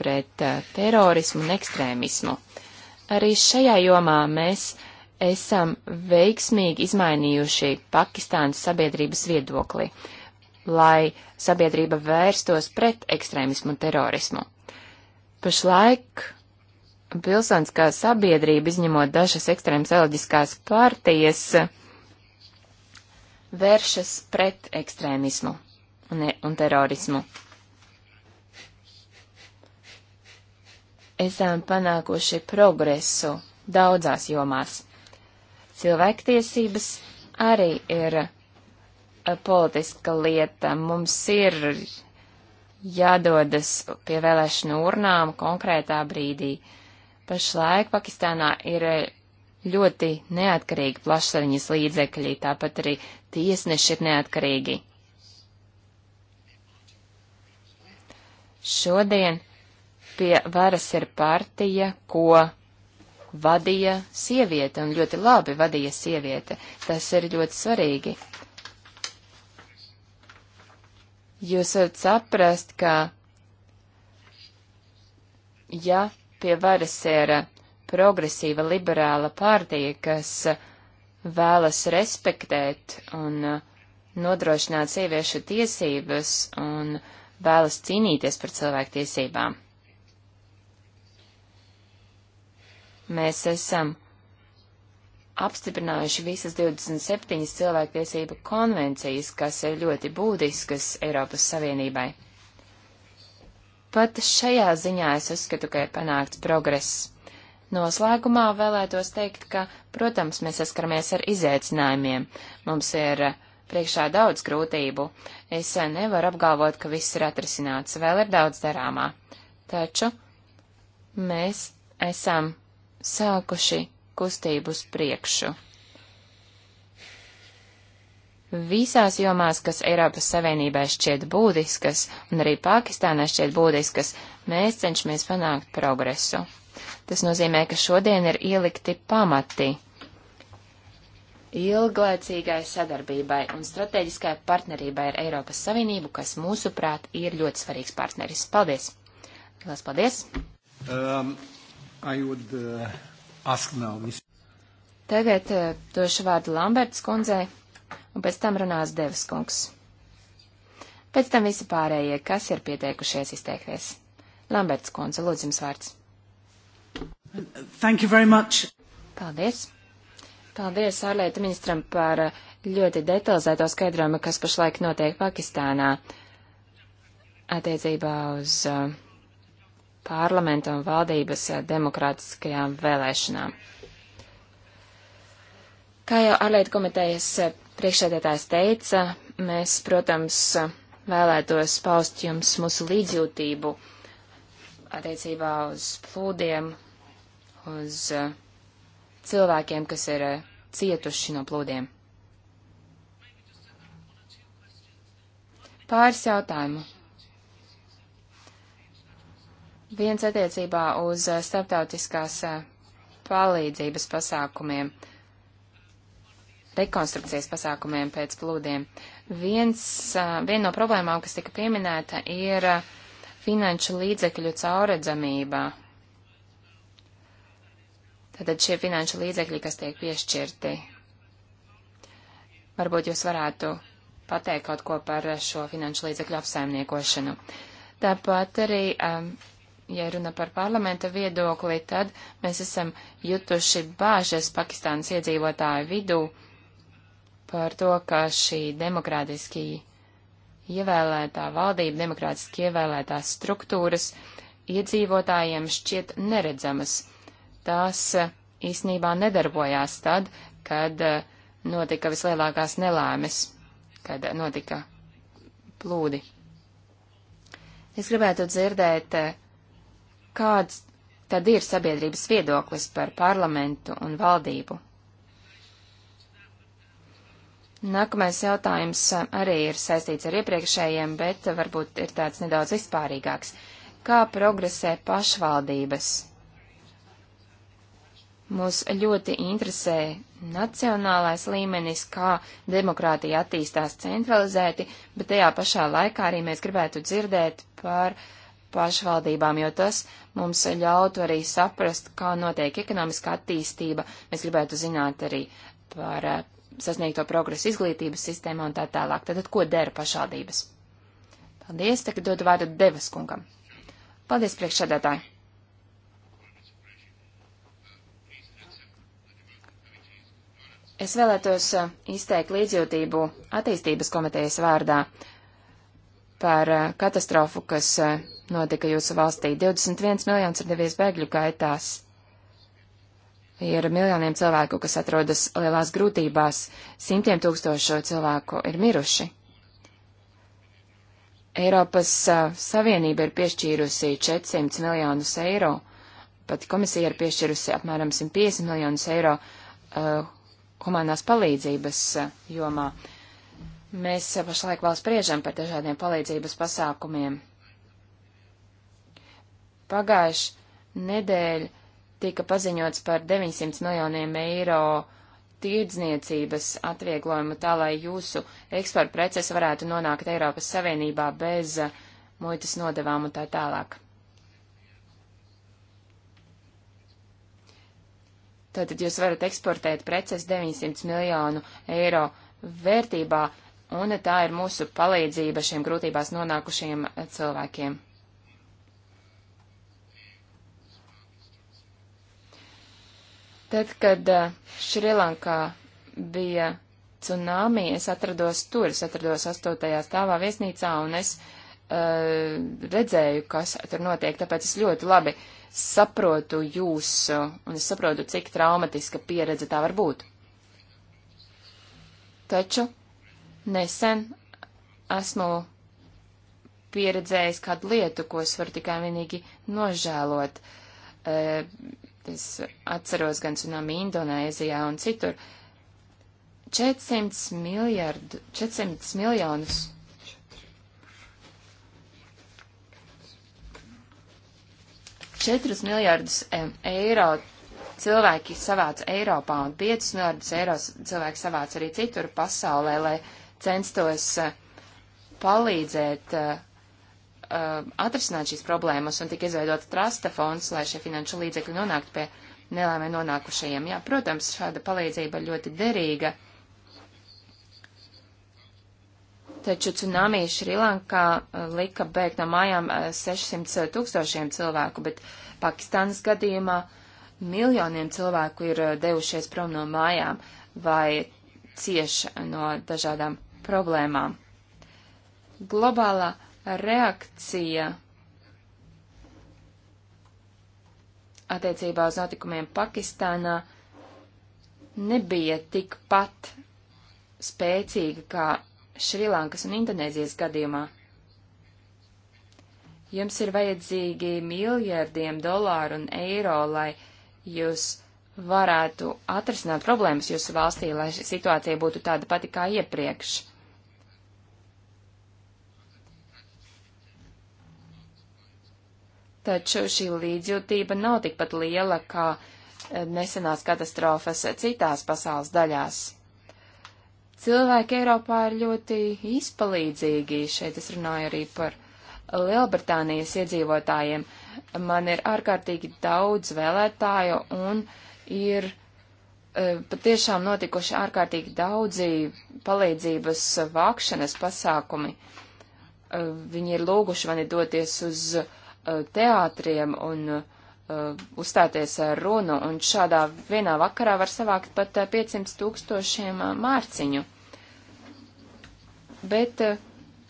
pret eh, terorismu un ekstrēmismu. Uh, Arī šajā jomā mēs esam veiksmīgi izmainījuši Pakistānas sabiedrības viedokli, lai sabiedrība vērstos pret ekstrēmismu un terorismu. Pašlaik pilsoniskā sabiedrība, izņemot dažas ekstrēmas reliģiskās partijas, vēršas pret ekstrēmismu un, un terorismu. esam panākuši progresu daudzās jomās. Cilvēktiesības arī ir eh, politiska lieta. Mums ir jādodas pie vēlēšanu urnām konkrētā brīdī. Pašlaik Pakistānā ir eh, ļoti neatkarīgi plašsaziņas līdzekļi, tāpat arī tiesneši ir neatkarīgi. Šodien pie varas ir partija, ko vadīja sieviete, un ļoti labi vadīja sieviete. Tas ir ļoti svarīgi. Jūs varat saprast, ka ja pie varas ir progresīva liberāla pārtīja, kas vēlas respektēt un nodrošināt sieviešu tiesības un vēlas cīnīties par cilvēku tiesībām. Mēs esam apstiprinājuši visas 27 cilvēktiesība konvencijas, kas ir ļoti būtiskas Eiropas Savienībai. Pat šajā ziņā es uzskatu, ka ir panākts progress. Noslēgumā vēlētos teikt, ka, protams, mēs saskaramies ar izaicinājumiem. Mums ir eh, priekšā daudz grūtību. Es eh, nevaru apgalvot, ka viss ir atrisināts, vēl ir daudz darāmā. Taču mēs esam sākuši kustību uz priekšu. Visās jomās, kas Eiropas Savienībai šķiet būtiskas un arī Pakistānai šķiet būtiskas, mēs cenšamies panākt progresu. Tas nozīmē, ka šodien ir ielikti pamati ilglaicīgai sadarbībai un strateģiskai partnerībai ar Eiropas Savienību, kas mūsuprāt ir ļoti svarīgs partneris. Paldies! Lielas paldies! Um, would, uh, now, Tagad uh, došu vārdu Lamberts kundzei, un pēc tam runās Devas kungs. Pēc tam visi pārējie, kas ir pieteikušies izteikties. Lamberts kundze, lūdzu jums vārds. Thank you very much. Paldies. Paldies ārlietu ministram par uh, ļoti detalizēto skaidrojumu, kas pašlaik notiek Pakistānā attiecībā uz uh, parlamenta un valdības eh, demokrātiskajām vēlēšanām. Kā jau ārlietu komitejas eh, priekšsēdētājs teica, mēs, protams, vēlētos paust jums mūsu līdzjūtību attiecībā uz plūdiem, uz eh, cilvēkiem, kas ir cietuši no plūdiem. Pāris jautājumu. Viens attiecībā uz eh, starptautiskās eh, palīdzības pasākumiem, rekonstrukcijas pasākumiem pēc plūdiem. Viens, eh, viena no problēmām, kas tika pieminēta, ir finanšu līdzekļu cauredzamība. Tātad šie finanšu līdzekļi, kas tiek piešķirti. Varbūt jūs varētu pateikt kaut ko par šo finanšu līdzekļu apsaimniekošanu. Tāpat arī um, ja runa par parlamenta viedokli, tad mēs esam jutuši bāžas Pakistānas iedzīvotāju vidū par to, ka šī demokrātiski ievēlētā valdība, demokrātiski ievēlētās struktūras iedzīvotājiem šķiet neredzamas. Tās e, īsnībā nedarbojās tad, kad e, notika vislielākās nelēmes, kad notika plūdi. Es gribētu dzirdēt e, kāds tad ir sabiedrības viedoklis par parlamentu un valdību. Nākamais jautājums arī ir saistīts ar iepriekšējiem, bet varbūt ir tāds nedaudz vispārīgāks. Kā progresē pašvaldības? Mūs ļoti interesē nacionālais līmenis, kā demokrātija attīstās centralizēti, bet tajā pašā laikā arī mēs gribētu dzirdēt par uh, pašvaldībām, jo tas mums ļautu arī saprast, kā notiek ekonomiskā attīstība. Mēs gribētu zināt arī par eh, sasniegto progresu izglītības sistēmā un tā tālāk. Tātad, ko dara pašvaldības? Paldies, tagad dodu vārdu Devas kungam. Paldies, priekšsēdētāji! Es vēlētos eh, izteikt līdzjūtību attīstības komitejas vārdā par eh, katastrofu, kas notika jūsu valstī. 21 miljonus ir devies bēgļu gaitās. Ir miljoniem cilvēku, kas atrodas lielās grūtībās, simtiem tūkstošu cilvēku ir miruši. Eiropas uh, Savienība ir piešķīrusi 400 miljonus eiro, pat komisija ir piešķīrusi apmēram 150 miljonus eiro uh, humanās palīdzības uh, jomā. Mēs pašlaik vēl spriežam par dažādiem palīdzības pasākumiem. Pagājuši nedēļ tika paziņots par 900 miljoniem eiro tirdzniecības atvieglojumu tā, lai jūsu eksporta preces varētu nonākt Eiropas Savienībā bez muitas nodevām un tā tālāk. Tātad jūs varat eksportēt preces 900 miljonu eiro vērtībā, un tā ir mūsu palīdzība šiem grūtībās nonākušiem cilvēkiem. Tad, kad eh, Šrilankā bija cunāmi, es atrados tur, es atrados astotajā stāvā viesnīcā un es uh, redzēju, kas tur notiek, tāpēc es ļoti labi saprotu jūs un es saprotu, cik traumatiska pieredze tā var būt. Taču nesen esmu pieredzējis kādu lietu, ko es varu tikai vienīgi nožēlot. Uh, Es atceros gan tsunami Indonēzijā un citur. 400 miljardu, 400 miljonus. Četrus miljardus eiro cilvēki savāca Eiropā un 5 miljardus eiro cilvēki savāca arī citur pasaulē, lai censtos eh, palīdzēt eh, uh, atrisināt šīs problēmas un tika izveidota trasta fonds, lai šie finanšu līdzekļi nonāktu pie nelēmē nonākušajiem. Jā, protams, šāda palīdzība ir ļoti derīga. Taču tsunami Šrilankā uh, lika bēgt no mājām 600 uh, uh, tūkstošiem cilvēku, bet Pakistānas gadījumā miljoniem cilvēku ir devušies prom no mājām vai cieši no dažādām problēmām. Globālā reakcija attiecībā uz notikumiem Pakistānā nebija tikpat spēcīga kā Šrilankas un Indonēzijas gadījumā. Jums ir vajadzīgi miljardiem dolāru un eiro, lai jūs varētu atrisināt problēmas jūsu valstī, lai situācija būtu tāda pati kā iepriekš. taču šī līdzjūtība nav tikpat liela kā eh, nesenās katastrofas citās pasaules daļās. Cilvēki Eiropā ir ļoti izpalīdzīgi, šeit es runāju arī par Lielbritānijas iedzīvotājiem. Man ir ārkārtīgi daudz vēlētāju un ir eh, patiešām notikuši ārkārtīgi daudzi palīdzības vākšanas pasākumi. Eh, viņi ir lūguši mani doties uz uh, Eh, teātriem un eh, uzstāties ar runu, un šādā vienā vakarā var savākt pat 500 eh, tūkstošiem mārciņu. Bet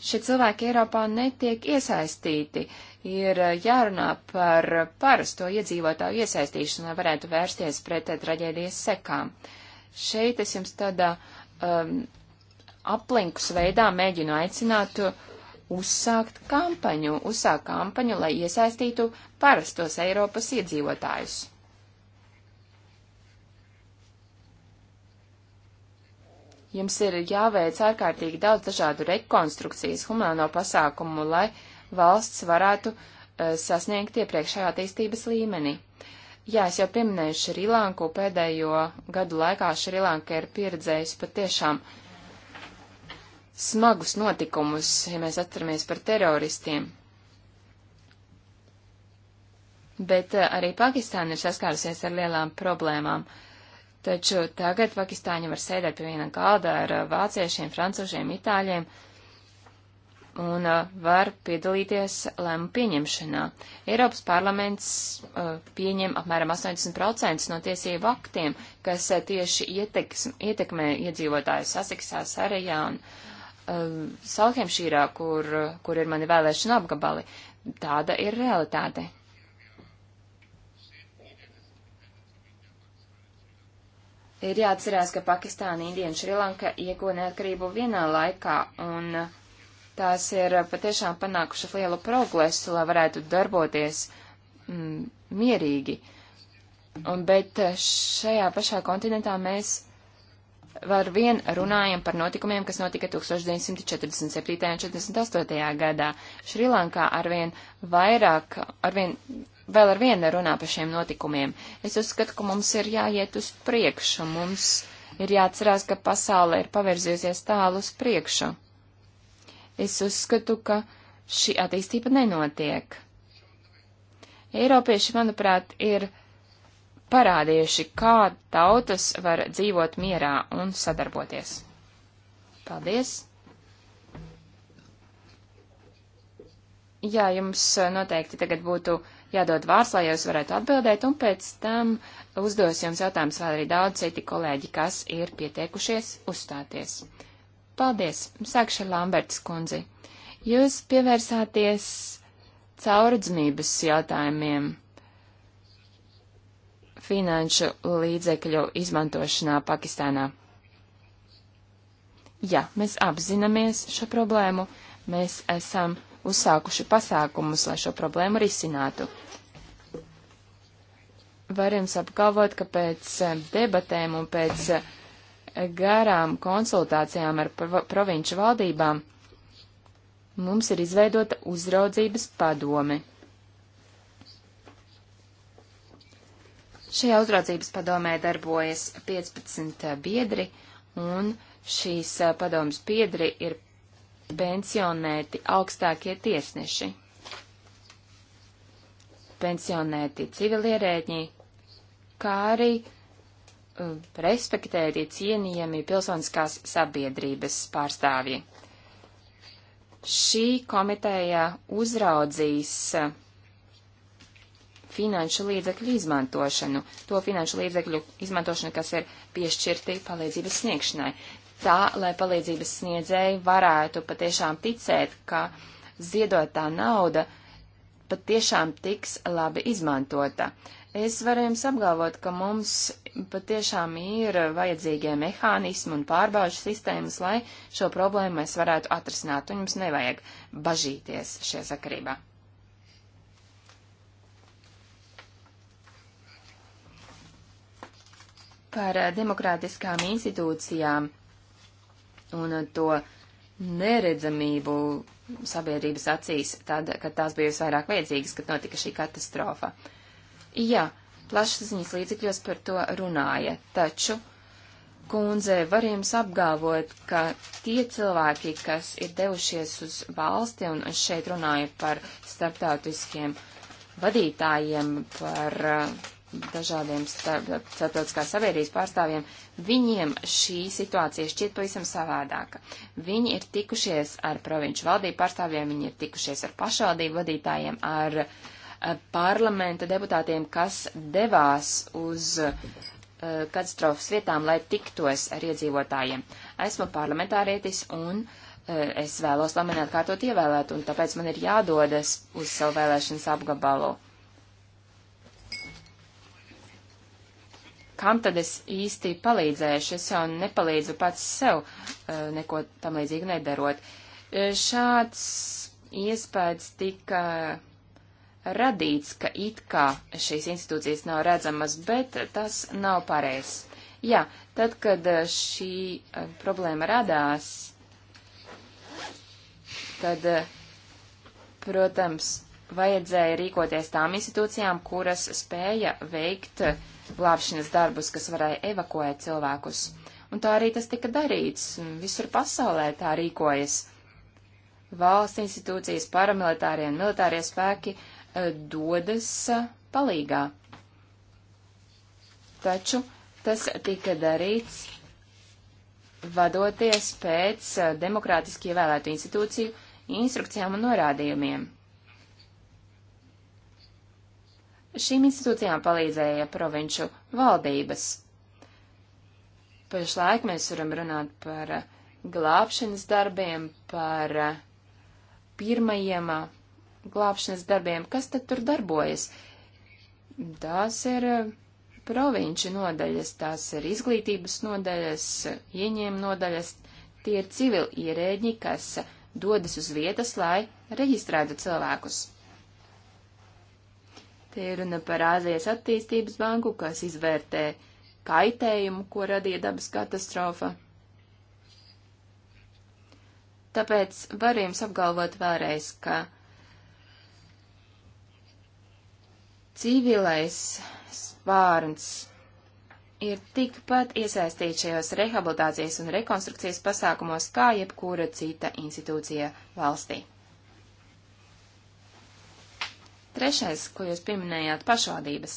šie cilvēki Eiropā netiek iesaistīti. Ir jārunā par parasto iedzīvotāju iesaistīšanu, lai varētu vērsties pret traģēdijas sekām. Šeit es jums tādā um, aplinkus veidā mēģinu aicināt uzsākt kampaņu, uzsākt kampaņu, lai iesaistītu parastos Eiropas iedzīvotājus. Jums ir jāveic ārkārtīgi daudz dažādu rekonstrukcijas humāno pasākumu, lai valsts varētu uh, sasniegt iepriekšējā attīstības līmenī. Jā, es jau pieminēju Šrilanku, pēdējo gadu laikā Šrilanka ir pieredzējusi patiešām uh, smagus notikumus, ja mēs atceramies par teroristiem. Bet eh, arī Pakistāna ir saskārusies ar lielām problēmām. Taču tagad Pakistāņi var sēdēt pie viena galda ar eh, vāciešiem, francužiem, itāļiem un eh, var piedalīties lēmu pieņemšanā. Eiropas parlaments pieņem apmēram 80% no tiesību aktiem, kas tieši ietekmes, ietekmē iedzīvotāju saseksā, sarajā un uh, um, Salhemšīrā, kur, kur ir mani vēlēšana apgabali. Tāda ir realitāte. Ir jāatcerās, ka Pakistāna, Indija un Šrilanka iegūna neatkarību vienā laikā, un tās ir patiešām panākušas lielu progresu, lai varētu darboties mm, mierīgi. Un, bet šajā pašā kontinentā mēs var vien runājam par notikumiem, kas notika 1947. un 48. gadā. Šrilankā arvien vairāk, arvien, vēl arvien runā par šiem notikumiem. Es uzskatu, ka mums ir jāiet uz priekšu, mums ir jāatcerās, ka pasaule ir pavirzījusies tālu uz priekšu. Es uzskatu, ka šī attīstība nenotiek. Eiropieši, manuprāt, ir parādījuši, kā tautas var dzīvot mierā un sadarboties. Paldies! Jā, jums noteikti tagad būtu jādod vārds, lai jūs varētu atbildēt, un pēc tam uzdos jums jautājums vēl arī daudz citi kolēģi, kas ir pieteikušies uzstāties. Paldies! Sākšu ar Lamberts kundzi. Jūs pievērsāties caurdzmības jautājumiem finanšu līdzekļu izmantošanā Pakistānā. Jā, mēs apzināmies šo problēmu, mēs esam uzsākuši pasākumus, lai šo problēmu risinātu. Varam apgalvot, ka pēc eh, debatēm un pēc eh, garām konsultācijām ar provinču valdībām mums ir izveidota uzraudzības padome, Šajā uzraudzības padomē darbojas 15 biedri, un šīs padomas biedri ir pensionēti augstākie tiesneši, pensionēti civilierēģi, kā arī respektēti cienījami pilsoniskās sabiedrības pārstāvji. Šī komiteja uzraudzīs finanšu līdzekļu izmantošanu, to finanšu līdzekļu izmantošanu, kas ir piešķirti palīdzības sniegšanai. Tā, lai palīdzības sniedzēji varētu patiešām ticēt, ka ziedotā nauda patiešām tiks labi izmantota. Es varu jums apgalvot, ka mums patiešām ir vajadzīgie mehānismi un pārbaužu sistēmas, lai šo problēmu mēs varētu atrisināt, un jums nevajag bažīties šajā sakarībā. par demokrātiskām institūcijām un to neredzamību sabiedrības acīs, tad, kad tās bija visvairāk vajadzīgas, kad notika šī katastrofa. Jā, plašsaziņas līdzekļos par to runāja, taču, kundze, var jums apgalvot, ka tie cilvēki, kas ir devušies uz valsti, un es šeit runāju par starptautiskiem vadītājiem, par uh, dažādiem starptautiskās sabiedrības pārstāvjiem, viņiem šī situācija šķiet pavisam savādāka. Viņi ir tikušies ar provinču valdību pārstāvjiem, viņi ir tikušies ar pašvaldību vadītājiem, ar, ar eh, parlamenta deputātiem, kas devās uz uh, katastrofas vietām, lai tiktos ar iedzīvotājiem. Esmu parlamentārietis un uh, es vēlos, lai mani atkārtot ievēlēt, un tāpēc man ir jādodas uz savu vēlēšanas apgabalu. kam tad es īsti palīdzēšu, es jau nepalīdzu pats sev, eh, neko tam līdzīgi nedarot. Eh, šāds iespējas tika radīts, ka it kā šīs institūcijas nav redzamas, bet tas nav pareizs. Jā, tad, kad eh, šī problēma radās, tad, protams, vajadzēja rīkoties tām institūcijām, kuras spēja veikt glābšanas darbus, kas varēja evakuēt cilvēkus. Un tā arī tas tika darīts. Visur pasaulē tā rīkojas. Valsts institūcijas, paramilitārie un militārie spēki eh, dodas eh, palīgā. Taču tas tika darīts vadoties pēc eh, demokrātiski ievēlētu institūciju instrukcijām un norādījumiem. Šīm institūcijām palīdzēja provinču valdības. Pašlaik mēs varam runāt par glābšanas darbiem, par pirmajiem glābšanas darbiem. Kas tad tur darbojas? Tās ir provinču nodaļas, tās ir izglītības nodaļas, ieņēmuma nodaļas. Tie ir civili ierēģi, kas dodas uz vietas, lai reģistrētu cilvēkus. Te ir runa par Āzijas attīstības banku, kas izvērtē kaitējumu, ko radīja dabas katastrofa. Tāpēc varu jums apgalvot vēlreiz, ka civilais spārns ir tikpat iesaistīts šajos rehabilitācijas un rekonstrukcijas pasākumos kā jebkura cita institūcija valstī. Trešais, ko jūs pieminējāt, pašvaldības.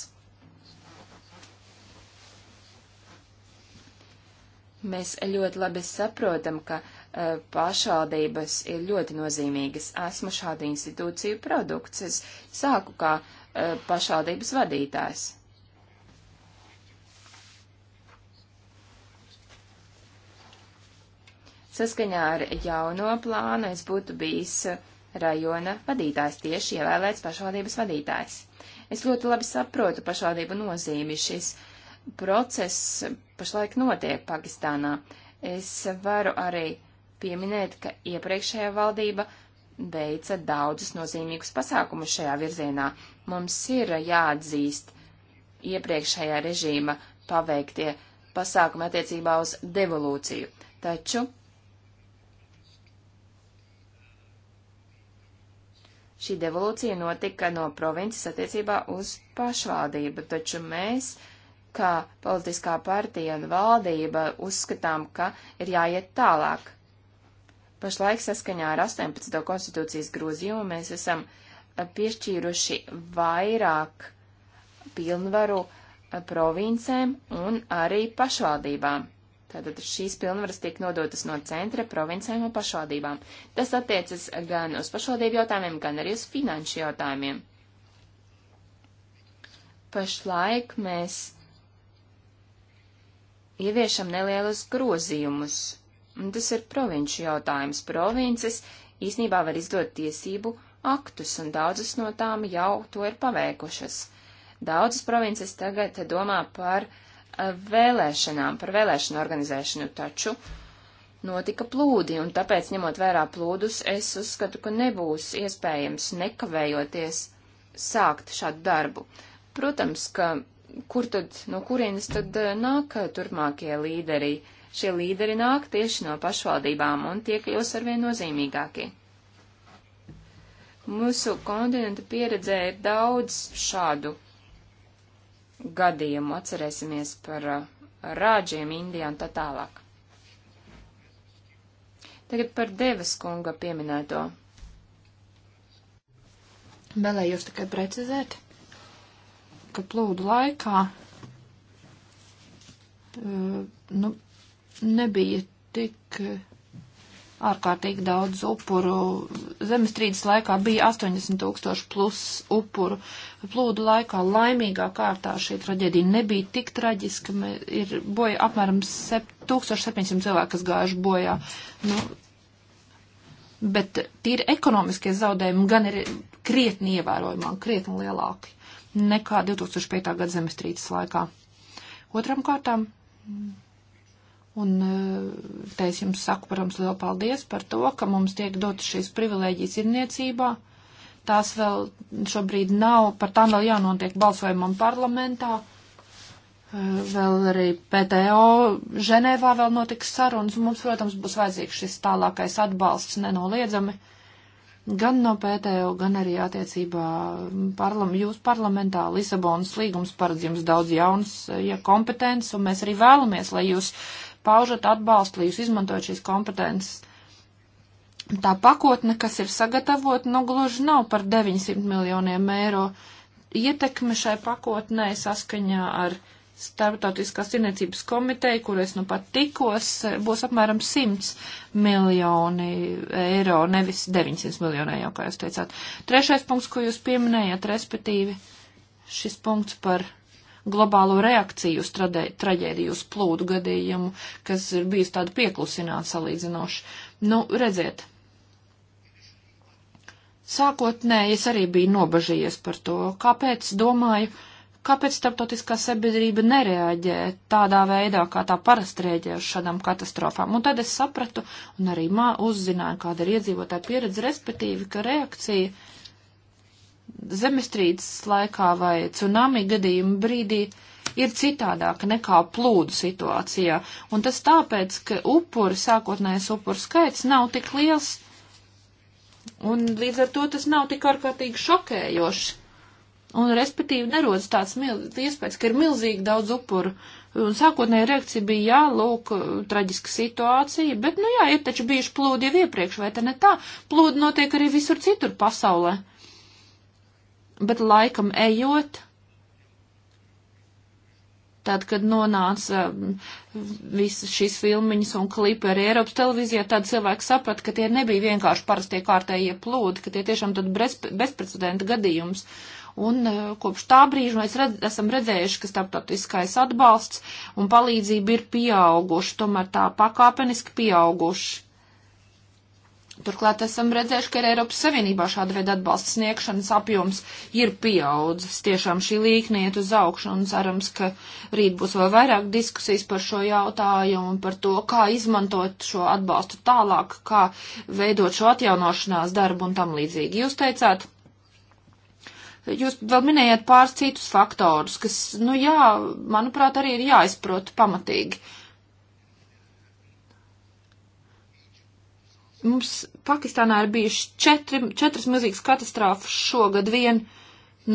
Mēs ļoti labi saprotam, ka uh, pašvaldības ir ļoti nozīmīgas. Esmu šādu institūciju produkts. Es sāku kā uh, pašvaldības vadītājs. Saskaņā ar jauno plānu es būtu bijis uh, rajona vadītājs, tieši ievēlēts pašvaldības vadītājs. Es ļoti labi saprotu pašvaldību nozīmi. Šis process pašlaik notiek Pakistānā. Es varu arī pieminēt, ka iepriekšējā valdība veica daudzus nozīmīgus pasākumus šajā virzienā. Mums ir jāatzīst iepriekšējā režīma paveiktie pasākumi attiecībā uz devolūciju. Taču Šī devolūcija notika no provinces attiecībā uz pašvaldību, taču mēs, kā politiskā partija un valdība, uzskatām, ka ir jāiet tālāk. Pašlaik saskaņā ar 18. konstitūcijas grozījumu mēs esam piešķīruši vairāk pilnvaru provincēm un arī pašvaldībām. Tātad šīs pilnvaras tiek nodotas no centra, provincēm un pašvaldībām. Tas attiecas gan uz pašvaldību jautājumiem, gan arī uz finanšu jautājumiem. Pašlaik mēs ieviešam nelielus grozījumus. Tas ir provinču jautājums. Provinces īsnībā var izdot tiesību aktus, un daudzas no tām jau to ir paveikušas. Daudzas provinces tagad domā par uh, vēlēšanām, par vēlēšanu organizēšanu, taču notika plūdi, un tāpēc, ņemot vērā plūdus, es uzskatu, ka nebūs iespējams nekavējoties sākt šādu darbu. Protams, ka kur tad, no kurienes tad eh, nāk turpmākie līderi? Šie līderi nāk tieši no pašvaldībām un tie kļūs arvien nozīmīgākie. Mūsu kontinenta pieredzē ir daudz šādu gadījumu, atcerēsimies par uh, rāģiem Indijā un tā tālāk. Tagad par Devas kunga pieminēto. Vēlējos tikai precizēt, ka plūdu laikā uh, nu, nebija tik ārkārtīgi daudz upuru. Zemestrīces laikā bija 80 tūkstoši plus upuru. Plūdu laikā laimīgā kārtā šī traģēdija nebija tik traģiska. Ir boja apmēram 1700 cilvēku, kas gājuši bojā. Nu, bet tīri ekonomiskie zaudējumi gan ir krietni ievērojumāk, krietni lielāki nekā 2005. gada zemestrīces laikā. Otram kārtām Un e, te es jums saku, protams, lielu paldies par to, ka mums tiek dotas šīs privilēģijas irniecībā. Tās vēl šobrīd nav, par tām vēl jānotiek balsojumam parlamentā. E, vēl arī PTO Ženēvā vēl notiks sarunas, un mums, protams, būs vajadzīgs šis tālākais atbalsts nenoliedzami. Gan no PTO, gan arī attiecībā parlam, jūs parlamentā Lisabonas līgums paredz jums daudz jaunas ja kompetences, un mēs arī vēlamies, lai jūs paužat atbalstu, lai jūs izmantojat šīs kompetences. Tā pakotne, kas ir sagatavota, nu gluži nav par 900 miljoniem eiro. Ietekme šai pakotnē saskaņā ar Startautiskās tirniecības komiteja, kur es nu pat tikos, būs apmēram 100 miljoni eiro, nevis 900 miljoni, jau kā jūs teicāt. Trešais punkts, ko jūs pieminējāt, respektīvi šis punkts par globālo reakciju uz traģēdiju, uz plūdu gadījumu, kas ir bijis tāda pieklusināta salīdzinoši. Nu, redziet, sākotnēji es arī biju nobažījies par to, kāpēc domāju, kāpēc starptautiskā sabiedrība nereaģē tādā veidā, kā tā parasti rēģē uz šādām katastrofām. Un tad es sapratu un arī mā uzzināju, kāda ir iedzīvotāja pieredze, respektīvi, ka reakcija zemestrīces laikā vai tsunami gadījuma brīdī ir citādāka nekā plūdu situācijā, un tas tāpēc, ka upuri, sākotnējais upuru skaits nav tik liels, un līdz ar to tas nav tik ārkārtīgi šokējoši. Un, respektīvi, nerodas tāds iespējas, ka ir milzīgi daudz upuru. Un sākotnēja reakcija bija, jā, lūk, traģiska situācija, bet, nu jā, ir taču bijuši plūdi jau iepriekš, vai te ne tā? Plūdi notiek arī visur citur pasaulē. Uh, bet laikam ejot, tad, kad nonāca mm, visas šīs filmiņas un klipi arī Eiropas televīzijā, tad cilvēki saprata, ka tie nebija vienkārši parastie kārtējie plūdi, ka tie tiešām tad bezprecedenta gadījums. Un eh, kopš tā brīža mēs redz, esam redzējuši, ka starptautiskais atbalsts un palīdzība ir pieauguši, tomēr tā pakāpeniski pieauguši. Turklāt esam redzējuši, ka ir Eiropas Savienībā šāda veida atbalsta sniegšanas apjoms ir pieaudzis. Tiešām šī līkne iet uz augšu un cerams, ka rīt būs vēl vairāk diskusijas par šo jautājumu un par to, kā izmantot šo atbalstu tālāk, kā veidot šo atjaunošanās darbu un tam līdzīgi. Jūs teicāt, jūs vēl minējāt pāris citus faktorus, kas, nu jā, manuprāt, arī ir jāizprot pamatīgi. mums Pakistānā ir bijuši četri, četras milzīgas katastrofas šogad vien.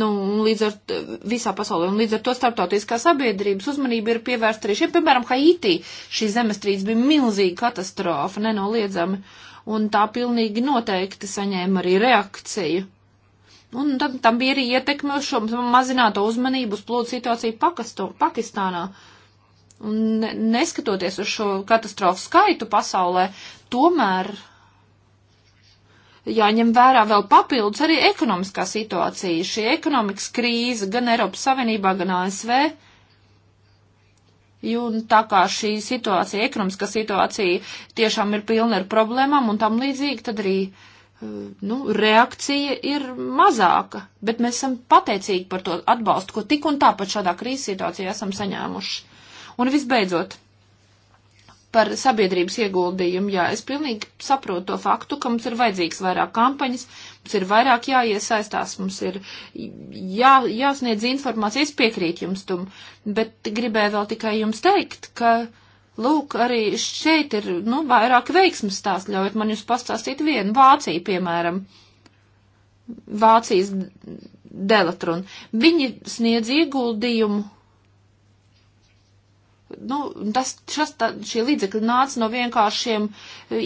Nu, līdz ar visā pasaulē, un līdz ar to starptautiskā sabiedrības uzmanība ir pievērsta arī šiem, piemēram, Haiti. Šī zemestrīce bija milzīga katastrofa, nenoliedzami, un tā pilnīgi noteikti saņēma arī reakciju. Un tad tam bija arī ietekme uz šo mazināto uzmanību uz plūdu situāciju Pakastu, Pakistānā. Un neskatoties uz šo katastrofu skaitu pasaulē, tomēr jāņem vērā vēl papildus arī ekonomiskā situācija. Šī ekonomikas krīze gan Eiropas Savienībā, gan ASV. Jo tā kā šī situācija, ekonomiskā situācija tiešām ir pilna ar problēmām un tam līdzīgi, tad arī uh, nu, reakcija ir mazāka, bet mēs esam pateicīgi par to atbalstu, ko tik un tā pat šādā krīzes situācijā esam saņēmuši. Un visbeidzot, par sabiedrības ieguldījumu. Jā, es pilnīgi saprotu to faktu, ka mums ir vajadzīgs vairāk kampaņas, mums ir vairāk jāiesaistās, mums ir jā, jāsniedz informācijas piekrīt jums tam, bet gribēju vēl tikai jums teikt, ka, lūk, arī šeit ir, nu, vairāk veiksmes stāsts, ļaujiet man jūs pastāstīt vienu, Vācija, piemēram, Vācijas Delatrun. Viņi sniedz ieguldījumu Nu, tas, šas, tā, šie līdzekļi nāca no vienkāršiem e,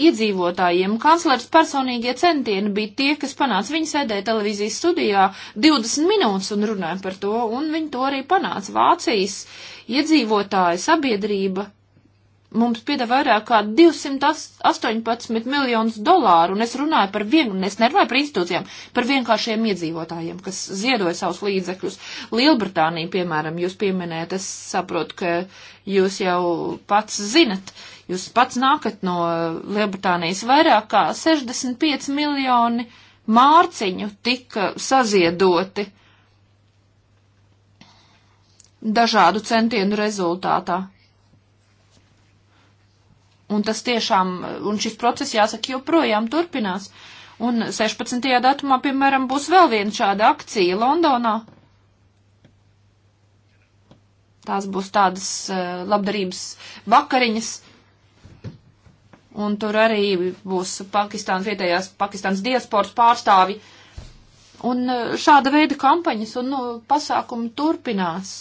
iedzīvotājiem. Kanclers personīgie centieni bija tie, kas panāca. Viņi sēdēja televīzijas studijā 20 minūtes un runāja par to, un viņi to arī panāca. Vācijas iedzīvotāja sabiedrība mums pieda vairāk kā 218 miljonus dolāru, un es runāju par vienu, un es nerunāju par institūcijām, par vienkāršiem iedzīvotājiem, kas ziedoja savus līdzekļus. Lielbritānija, piemēram, jūs pieminējat, es saprotu, ka jūs jau pats zinat, jūs pats nākat no Lielbritānijas vairāk kā 65 miljoni mārciņu tika saziedoti dažādu centienu rezultātā. Un tas tiešām, un šis process, jāsaka, joprojām turpinās. Un 16. datumā, piemēram, būs vēl viena šāda akcija Londonā. Tās būs tādas eh, labdarības vakariņas. Un tur arī būs Pakistāns vietējās Pakistāns diasporas pārstāvi. Un eh, šāda veida kampaņas un nu, pasākumi turpinās.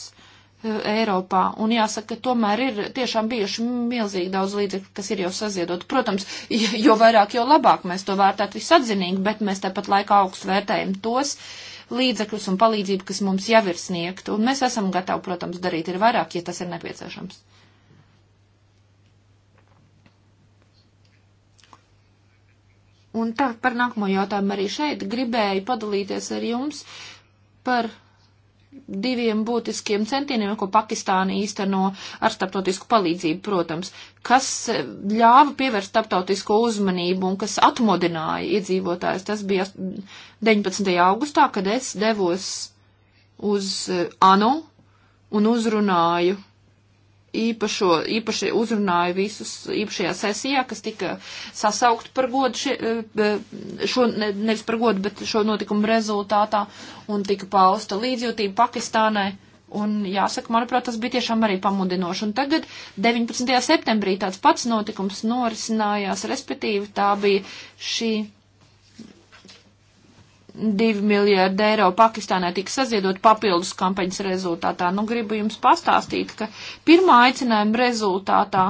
Eiropā. Un jāsaka, ka tomēr ir tiešām bijuši milzīgi daudz līdzekļu, kas ir jau saziedot. Protams, jo vairāk, jo labāk mēs to vērtētu visatzinīgi, bet mēs tāpat laikā augstu vērtējam tos līdzekļus un palīdzību, kas mums jau ir sniegt. Un mēs esam gatavi, protams, darīt ir vairāk, ja tas ir nepieciešams. Un tā par nākamo jautājumu arī šeit gribēju padalīties ar jums par diviem būtiskiem centieniem, ko Pakistāna īsteno ar starptautisku palīdzību, protams, kas eh, ļāva pievērst starptautisko uzmanību un kas atmodināja iedzīvotājus. Tas bija 19. augustā, kad es devos uz eh, ANO un uzrunāju īpašo, īpaši uzrunāju visus īpašajā sesijā, kas tika sasaukt par godu, šie, e, e, šo, ne, nevis par godu, bet šo notikumu rezultātā, un tika pausta līdzjūtība Pakistānai. Un jāsaka, manuprāt, tas bija tiešām arī pamudinoši. Un tagad, 19. septembrī, tāds pats notikums norisinājās, respektīvi tā bija šī 2 miljārdi eiro Pakistānai tika saziedot papildus kampaņas rezultātā. Nu, gribu jums pastāstīt, ka pirmā aicinājuma rezultātā,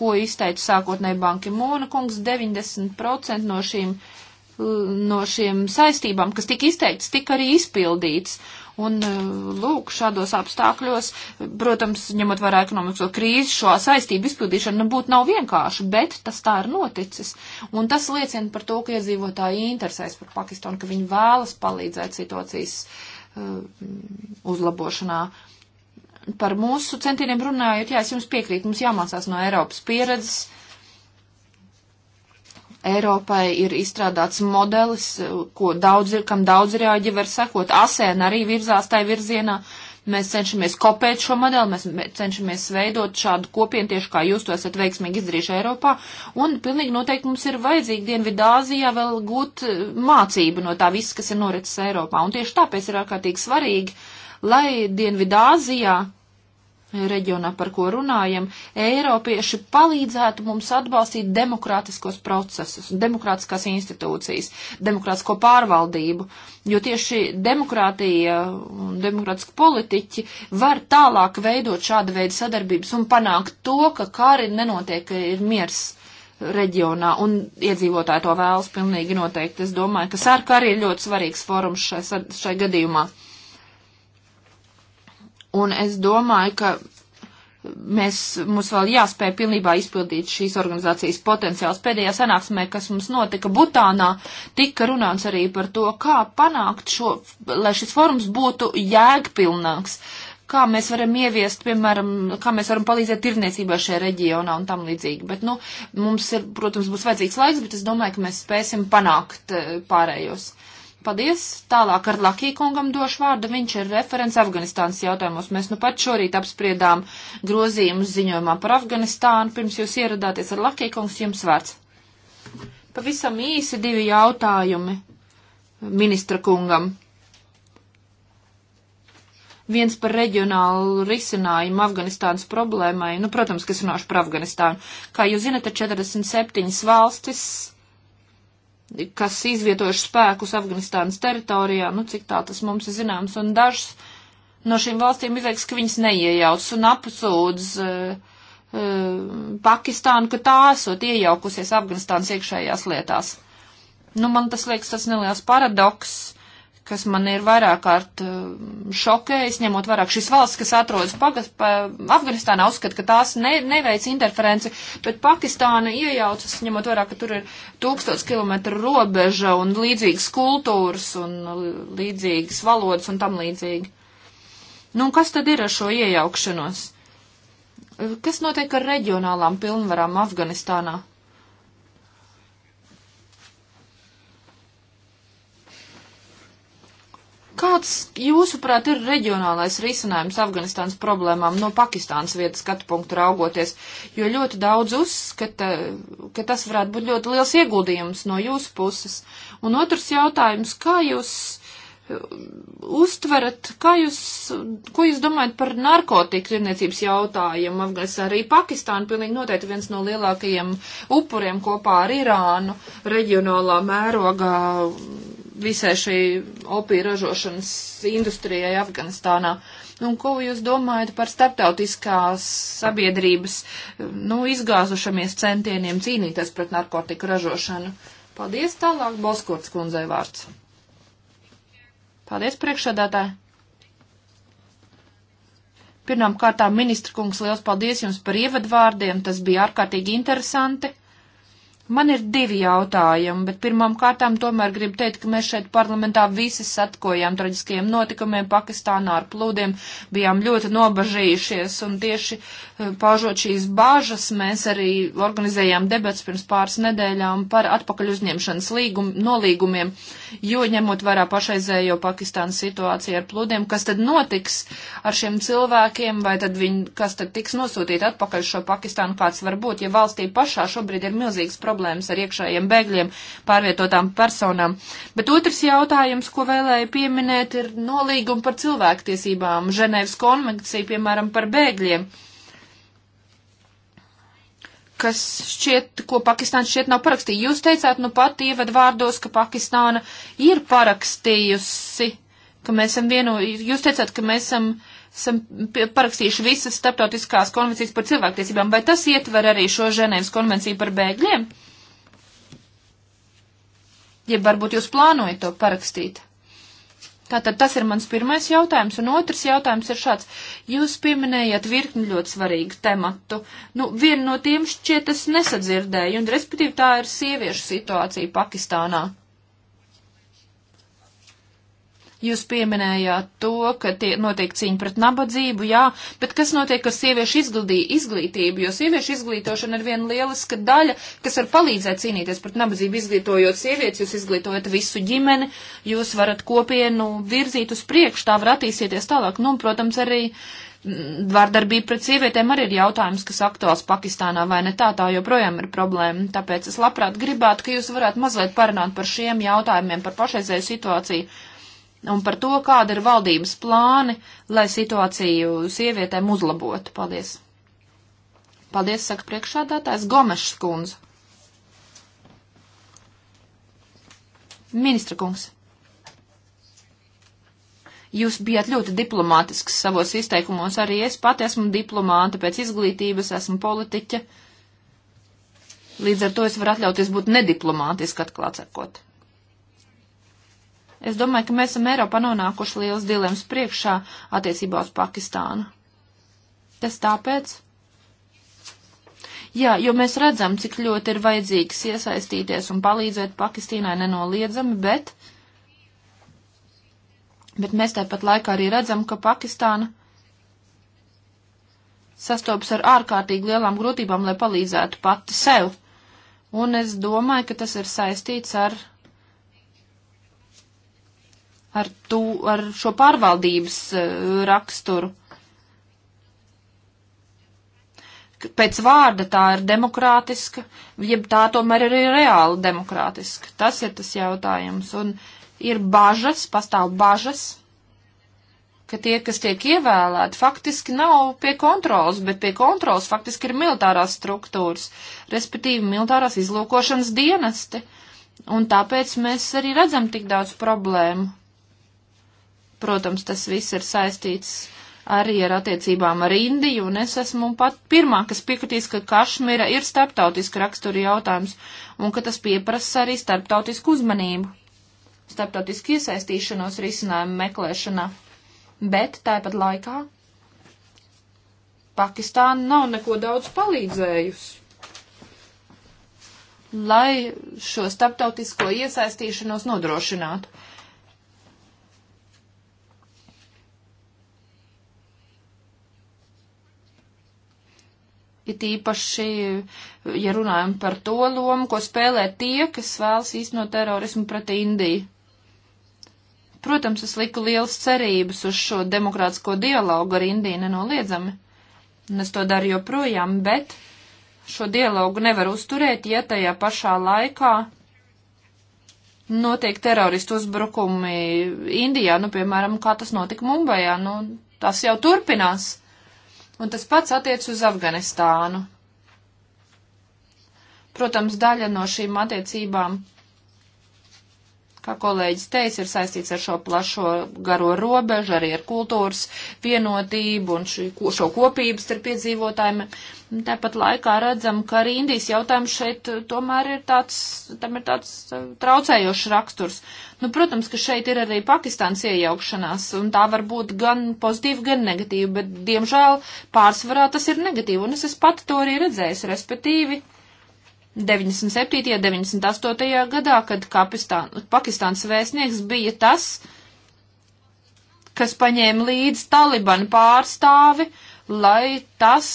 ko izteica sākotnēji Banki Mūna kungs, 90% no šīm, no šiem saistībām, kas tika izteikts, tika arī izpildīts. Un, eh, lūk, šādos apstākļos, protams, ņemot vērā ekonomisko krīzi, šo saistību izpildīšana nu, būtu nav vienkārši, bet tas tā ir noticis. Un tas liecina par to, ka iedzīvotāji interesēs par Pakistanu, ka viņi vēlas palīdzēt situācijas uh, uzlabošanā par mūsu centieniem runājot, jā, es jums piekrītu, mums jāmācās no Eiropas pieredzes, Eiropai ir izstrādāts modelis, ko daudz ir, kam daudz ir jāģi var sekot. ASEAN arī virzās tajā virzienā. Mēs cenšamies kopēt šo modeli, mēs cenšamies veidot šādu kopienu tieši kā jūs to esat veiksmīgi izdarījuši Eiropā. Un pilnīgi noteikti mums ir vajadzīgi Dienvidāzijā vēl gūt eh, mācību no tā viss, kas ir noricis Eiropā. Un tieši tāpēc ir ārkārtīgi svarīgi, lai Dienvidāzijā reģionā, par ko runājam, Eiropieši palīdzētu mums atbalstīt demokrātiskos procesus, demokrātiskās institūcijas, demokrātisko pārvaldību, jo tieši demokrātija un demokrātiski politiķi var tālāk veidot šāda veida sadarbības un panākt to, ka kari nenotiek, ka ir miers reģionā, un iedzīvotāji to vēlas pilnīgi noteikti. Es domāju, ka sērka arī ir ļoti svarīgs forums šai, šai gadījumā. Un es domāju, ka mēs, mums vēl jāspēj pilnībā izpildīt šīs organizācijas potenciāls. Pēdējā sanāksmē, kas mums notika Butānā, tika runāts arī par to, kā panākt šo, lai šis forums būtu jēgpilnāks. Kā mēs varam ieviest, piemēram, kā mēs varam palīdzēt tirniecībā šajā reģionā un tam līdzīgi. Bet, nu, mums ir, protams, būs vajadzīgs laiks, bet es domāju, ka mēs spēsim panākt eh, pārējos. Uh, Paldies! Tālāk ar Lakī kungam došu vārdu. Viņš ir referents Afganistānas jautājumos. Mēs nu pat šorīt apspriedām grozījumus ziņojumā par Afganistānu. Pirms jūs ieradāties ar Lakī kungs, jums vārds. Pavisam īsi divi jautājumi ministra kungam. Viens par reģionālu risinājumu Afganistānas problēmai. Nu, protams, ka es runāšu par Afganistānu. Kā jūs zinat, ir 47 valstis kas izvietojuši spēkus Afganistānas teritorijā, nu cik tā tas mums ir zināms, un dažas no šīm valstīm izteiks, ka viņas neiejaucas un apsūdz uh, uh, Pakistānu, ka tā esot iejaukusies Afganistānas iekšējās lietās. Nu, man tas liekas tas neliels paradoks, kas man ir vairāk kārt eh, šokējis, ņemot vairāk šīs valsts, kas atrodas pagas, pa Afganistānā, uzskata, ka tās ne, neveic interferenci, bet Pakistāna iejaucas, ņemot vairāk, ka tur ir tūkstots kilometru robeža un līdzīgas kultūras un līdzīgas valodas un tam līdzīgi. Nu, un kas tad ir ar šo iejaukšanos? Kas notiek ar reģionālām pilnvarām Afganistānā? Kāds, jūsuprāt, ir reģionālais risinājums Afganistānas problēmām no Pakistānas vietas skatu punktu raugoties? Jo ļoti daudz uzskata, ka tas varētu būt ļoti liels ieguldījums no jūsu puses. Un otrs jautājums, kā jūs uh, uztverat, kā jūs, ko jūs domājat par narkotiku tirniecības jautājumu Afganistānā? Arī Pakistāna pilnīgi noteikti viens no lielākajiem upuriem kopā ar Irānu reģionālā mērogā visai šai opija ražošanas industrijai Afganistānā. Nu, un ko jūs domājat par starptautiskās sabiedrības, nu, izgāzušamies centieniem cīnīties pret narkotiku ražošanu? Paldies tālāk, Boskurts kundzei vārds. Paldies, priekšsādātāji. Pirmām kārtām, ministra kungs, liels paldies jums par ievadvārdiem, tas bija ārkārtīgi interesanti. Man ir divi jautājumi, bet pirmām kārtām tomēr gribu teikt, ka mēs šeit parlamentā visi satkojām traģiskajiem notikumiem Pakistānā ar plūdiem, bijām ļoti nobažījušies un tieši eh, paužot šīs bāžas mēs arī organizējām debats pirms pāris nedēļām par atpakaļ uzņemšanas līgum, nolīgumiem, jo ņemot vērā pašreizējo Pakistānas situāciju ar plūdiem, kas tad notiks ar šiem cilvēkiem vai tad viņi, kas tad tiks nosūtīti atpakaļ šo Pakistānu, kāds var būt, ja valstī pašā šobrīd ir milzīgs problēmas problēmas ar iekšējiem bēgļiem, pārvietotām personām. Bet otrs jautājums, ko vēlēju pieminēt, ir nolīguma par cilvēktiesībām, Ženēvas konvencija, piemēram, par bēgļiem kas šķiet, ko Pakistāna šķiet nav parakstīja. Jūs teicāt, nu pat ievad vārdos, ka Pakistāna ir parakstījusi, ka mēs esam vieno, jūs teicāt, ka mēs esam, esam parakstījuši visas starptautiskās konvencijas par cilvēktiesībām, vai tas ietver arī šo Ženēvas konvenciju par bēgļiem? Uh, ja varbūt jūs plānojat to parakstīt. Tātad tas ir mans pirmais jautājums, un otrs jautājums ir šāds. Jūs pieminējat virkni ļoti svarīgu tematu. Nu, vienu no tiem šķiet es nesadzirdēju, un respektīvi tā ir sieviešu situācija Pakistānā. Jūs pieminējāt to, ka tie notiek cīņa pret nabadzību, jā, bet kas notiek ar sieviešu izglīdī, izglītību? Jo sieviešu izglītošana ir viena lieliska daļa, kas var palīdzēt cīnīties pret nabadzību. Izglītojot sievietes, jūs izglītojat visu ģimeni, jūs varat kopienu virzīt uz priekšu, tā var attīstīties tālāk. Nu, protams, arī mm, vārdarbība pret sievietēm arī ir jautājums, kas aktuāls Pakistānā vai ne tā, tā joprojām ir problēma. Tāpēc es labprāt gribētu, ka jūs varētu mazliet parunāt par šiem jautājumiem, par pašreizēju situāciju un par to, kāda ir valdības plāni, lai situāciju sievietēm uzlabotu. Paldies! Paldies, saka priekšādātājs Gomešs kundze. Ministra kungs, jūs bijat ļoti diplomātisks savos izteikumos, arī es pati esmu diplomāta pēc izglītības, esmu politiķa. Līdz ar to es varu atļauties būt nediplomātiski atklāt sakot. Es domāju, ka mēs esam Eiropā nonākuši liels dilemmas priekšā attiecībā uz Pakistānu. Tas tāpēc? Jā, jo mēs redzam, cik ļoti ir vajadzīgs iesaistīties un palīdzēt Pakistīnai nenoliedzami, bet, bet mēs tāpat laikā arī redzam, ka Pakistāna sastopas ar ārkārtīgi lielām grūtībām, lai palīdzētu pati sev. Un es domāju, ka tas ir saistīts ar ar, tū, ar šo pārvaldības e, raksturu. Pēc vārda tā ir demokrātiska, jeb tā tomēr ir reāli demokrātiska. Tas ir tas jautājums. Un ir bažas, pastāv bažas, ka tie, kas tiek ievēlēti, faktiski nav pie kontrolas, bet pie kontrolas faktiski ir militārās struktūras, respektīvi militārās izlūkošanas dienesti. Un tāpēc mēs arī redzam tik daudz problēmu. Protams, tas viss ir saistīts arī ar attiecībām ar Indiju, un es esmu pat pirmā, kas piekritīs, ka Kašmira ir starptautiski raksturi jautājums, un ka tas pieprasa arī starptautisku uzmanību, starptautisku iesaistīšanos risinājumu meklēšanā. Bet tāpat laikā Pakistāna nav neko daudz palīdzējusi. Lai šo starptautisko iesaistīšanos nodrošinātu. It īpaši, ja runājam par to lomu, ko spēlē tie, kas vēlas īstenot terorismu pret Indiju. Protams, es liku liels cerības uz šo demokrātisko dialogu ar Indiju nenoliedzami, un es to daru joprojām, bet šo dialogu nevar uzturēt, ja tajā pašā laikā notiek teroristu uzbrukumi Indijā, nu, piemēram, kā tas notika Mumbajā, nu, tas jau turpinās. Un tas pats attiec uz Afganistānu. Protams, daļa no šīm attiecībām kā kolēģis teica, ir saistīts ar šo plašo garo robežu, arī ar kultūras vienotību un šī, šo kopību starp piedzīvotājiem. Tāpat laikā redzam, ka arī Indijas jautājums šeit uh, tomēr ir tāds, tam ir tāds uh, traucējošs raksturs. Nu, protams, ka šeit ir arī Pakistāns iejaukšanās, un tā var būt gan pozitīva, gan negatīva, bet, diemžēl, pārsvarā tas ir negatīva, un es, es pati to arī redzēju, respektīvi. 97. un 98. gadā, kad Kapistān, Pakistāns vēstnieks bija tas, kas paņēma līdzi Talibanu pārstāvi, lai tas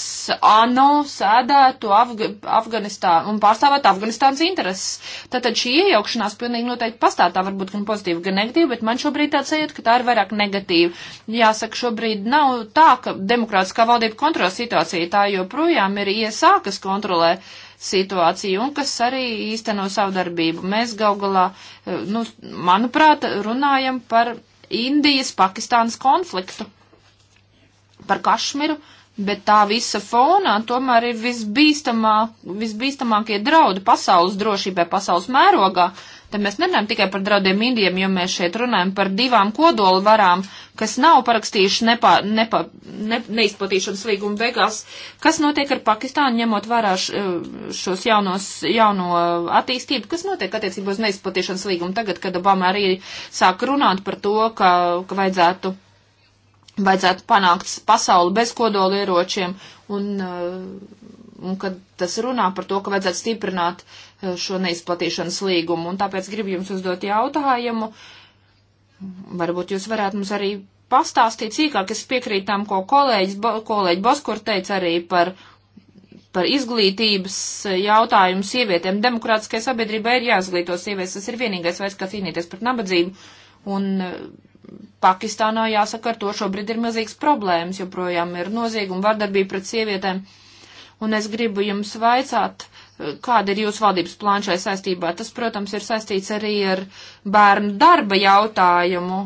ANO sēdētu Afga Afganistānu un pārstāvētu Afganistānas intereses. Tātad šī iejaukšanās pilnīgi noteikti pastāv, tā varbūt gan pozitīva, gan negatīva, bet man šobrīd tāds sajūta, ka tā ir vairāk negatīva. Jāsaka, šobrīd nav tā, ka demokrātiskā valdība kontrolē situāciju, tā joprojām ir iesākas kontrolē. Uh, situāciju un kas arī īsteno savu darbību. Mēs gal galā, eh, nu, manuprāt, runājam par Indijas-Pakistānas konfliktu, par Kašmiru. Uh, Bet tā visa fonā tomēr ir visbīstamā, visbīstamākie draudi pasaules drošībai, pasaules mērogā. Te mēs nerunājam tikai par draudiem Indijam, jo mēs šeit runājam par divām kodola varām, kas nav parakstījuši nepā, nepā, ne, neizplatīšanas līgumu beigās. Kas notiek ar Pakistānu, ņemot vērā šos jaunos, jauno attīstību? Kas notiek attiecībā uz neizplatīšanas līgumu tagad, kad Obama arī sāk runāt par to, ka, ka vajadzētu vajadzētu panākt pasauli bez kodoli ieročiem, un, uh, un kad tas runā par to, ka vajadzētu stiprināt uh, šo neizplatīšanas līgumu, un tāpēc gribu jums uzdot jautājumu, varbūt jūs varētu mums arī pastāstīt sīkāk, es piekrītu tam, ko kolēģis, kolēģi Boskur teica arī par par izglītības jautājumu sievietēm. Demokrātiskai sabiedrībai ir jāizglīto sievietes, tas ir vienīgais veids, kā cīnīties pret nabadzību. Un uh, Pakistānā, jāsaka, ar to šobrīd ir milzīgs problēmas, joprojām ir nozieguma vardarbība pret sievietēm. Un es gribu jums vaicāt, kāda ir jūsu valdības plāna šai saistībā. Tas, protams, ir saistīts arī ar bērnu darba jautājumu,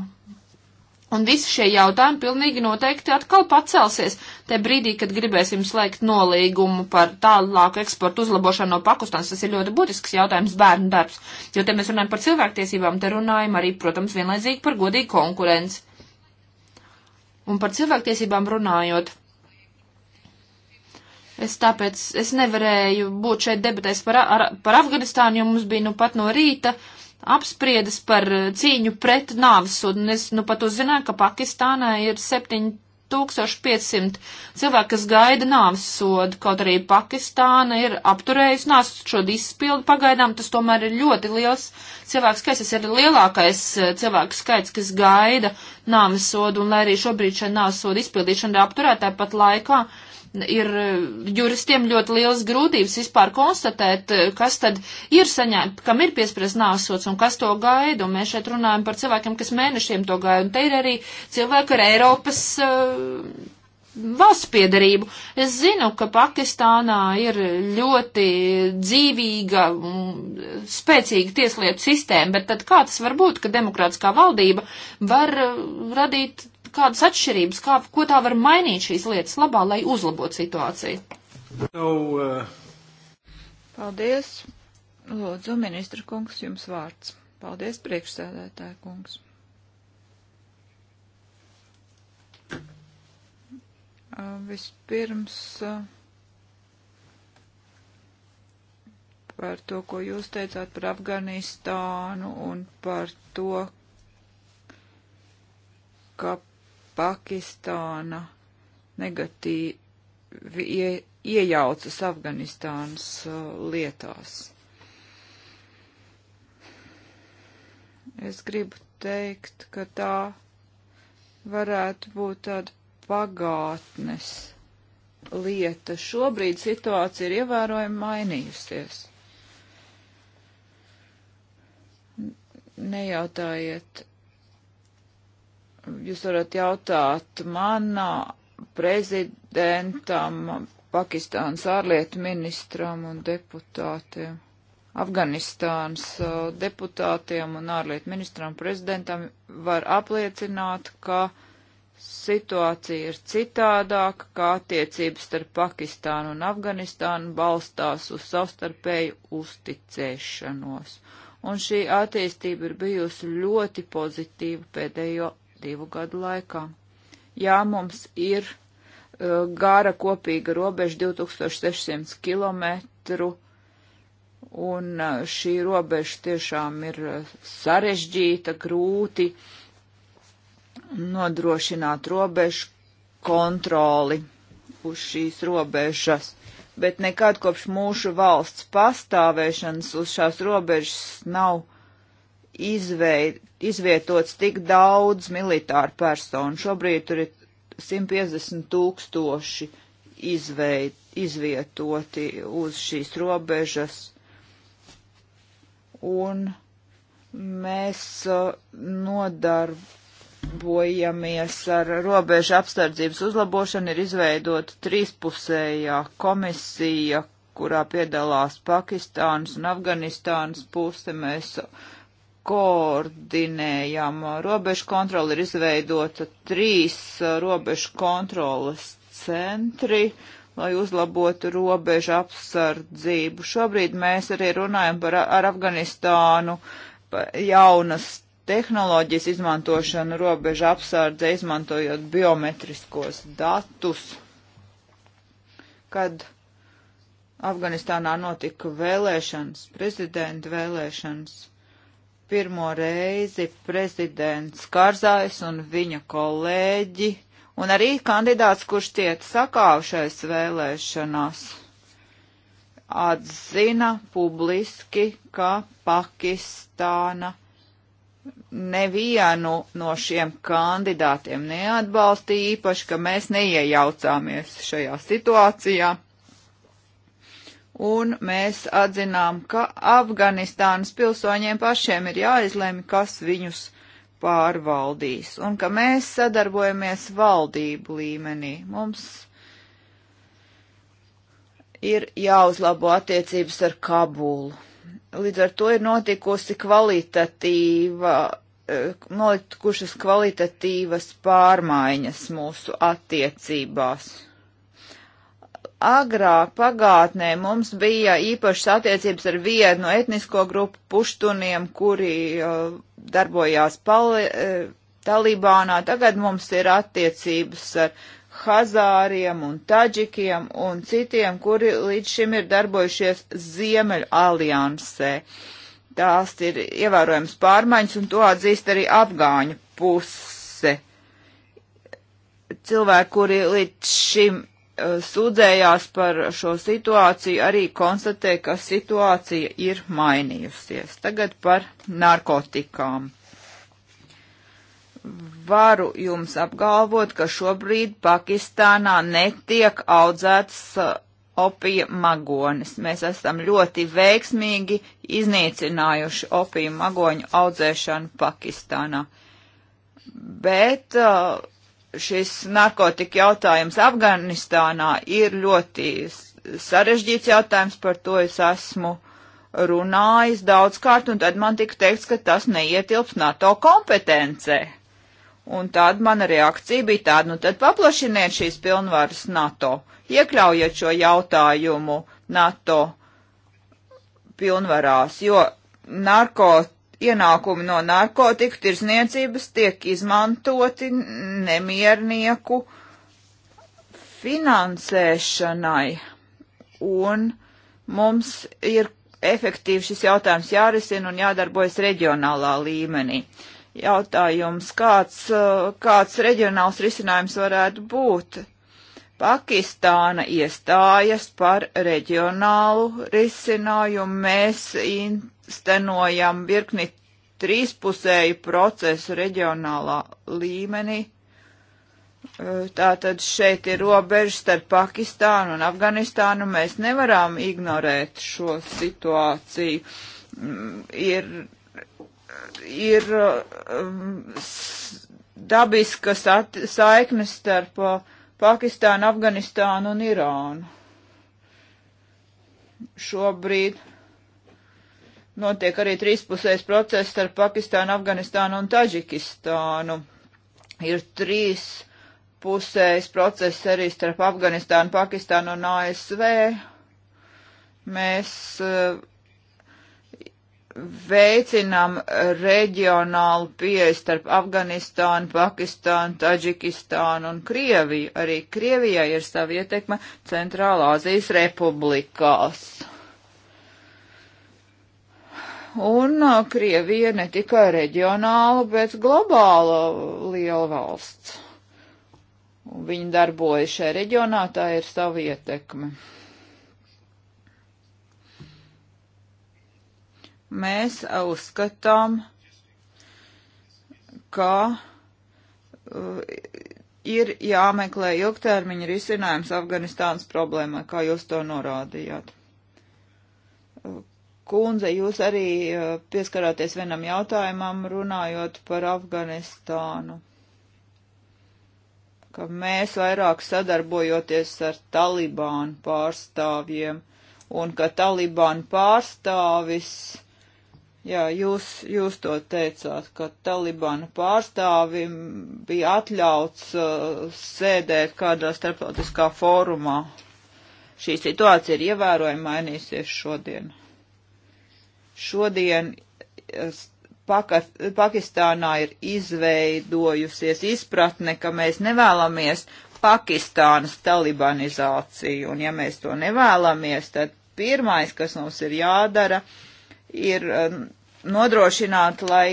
Un visi šie jautājumi pilnīgi noteikti atkal pacelsies, te brīdī, kad gribēsim slēgt nolīgumu par tālāku eksportu uzlabošanu no Pakistānas. Tas ir ļoti būtisks jautājums bērnu darbs, jo te mēs runājam par cilvēktiesībām, te runājam arī, protams, vienlaicīgi par godīgu konkurenci. Un par cilvēktiesībām runājot. Es tāpēc, es nevarēju būt šeit debatēs par, ar, par Afganistānu, jo mums bija nu pat no rīta uh, apspriedas par eh, cīņu pret nāvisodu, un es nu pat uzzināju, ka Pakistānā ir 7500 cilvēki, kas gaida nāvisodu, kaut arī Pakistāna ir apturējusi nāvisodu izpildi pagaidām, tas tomēr ir ļoti liels cilvēku skaits, tas ir lielākais eh, cilvēku skaits, kas gaida nāvisodu, un lai arī šobrīd šai nāvisodu izpildīšana ir apturētā pat laikā, uh, ir eh, juristiem ļoti liels grūtības vispār konstatēt, eh, kas tad ir saņēma, kam ir piespriezt nāsots un kas to gaida, un mēs šeit runājam par cilvēkiem, kas mēnešiem to gaida, un te ir arī cilvēki ar Eiropas uh, valsts piedarību. Es zinu, ka Pakistānā ir ļoti dzīvīga, spēcīga tieslietu sistēma, bet tad kā tas var būt, ka demokrātiskā valdība var radīt kādas atšķirības, kā, ko tā var mainīt šīs lietas labā, lai uzlabotu situāciju. No, uh... Paldies. Lūdzu, ministra kungs, jums vārds. Paldies, priekšsēdētāja kungs. Uh, vispirms uh, par to, ko jūs teicāt par Afganistānu un par to, ka Pakistāna negatīvi ie, iejaucas Afganistānas uh, lietās. Es gribu teikt, ka tā varētu būt tāda pagātnes lieta. Šobrīd situācija ir ievērojami mainījusies. Nejautājiet Jūs varat jautāt manā prezidentam, Pakistānas ārlietu ministram un deputātiem. Afganistānas uh, deputātiem un ārlietu ministram prezidentam var apliecināt, ka situācija ir citādāka, kā attiecības starp Pakistānu un Afganistānu balstās uz savstarpēju uzticēšanos. Un šī attīstība ir bijusi ļoti pozitīva pēdējo divu gadu laikā. Jā, mums ir uh, gara kopīga robeža 2600 km, un uh, šī robeža tiešām ir uh, sarežģīta, grūti nodrošināt robežu kontroli uz šīs robežas bet nekad kopš mūsu valsts pastāvēšanas uz šās robežas nav izveid, izvietots tik daudz militāru personu. Šobrīd tur ir 150 tūkstoši izveid, izvietoti uz šīs robežas. Un mēs uh, nodarbojamies ar robežu apsardzības uzlabošanu, ir izveidota trīspusējā komisija, kurā piedalās Pakistānas un Afganistānas puse. Mēs uh, koordinējam. Robežu kontroli ir izveidota trīs uh, robežu kontrolas centri, lai uzlabotu robežu apsardzību. Šobrīd mēs arī runājam par ar Afganistānu par jaunas tehnoloģijas izmantošanu robežu apsardze, izmantojot biometriskos datus. Kad Afganistānā notika vēlēšanas, prezidenta vēlēšanas pirmo reizi prezidents Karzājs un viņa kolēģi, un arī kandidāts, kurš tiek sakāvšais vēlēšanās, atzina publiski, ka Pakistāna nevienu no šiem kandidātiem neatbalsta īpaši, ka mēs neiejaucāmies šajā situācijā un mēs atzinām, ka Afganistānas pilsoņiem pašiem ir jāizlēmi, kas viņus pārvaldīs, un ka mēs sadarbojamies valdību līmenī. Mums ir jāuzlabo attiecības ar Kabulu. Līdz ar to ir notikusi kvalitatīva, eh, notikušas kvalitatīvas pārmaiņas mūsu attiecībās agrāk pagātnē mums bija īpašas attiecības ar vienu etnisko grupu puštuniem, kuri uh, darbojās pali, uh, Talibānā. Tagad mums ir attiecības ar Hazāriem un Taģikiem un citiem, kuri līdz šim ir darbojušies Ziemeļu aliansē. Tās ir ievērojams pārmaiņas un to atzīst arī afgāņu puse. Cilvēki, kuri līdz šim Eh, sūdzējās par šo situāciju, arī konstatē, ka situācija ir mainījusies. Tagad par narkotikām. Varu jums apgalvot, ka šobrīd Pakistānā netiek audzētas eh, opija magonis. Mēs esam ļoti veiksmīgi iznīcinājuši opija magoņu audzēšanu Pakistānā. Bet uh, šis narkotika jautājums Afganistānā ir ļoti sarežģīts jautājums, par to es esmu runājis daudzkārt, un tad man tika teikts, ka tas neietilps NATO kompetencē. Un tad mana reakcija bija tāda, nu tad paplašiniet šīs pilnvaras NATO, iekļaujiet šo jautājumu NATO pilnvarās, jo narkotika ienākumi no narkotiku tirzniecības tiek izmantoti nemiernieku finansēšanai. Un mums ir efektīvi šis jautājums jārisina un jādarbojas reģionālā līmenī. Jautājums, kāds, uh, kāds reģionāls risinājums varētu būt? Pakistāna iestājas par reģionālu risinājumu. Mēs in, stenojam virkni trīspusēju procesu reģionālā līmenī. E, tātad šeit ir robežas starp Pakistānu un Afganistānu. Mēs nevaram ignorēt šo situāciju. Mm, ir, ir mm, dabiskas saiknes starp uh, Pakistānu, Afganistānu un Irānu. Šobrīd notiek arī trīspusējs process starp Pakistānu, Afganistānu un Taģikistānu. Ir trīs pusējs process arī starp Afganistānu, Pakistānu un ASV. Mēs uh, veicinām reģionālu pieeju starp Afganistānu, Pakistānu, Taģikistānu un Krieviju. Arī Krievijai ir sava ietekme Centrālā Azijas republikās un Krievija ne tikai reģionāla, bet globāla liela valsts. Viņi darbojas šajā reģionā, tā ir sava ietekme. Mēs uzskatām, ka ir jāmeklē ilgtermiņa risinājums Afganistānas problēmai, kā jūs to norādījāt kundze, jūs arī eh, pieskarāties vienam jautājumam, runājot par Afganistānu. Ka mēs vairāk sadarbojoties ar Talibānu pārstāvjiem un ka Talibānu pārstāvis, jā, jūs, jūs to teicāt, ka Talibānu pārstāvim bija atļauts uh, sēdēt kādā starptautiskā fórumā. Šī situācija ir ievērojami mainīsies šodien. Šodien Pakas, Pakistānā ir izveidojusies izpratne, ka mēs nevēlamies Pakistānas talibanizāciju, un ja mēs to nevēlamies, tad pirmais, kas mums ir jādara, ir um, nodrošināt, lai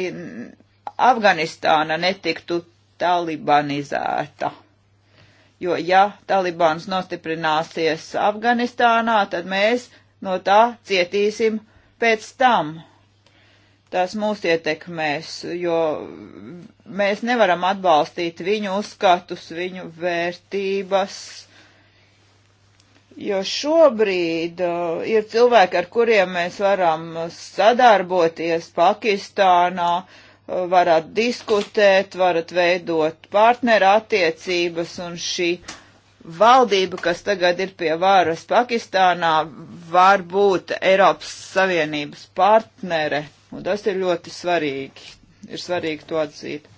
Afganistāna netiktu talibanizēta. Jo, ja Talibans nostiprināsies Afganistānā, tad mēs no tā cietīsim pēc tam tas mūs ietekmēs, jo mēs nevaram atbalstīt viņu uzskatus, viņu vērtības. Jo šobrīd uh, ir cilvēki, ar kuriem mēs varam sadarboties Pakistānā, uh, varat diskutēt, varat veidot partneru attiecības un šī uh, valdība, kas tagad ir pie varas Pakistānā, var būt Eiropas Savienības partnere, un tas ir ļoti svarīgi. Ir svarīgi to atzīt.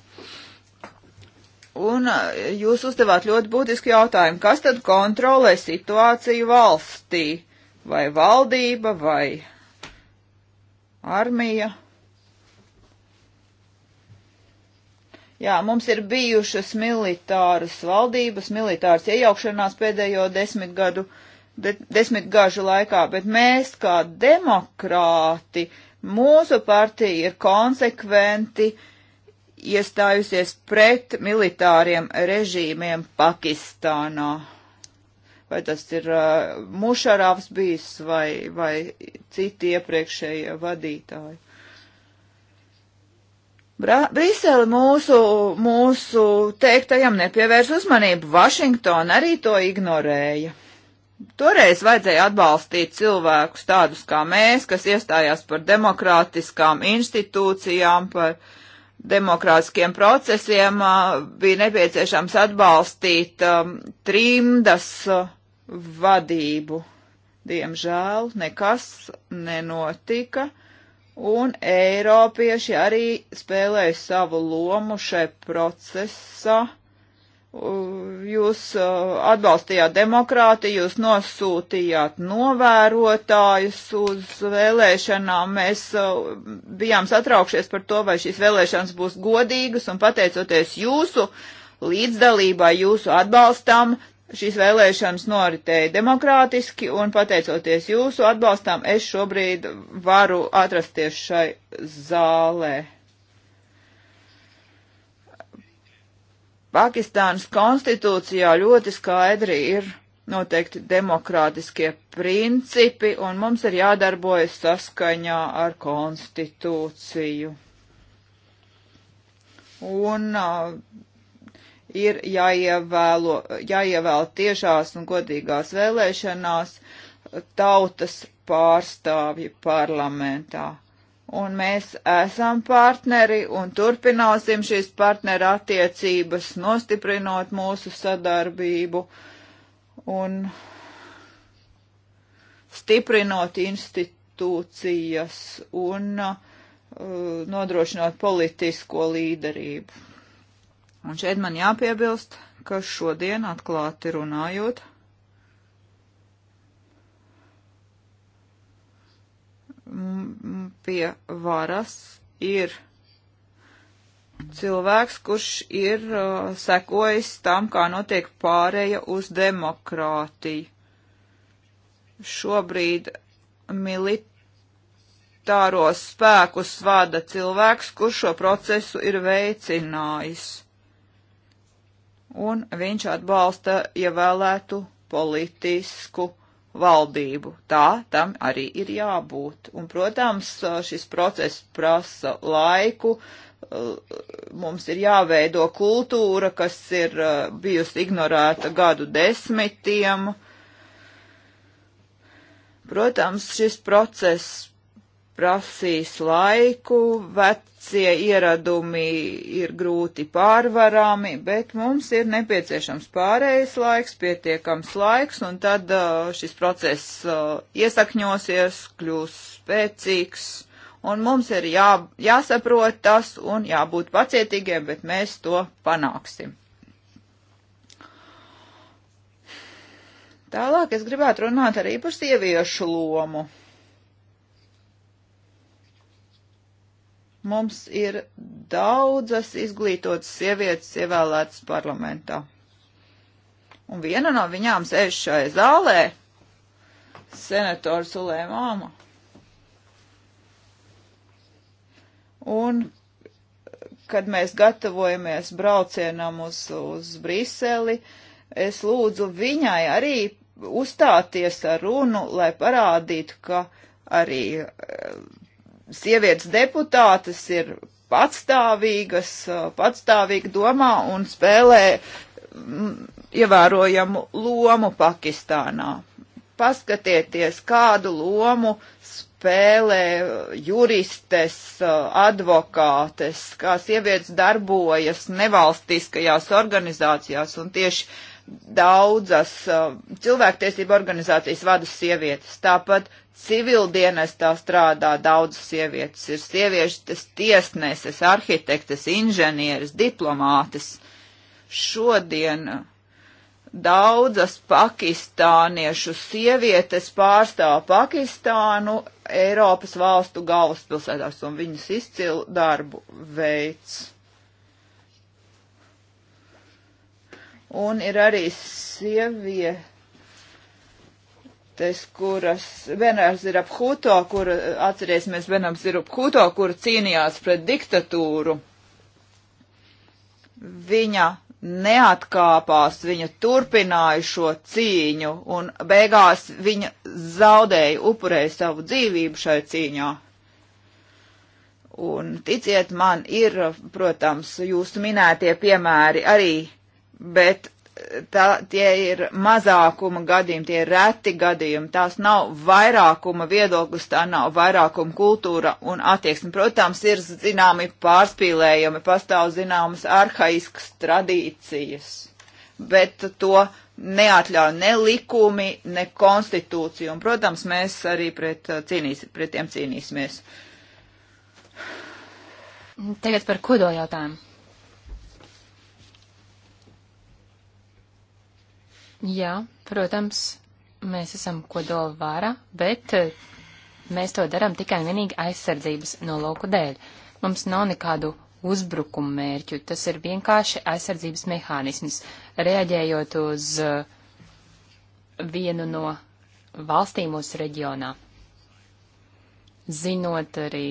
Un eh, jūs uzdevāt ļoti būtisku jautājumu, kas tad kontrolē situāciju valstī? Vai valdība, vai armija? Jā, mums ir bijušas militāras valdības, militāras iejaukšanās pēdējo desmit gadu, de, desmit gažu laikā, bet mēs kā demokrāti, mūsu partija ir konsekventi iestājusies pret militāriem režīmiem Pakistānā. Vai tas ir uh, Mušarāvs bijis vai, vai citi iepriekšējie vadītāji. Bra Brisele mūsu, mūsu teiktajam nepievērs uzmanību, Vašingtona arī to ignorēja. Toreiz vajadzēja atbalstīt cilvēkus tādus kā mēs, kas iestājās par demokrātiskām institūcijām, par demokrātiskiem procesiem, bija nepieciešams atbalstīt um, trimdas vadību. Diemžēl nekas nenotika un Eiropieši arī spēlēja savu lomu šai procesā. Jūs uh, atbalstījāt demokrātiju, jūs nosūtījāt novērotājus uz vēlēšanām. Mēs uh, bijām satraukšies par to, vai šīs vēlēšanas būs godīgas, un pateicoties jūsu līdzdalībai, jūsu atbalstam, šīs vēlēšanas noritēja demokrātiski, un pateicoties jūsu atbalstām, es šobrīd varu atrasties šai zālē. Pakistānas konstitūcijā ļoti skaidri ir noteikti demokrātiskie principi, un mums ir jādarbojas saskaņā ar konstitūciju. Un uh, ir jāievēlo, jāievēl tiešās un godīgās vēlēšanās tautas pārstāvji parlamentā. Un mēs esam partneri un turpināsim šīs partneru attiecības, nostiprinot mūsu sadarbību un stiprinot institūcijas un uh, nodrošinot politisko līderību. Un šeit man jāpiebilst, ka šodien atklāti runājot, pie varas ir cilvēks, kurš ir uh, sekojis tam, kā notiek pāreja uz demokrātiju. Šobrīd militāros spēkus vada cilvēks, kurš šo procesu ir veicinājis un viņš atbalsta ievēlētu politisku valdību. Tā tam arī ir jābūt. Un, protams, šis process prasa laiku. Mums ir jāveido kultūra, kas ir uh, bijusi ignorēta gadu desmitiem. Protams, šis process prasīs laiku, vecie ieradumi ir grūti pārvarami, bet mums ir nepieciešams pārējais laiks, pietiekams laiks, un tad uh, šis process uh, iesakņosies, kļūs spēcīgs, un mums ir jā, jāsaprot tas un jābūt pacietīgiem, bet mēs to panāksim. Tālāk es gribētu runāt arī par sieviešu lomu Mums ir daudzas izglītotas sievietes ievēlētas parlamentā. Un viena no viņām sēž šai zālē, senators Ulēmāma. Un, kad mēs gatavojamies braucienam uz, uz Briseli, es lūdzu viņai arī uzstāties ar runu, lai parādītu, ka arī eh, sievietes deputātes ir patstāvīgas, patstāvīgi domā un spēlē mm, ievērojamu lomu Pakistānā. Paskatieties, kādu lomu spēlē juristes, advokātes, kā sievietes darbojas nevalstiskajās organizācijās un tieši uh, daudzas uh, cilvēktiesība organizācijas vada sievietes. Tāpat civildienestā strādā daudzas sievietes. Ir sievietes tiesneses, arhitektes, inženieris, diplomātes. Šodien daudzas pakistāniešu sievietes pārstāv Pakistānu Eiropas valstu galvaspilsētās un viņas izcilu darbu veids. Un ir arī sievietes, kuras Venārs ir apkūto, kur, atcerēsimies, Venārs ir apkūto, kur cīnījās pret diktatūru. Viņa neatkāpās, viņa turpināja šo cīņu, un beigās viņa zaudēja, upurēja savu dzīvību šai cīņā. Un ticiet man, ir, protams, jūsu minētie piemēri arī bet eh, tā, tie ir mazākuma gadījumi, tie ir reti gadījumi, tās nav vairākuma viedoklis, tā nav vairākuma kultūra un attieksme. Protams, ir zināmi pārspīlējumi, pastāv zināmas arhaiskas tradīcijas, bet to neatļauj ne likumi, ne konstitūcija, un, protams, mēs arī pret, eh, cīnīs, pret tiem cīnīsimies. Tagad par kodoljautājumu. Jā, protams, mēs esam kodola vara, bet eh, mēs to darām tikai un vienīgi aizsardzības nolūku dēļ. Mums nav nekādu uzbrukumu mērķu, tas ir vienkārši aizsardzības mehānisms, reaģējot uz eh, vienu no valstīm mūsu reģionā. Zinot arī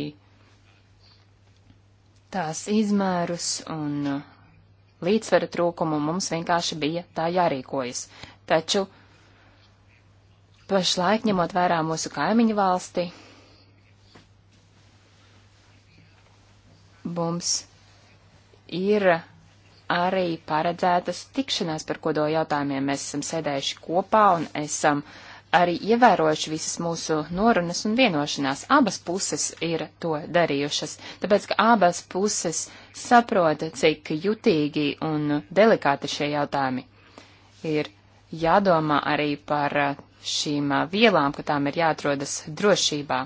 tās izmērus un līdzsvera trūkumu, mums vienkārši bija tā jārīkojas. Taču pašlaik ņemot vērā mūsu kaimiņu valsti, mums ir arī paredzētas tikšanās, par kodo jautājumiem mēs esam sēdējuši kopā un esam uh, arī ievērojuši visas mūsu norunas un vienošanās. Abas puses ir to darījušas, tāpēc ka abas puses saprota, cik jutīgi un delikāti šie jautājumi ir. Jādomā arī par šīm vielām, ka tām ir jāatrodas drošībā.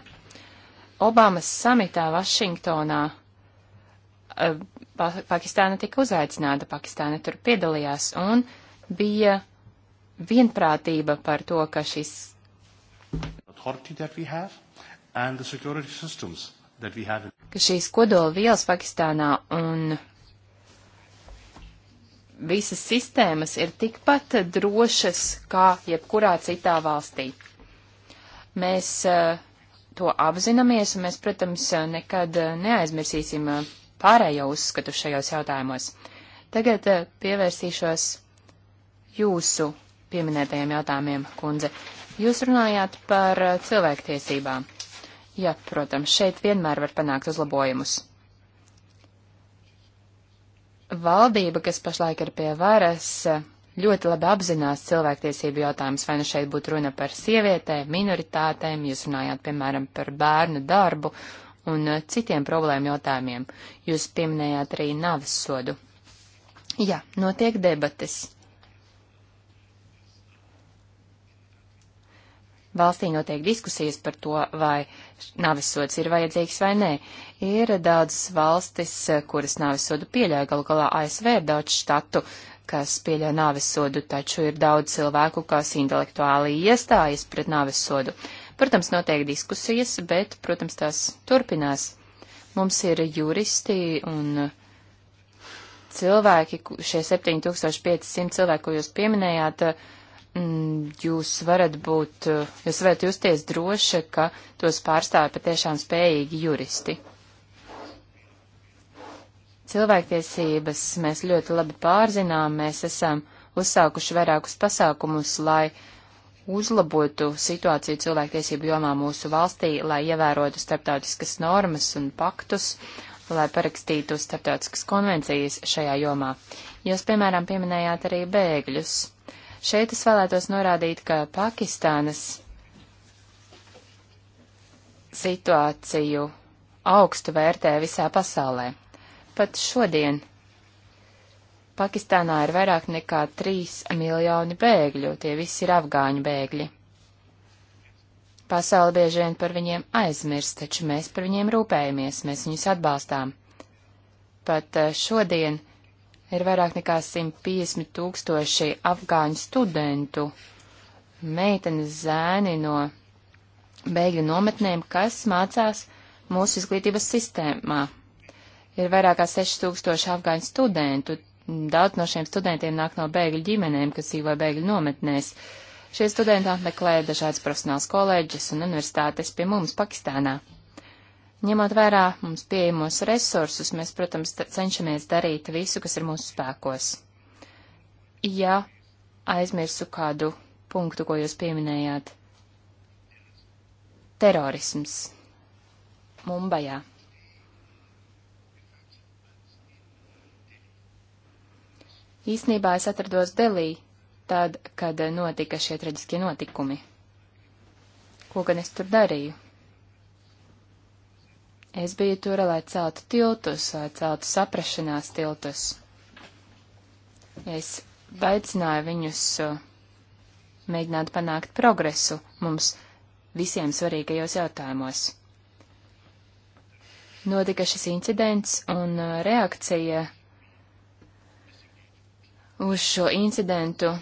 Obamas samitā Vašingtonā eh, pa Pakistāna tika uzaicināta, Pakistāna tur piedalījās un bija vienprātība par to, ka šis. ka šīs kodola vielas Pakistānā un visas sistēmas ir tikpat drošas kā jebkurā citā valstī. Mēs eh, to apzināmies, un mēs, protams, nekad eh, neaizmirsīsim eh, pārējo uzskatu šajos jautājumos. Tagad pievērsīšos jūsu pieminētajiem jautājumiem, kundze. Jūs runājāt par eh, cilvēktiesībām. Jā, protams, šeit vienmēr var panākt uzlabojumus. Valdība, kas pašlaik ir pie varas, eh, ļoti labi apzinās cilvēktiesību jautājumus, vai nu šeit būtu runa par sievietēm, minoritātēm, jūs runājāt, piemēram, par bērnu darbu un eh, citiem problēmu jautājumiem. Jūs pieminējāt arī navas sodu. Jā, notiek debates. Valstī notiek diskusijas par to, vai navisots ir vajadzīgs vai nē. Ir daudzas valstis, kuras navisodu pieļauj, gal galā ASV ir daudz štatu, kas pieļauj navisodu, taču ir daudz cilvēku, kas intelektuāli iestājas pret navisodu. Protams, notiek diskusijas, bet, protams, tās turpinās. Mums ir juristi un cilvēki, šie 7500 cilvēki, ko jūs pieminējāt, uh, Mm, jūs varat būt, eh, jūs varat justies droši, ka tos pārstāvi patiešām spējīgi juristi. Cilvēktiesības mēs ļoti labi pārzinām, mēs esam uzsākuši vairākus pasākumus, lai uzlabotu situāciju cilvēktiesību jomā mūsu valstī, lai ievērotu starptautiskas normas un paktus, lai parakstītu starptautiskas konvencijas šajā jomā. Jūs, piemēram, pieminējāt arī bēgļus. Šeit es vēlētos norādīt, ka Pakistānas situāciju augstu vērtē visā pasaulē. Pat šodien Pakistānā ir vairāk nekā 3 miljoni bēgļu, tie visi ir afgāņu bēgļi. Pasaule bieži vien par viņiem aizmirst, taču mēs par viņiem rūpējamies, mēs viņus atbalstām. Pat eh, šodien ir vairāk nekā 150 tūkstoši afgāņu studentu, meitenes zēni no bēgļu nometnēm, kas mācās mūsu izglītības sistēmā. Ir vairāk kā 6000 afgāņu studentu. Daudz no šiem studentiem nāk no bēgļu ģimenēm, kas dzīvo bēgļu nometnēs. Šie studenti apmeklē dažādas profesionālas koledžas un universitātes pie mums Pakistānā. Ņemot vērā mums pieejamos resursus, mēs, protams, cenšamies darīt visu, kas ir mūsu spēkos. Ja aizmirsu kādu punktu, ko jūs pieminējāt, terorisms Mumbajā. Īsnībā es atrados Delī, tad, kad notika šie traģiskie notikumi. Ko gan es tur darīju? Es biju tur, lai celtu tiltus, lai celtu saprašanās tiltus. Es aicināju viņus uh, mēģināt panākt progresu mums visiem svarīgajos jautājumos. Notika šis incidents un uh, reakcija uz šo incidentu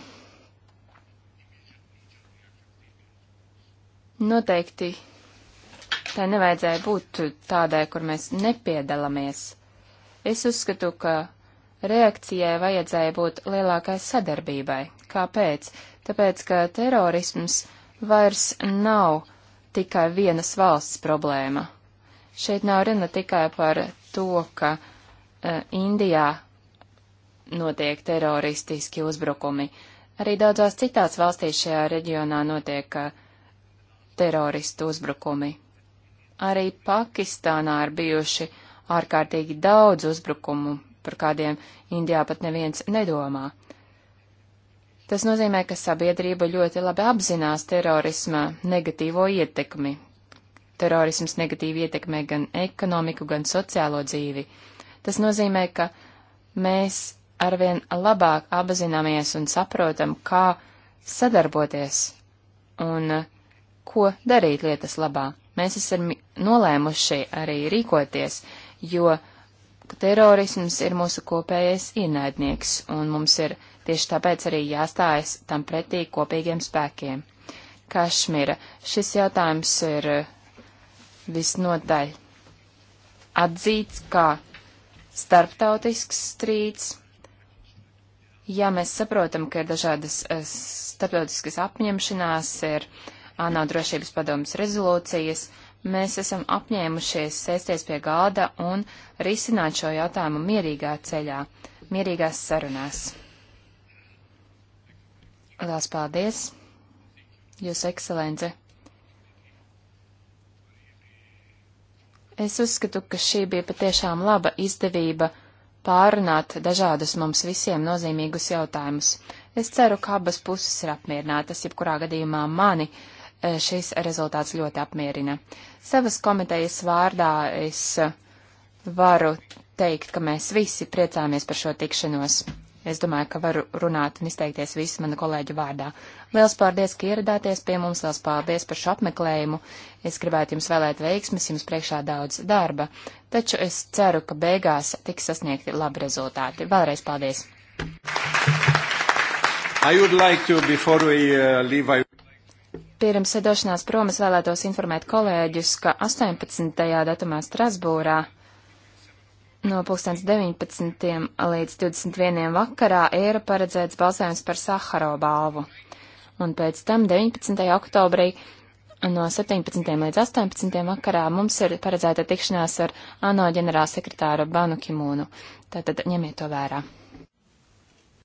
noteikti tai nevajadzēja būt tādai, kur mēs nepiedalāmies. Es uzskatu, ka reakcijai vajadzēja būt lielākai sadarbībai. Kāpēc? Tāpēc, ka terorisms vairs nav tikai vienas valsts problēma. Šeit nav runa tikai par to, ka uh, Indijā notiek teroristiski uzbrukumi. Arī daudzās citās valstīs šajā reģionā notiek uh, teroristu uzbrukumi. Arī Pakistānā ir bijuši ārkārtīgi daudz uzbrukumu, par kādiem Indijā pat neviens nedomā. Tas nozīmē, ka sabiedrība ļoti labi apzinās terorisma negatīvo ietekmi. Terorisms negatīvi ietekmē gan ekonomiku, gan sociālo dzīvi. Tas nozīmē, ka mēs arvien labāk apzināmies un saprotam, kā sadarboties un ko darīt lietas labā. Mēs esam nolēmuši arī rīkoties, jo terorisms ir mūsu kopējais ienaidnieks, un mums ir tieši tāpēc arī jāstājas tam pretī kopīgiem spēkiem. Kašmira. Šis jautājums ir eh, visnotaļ atzīts kā starptautisks strīds. Ja mēs saprotam, ka ir dažādas eh, starptautiskas apņemšanās, ir uh, ANO drošības padomas rezolūcijas, mēs esam apņēmušies sēsties pie gāda un risināt šo jautājumu mierīgā ceļā, mierīgās sarunās. Lielas paldies, Jūs ekscelence! Es uzskatu, ka šī bija patiešām laba izdevība pārunāt dažādus mums visiem nozīmīgus jautājumus. Es ceru, ka abas puses ir apmierinātas, jebkurā gadījumā mani E, šis rezultāts ļoti apmierina. Savas komitejas vārdā es varu teikt, ka mēs visi priecāmies par šo tikšanos. Es domāju, ka varu runāt un izteikties visu manu kolēģu vārdā. Liels paldies, ka ieradāties pie mums, liels paldies par šo apmeklējumu. Es gribētu jums vēlēt veiksmes, jums priekšā daudz darba, taču es ceru, ka beigās tiks sasniegti labi rezultāti. Vēlreiz paldies! Like to, we, uh, leave, I... Pirms došanās prom es vēlētos informēt kolēģus, ka 18. datumā Strasbūrā no 19. līdz 21. vakarā ir paredzēts balsojums par Saharo balvu. Un pēc tam 19. oktobrī no 17. līdz 18. vakarā mums ir paredzēta tikšanās ar ANO ģenerālsekretāru Banu Kimūnu. Tātad ņemiet to vērā.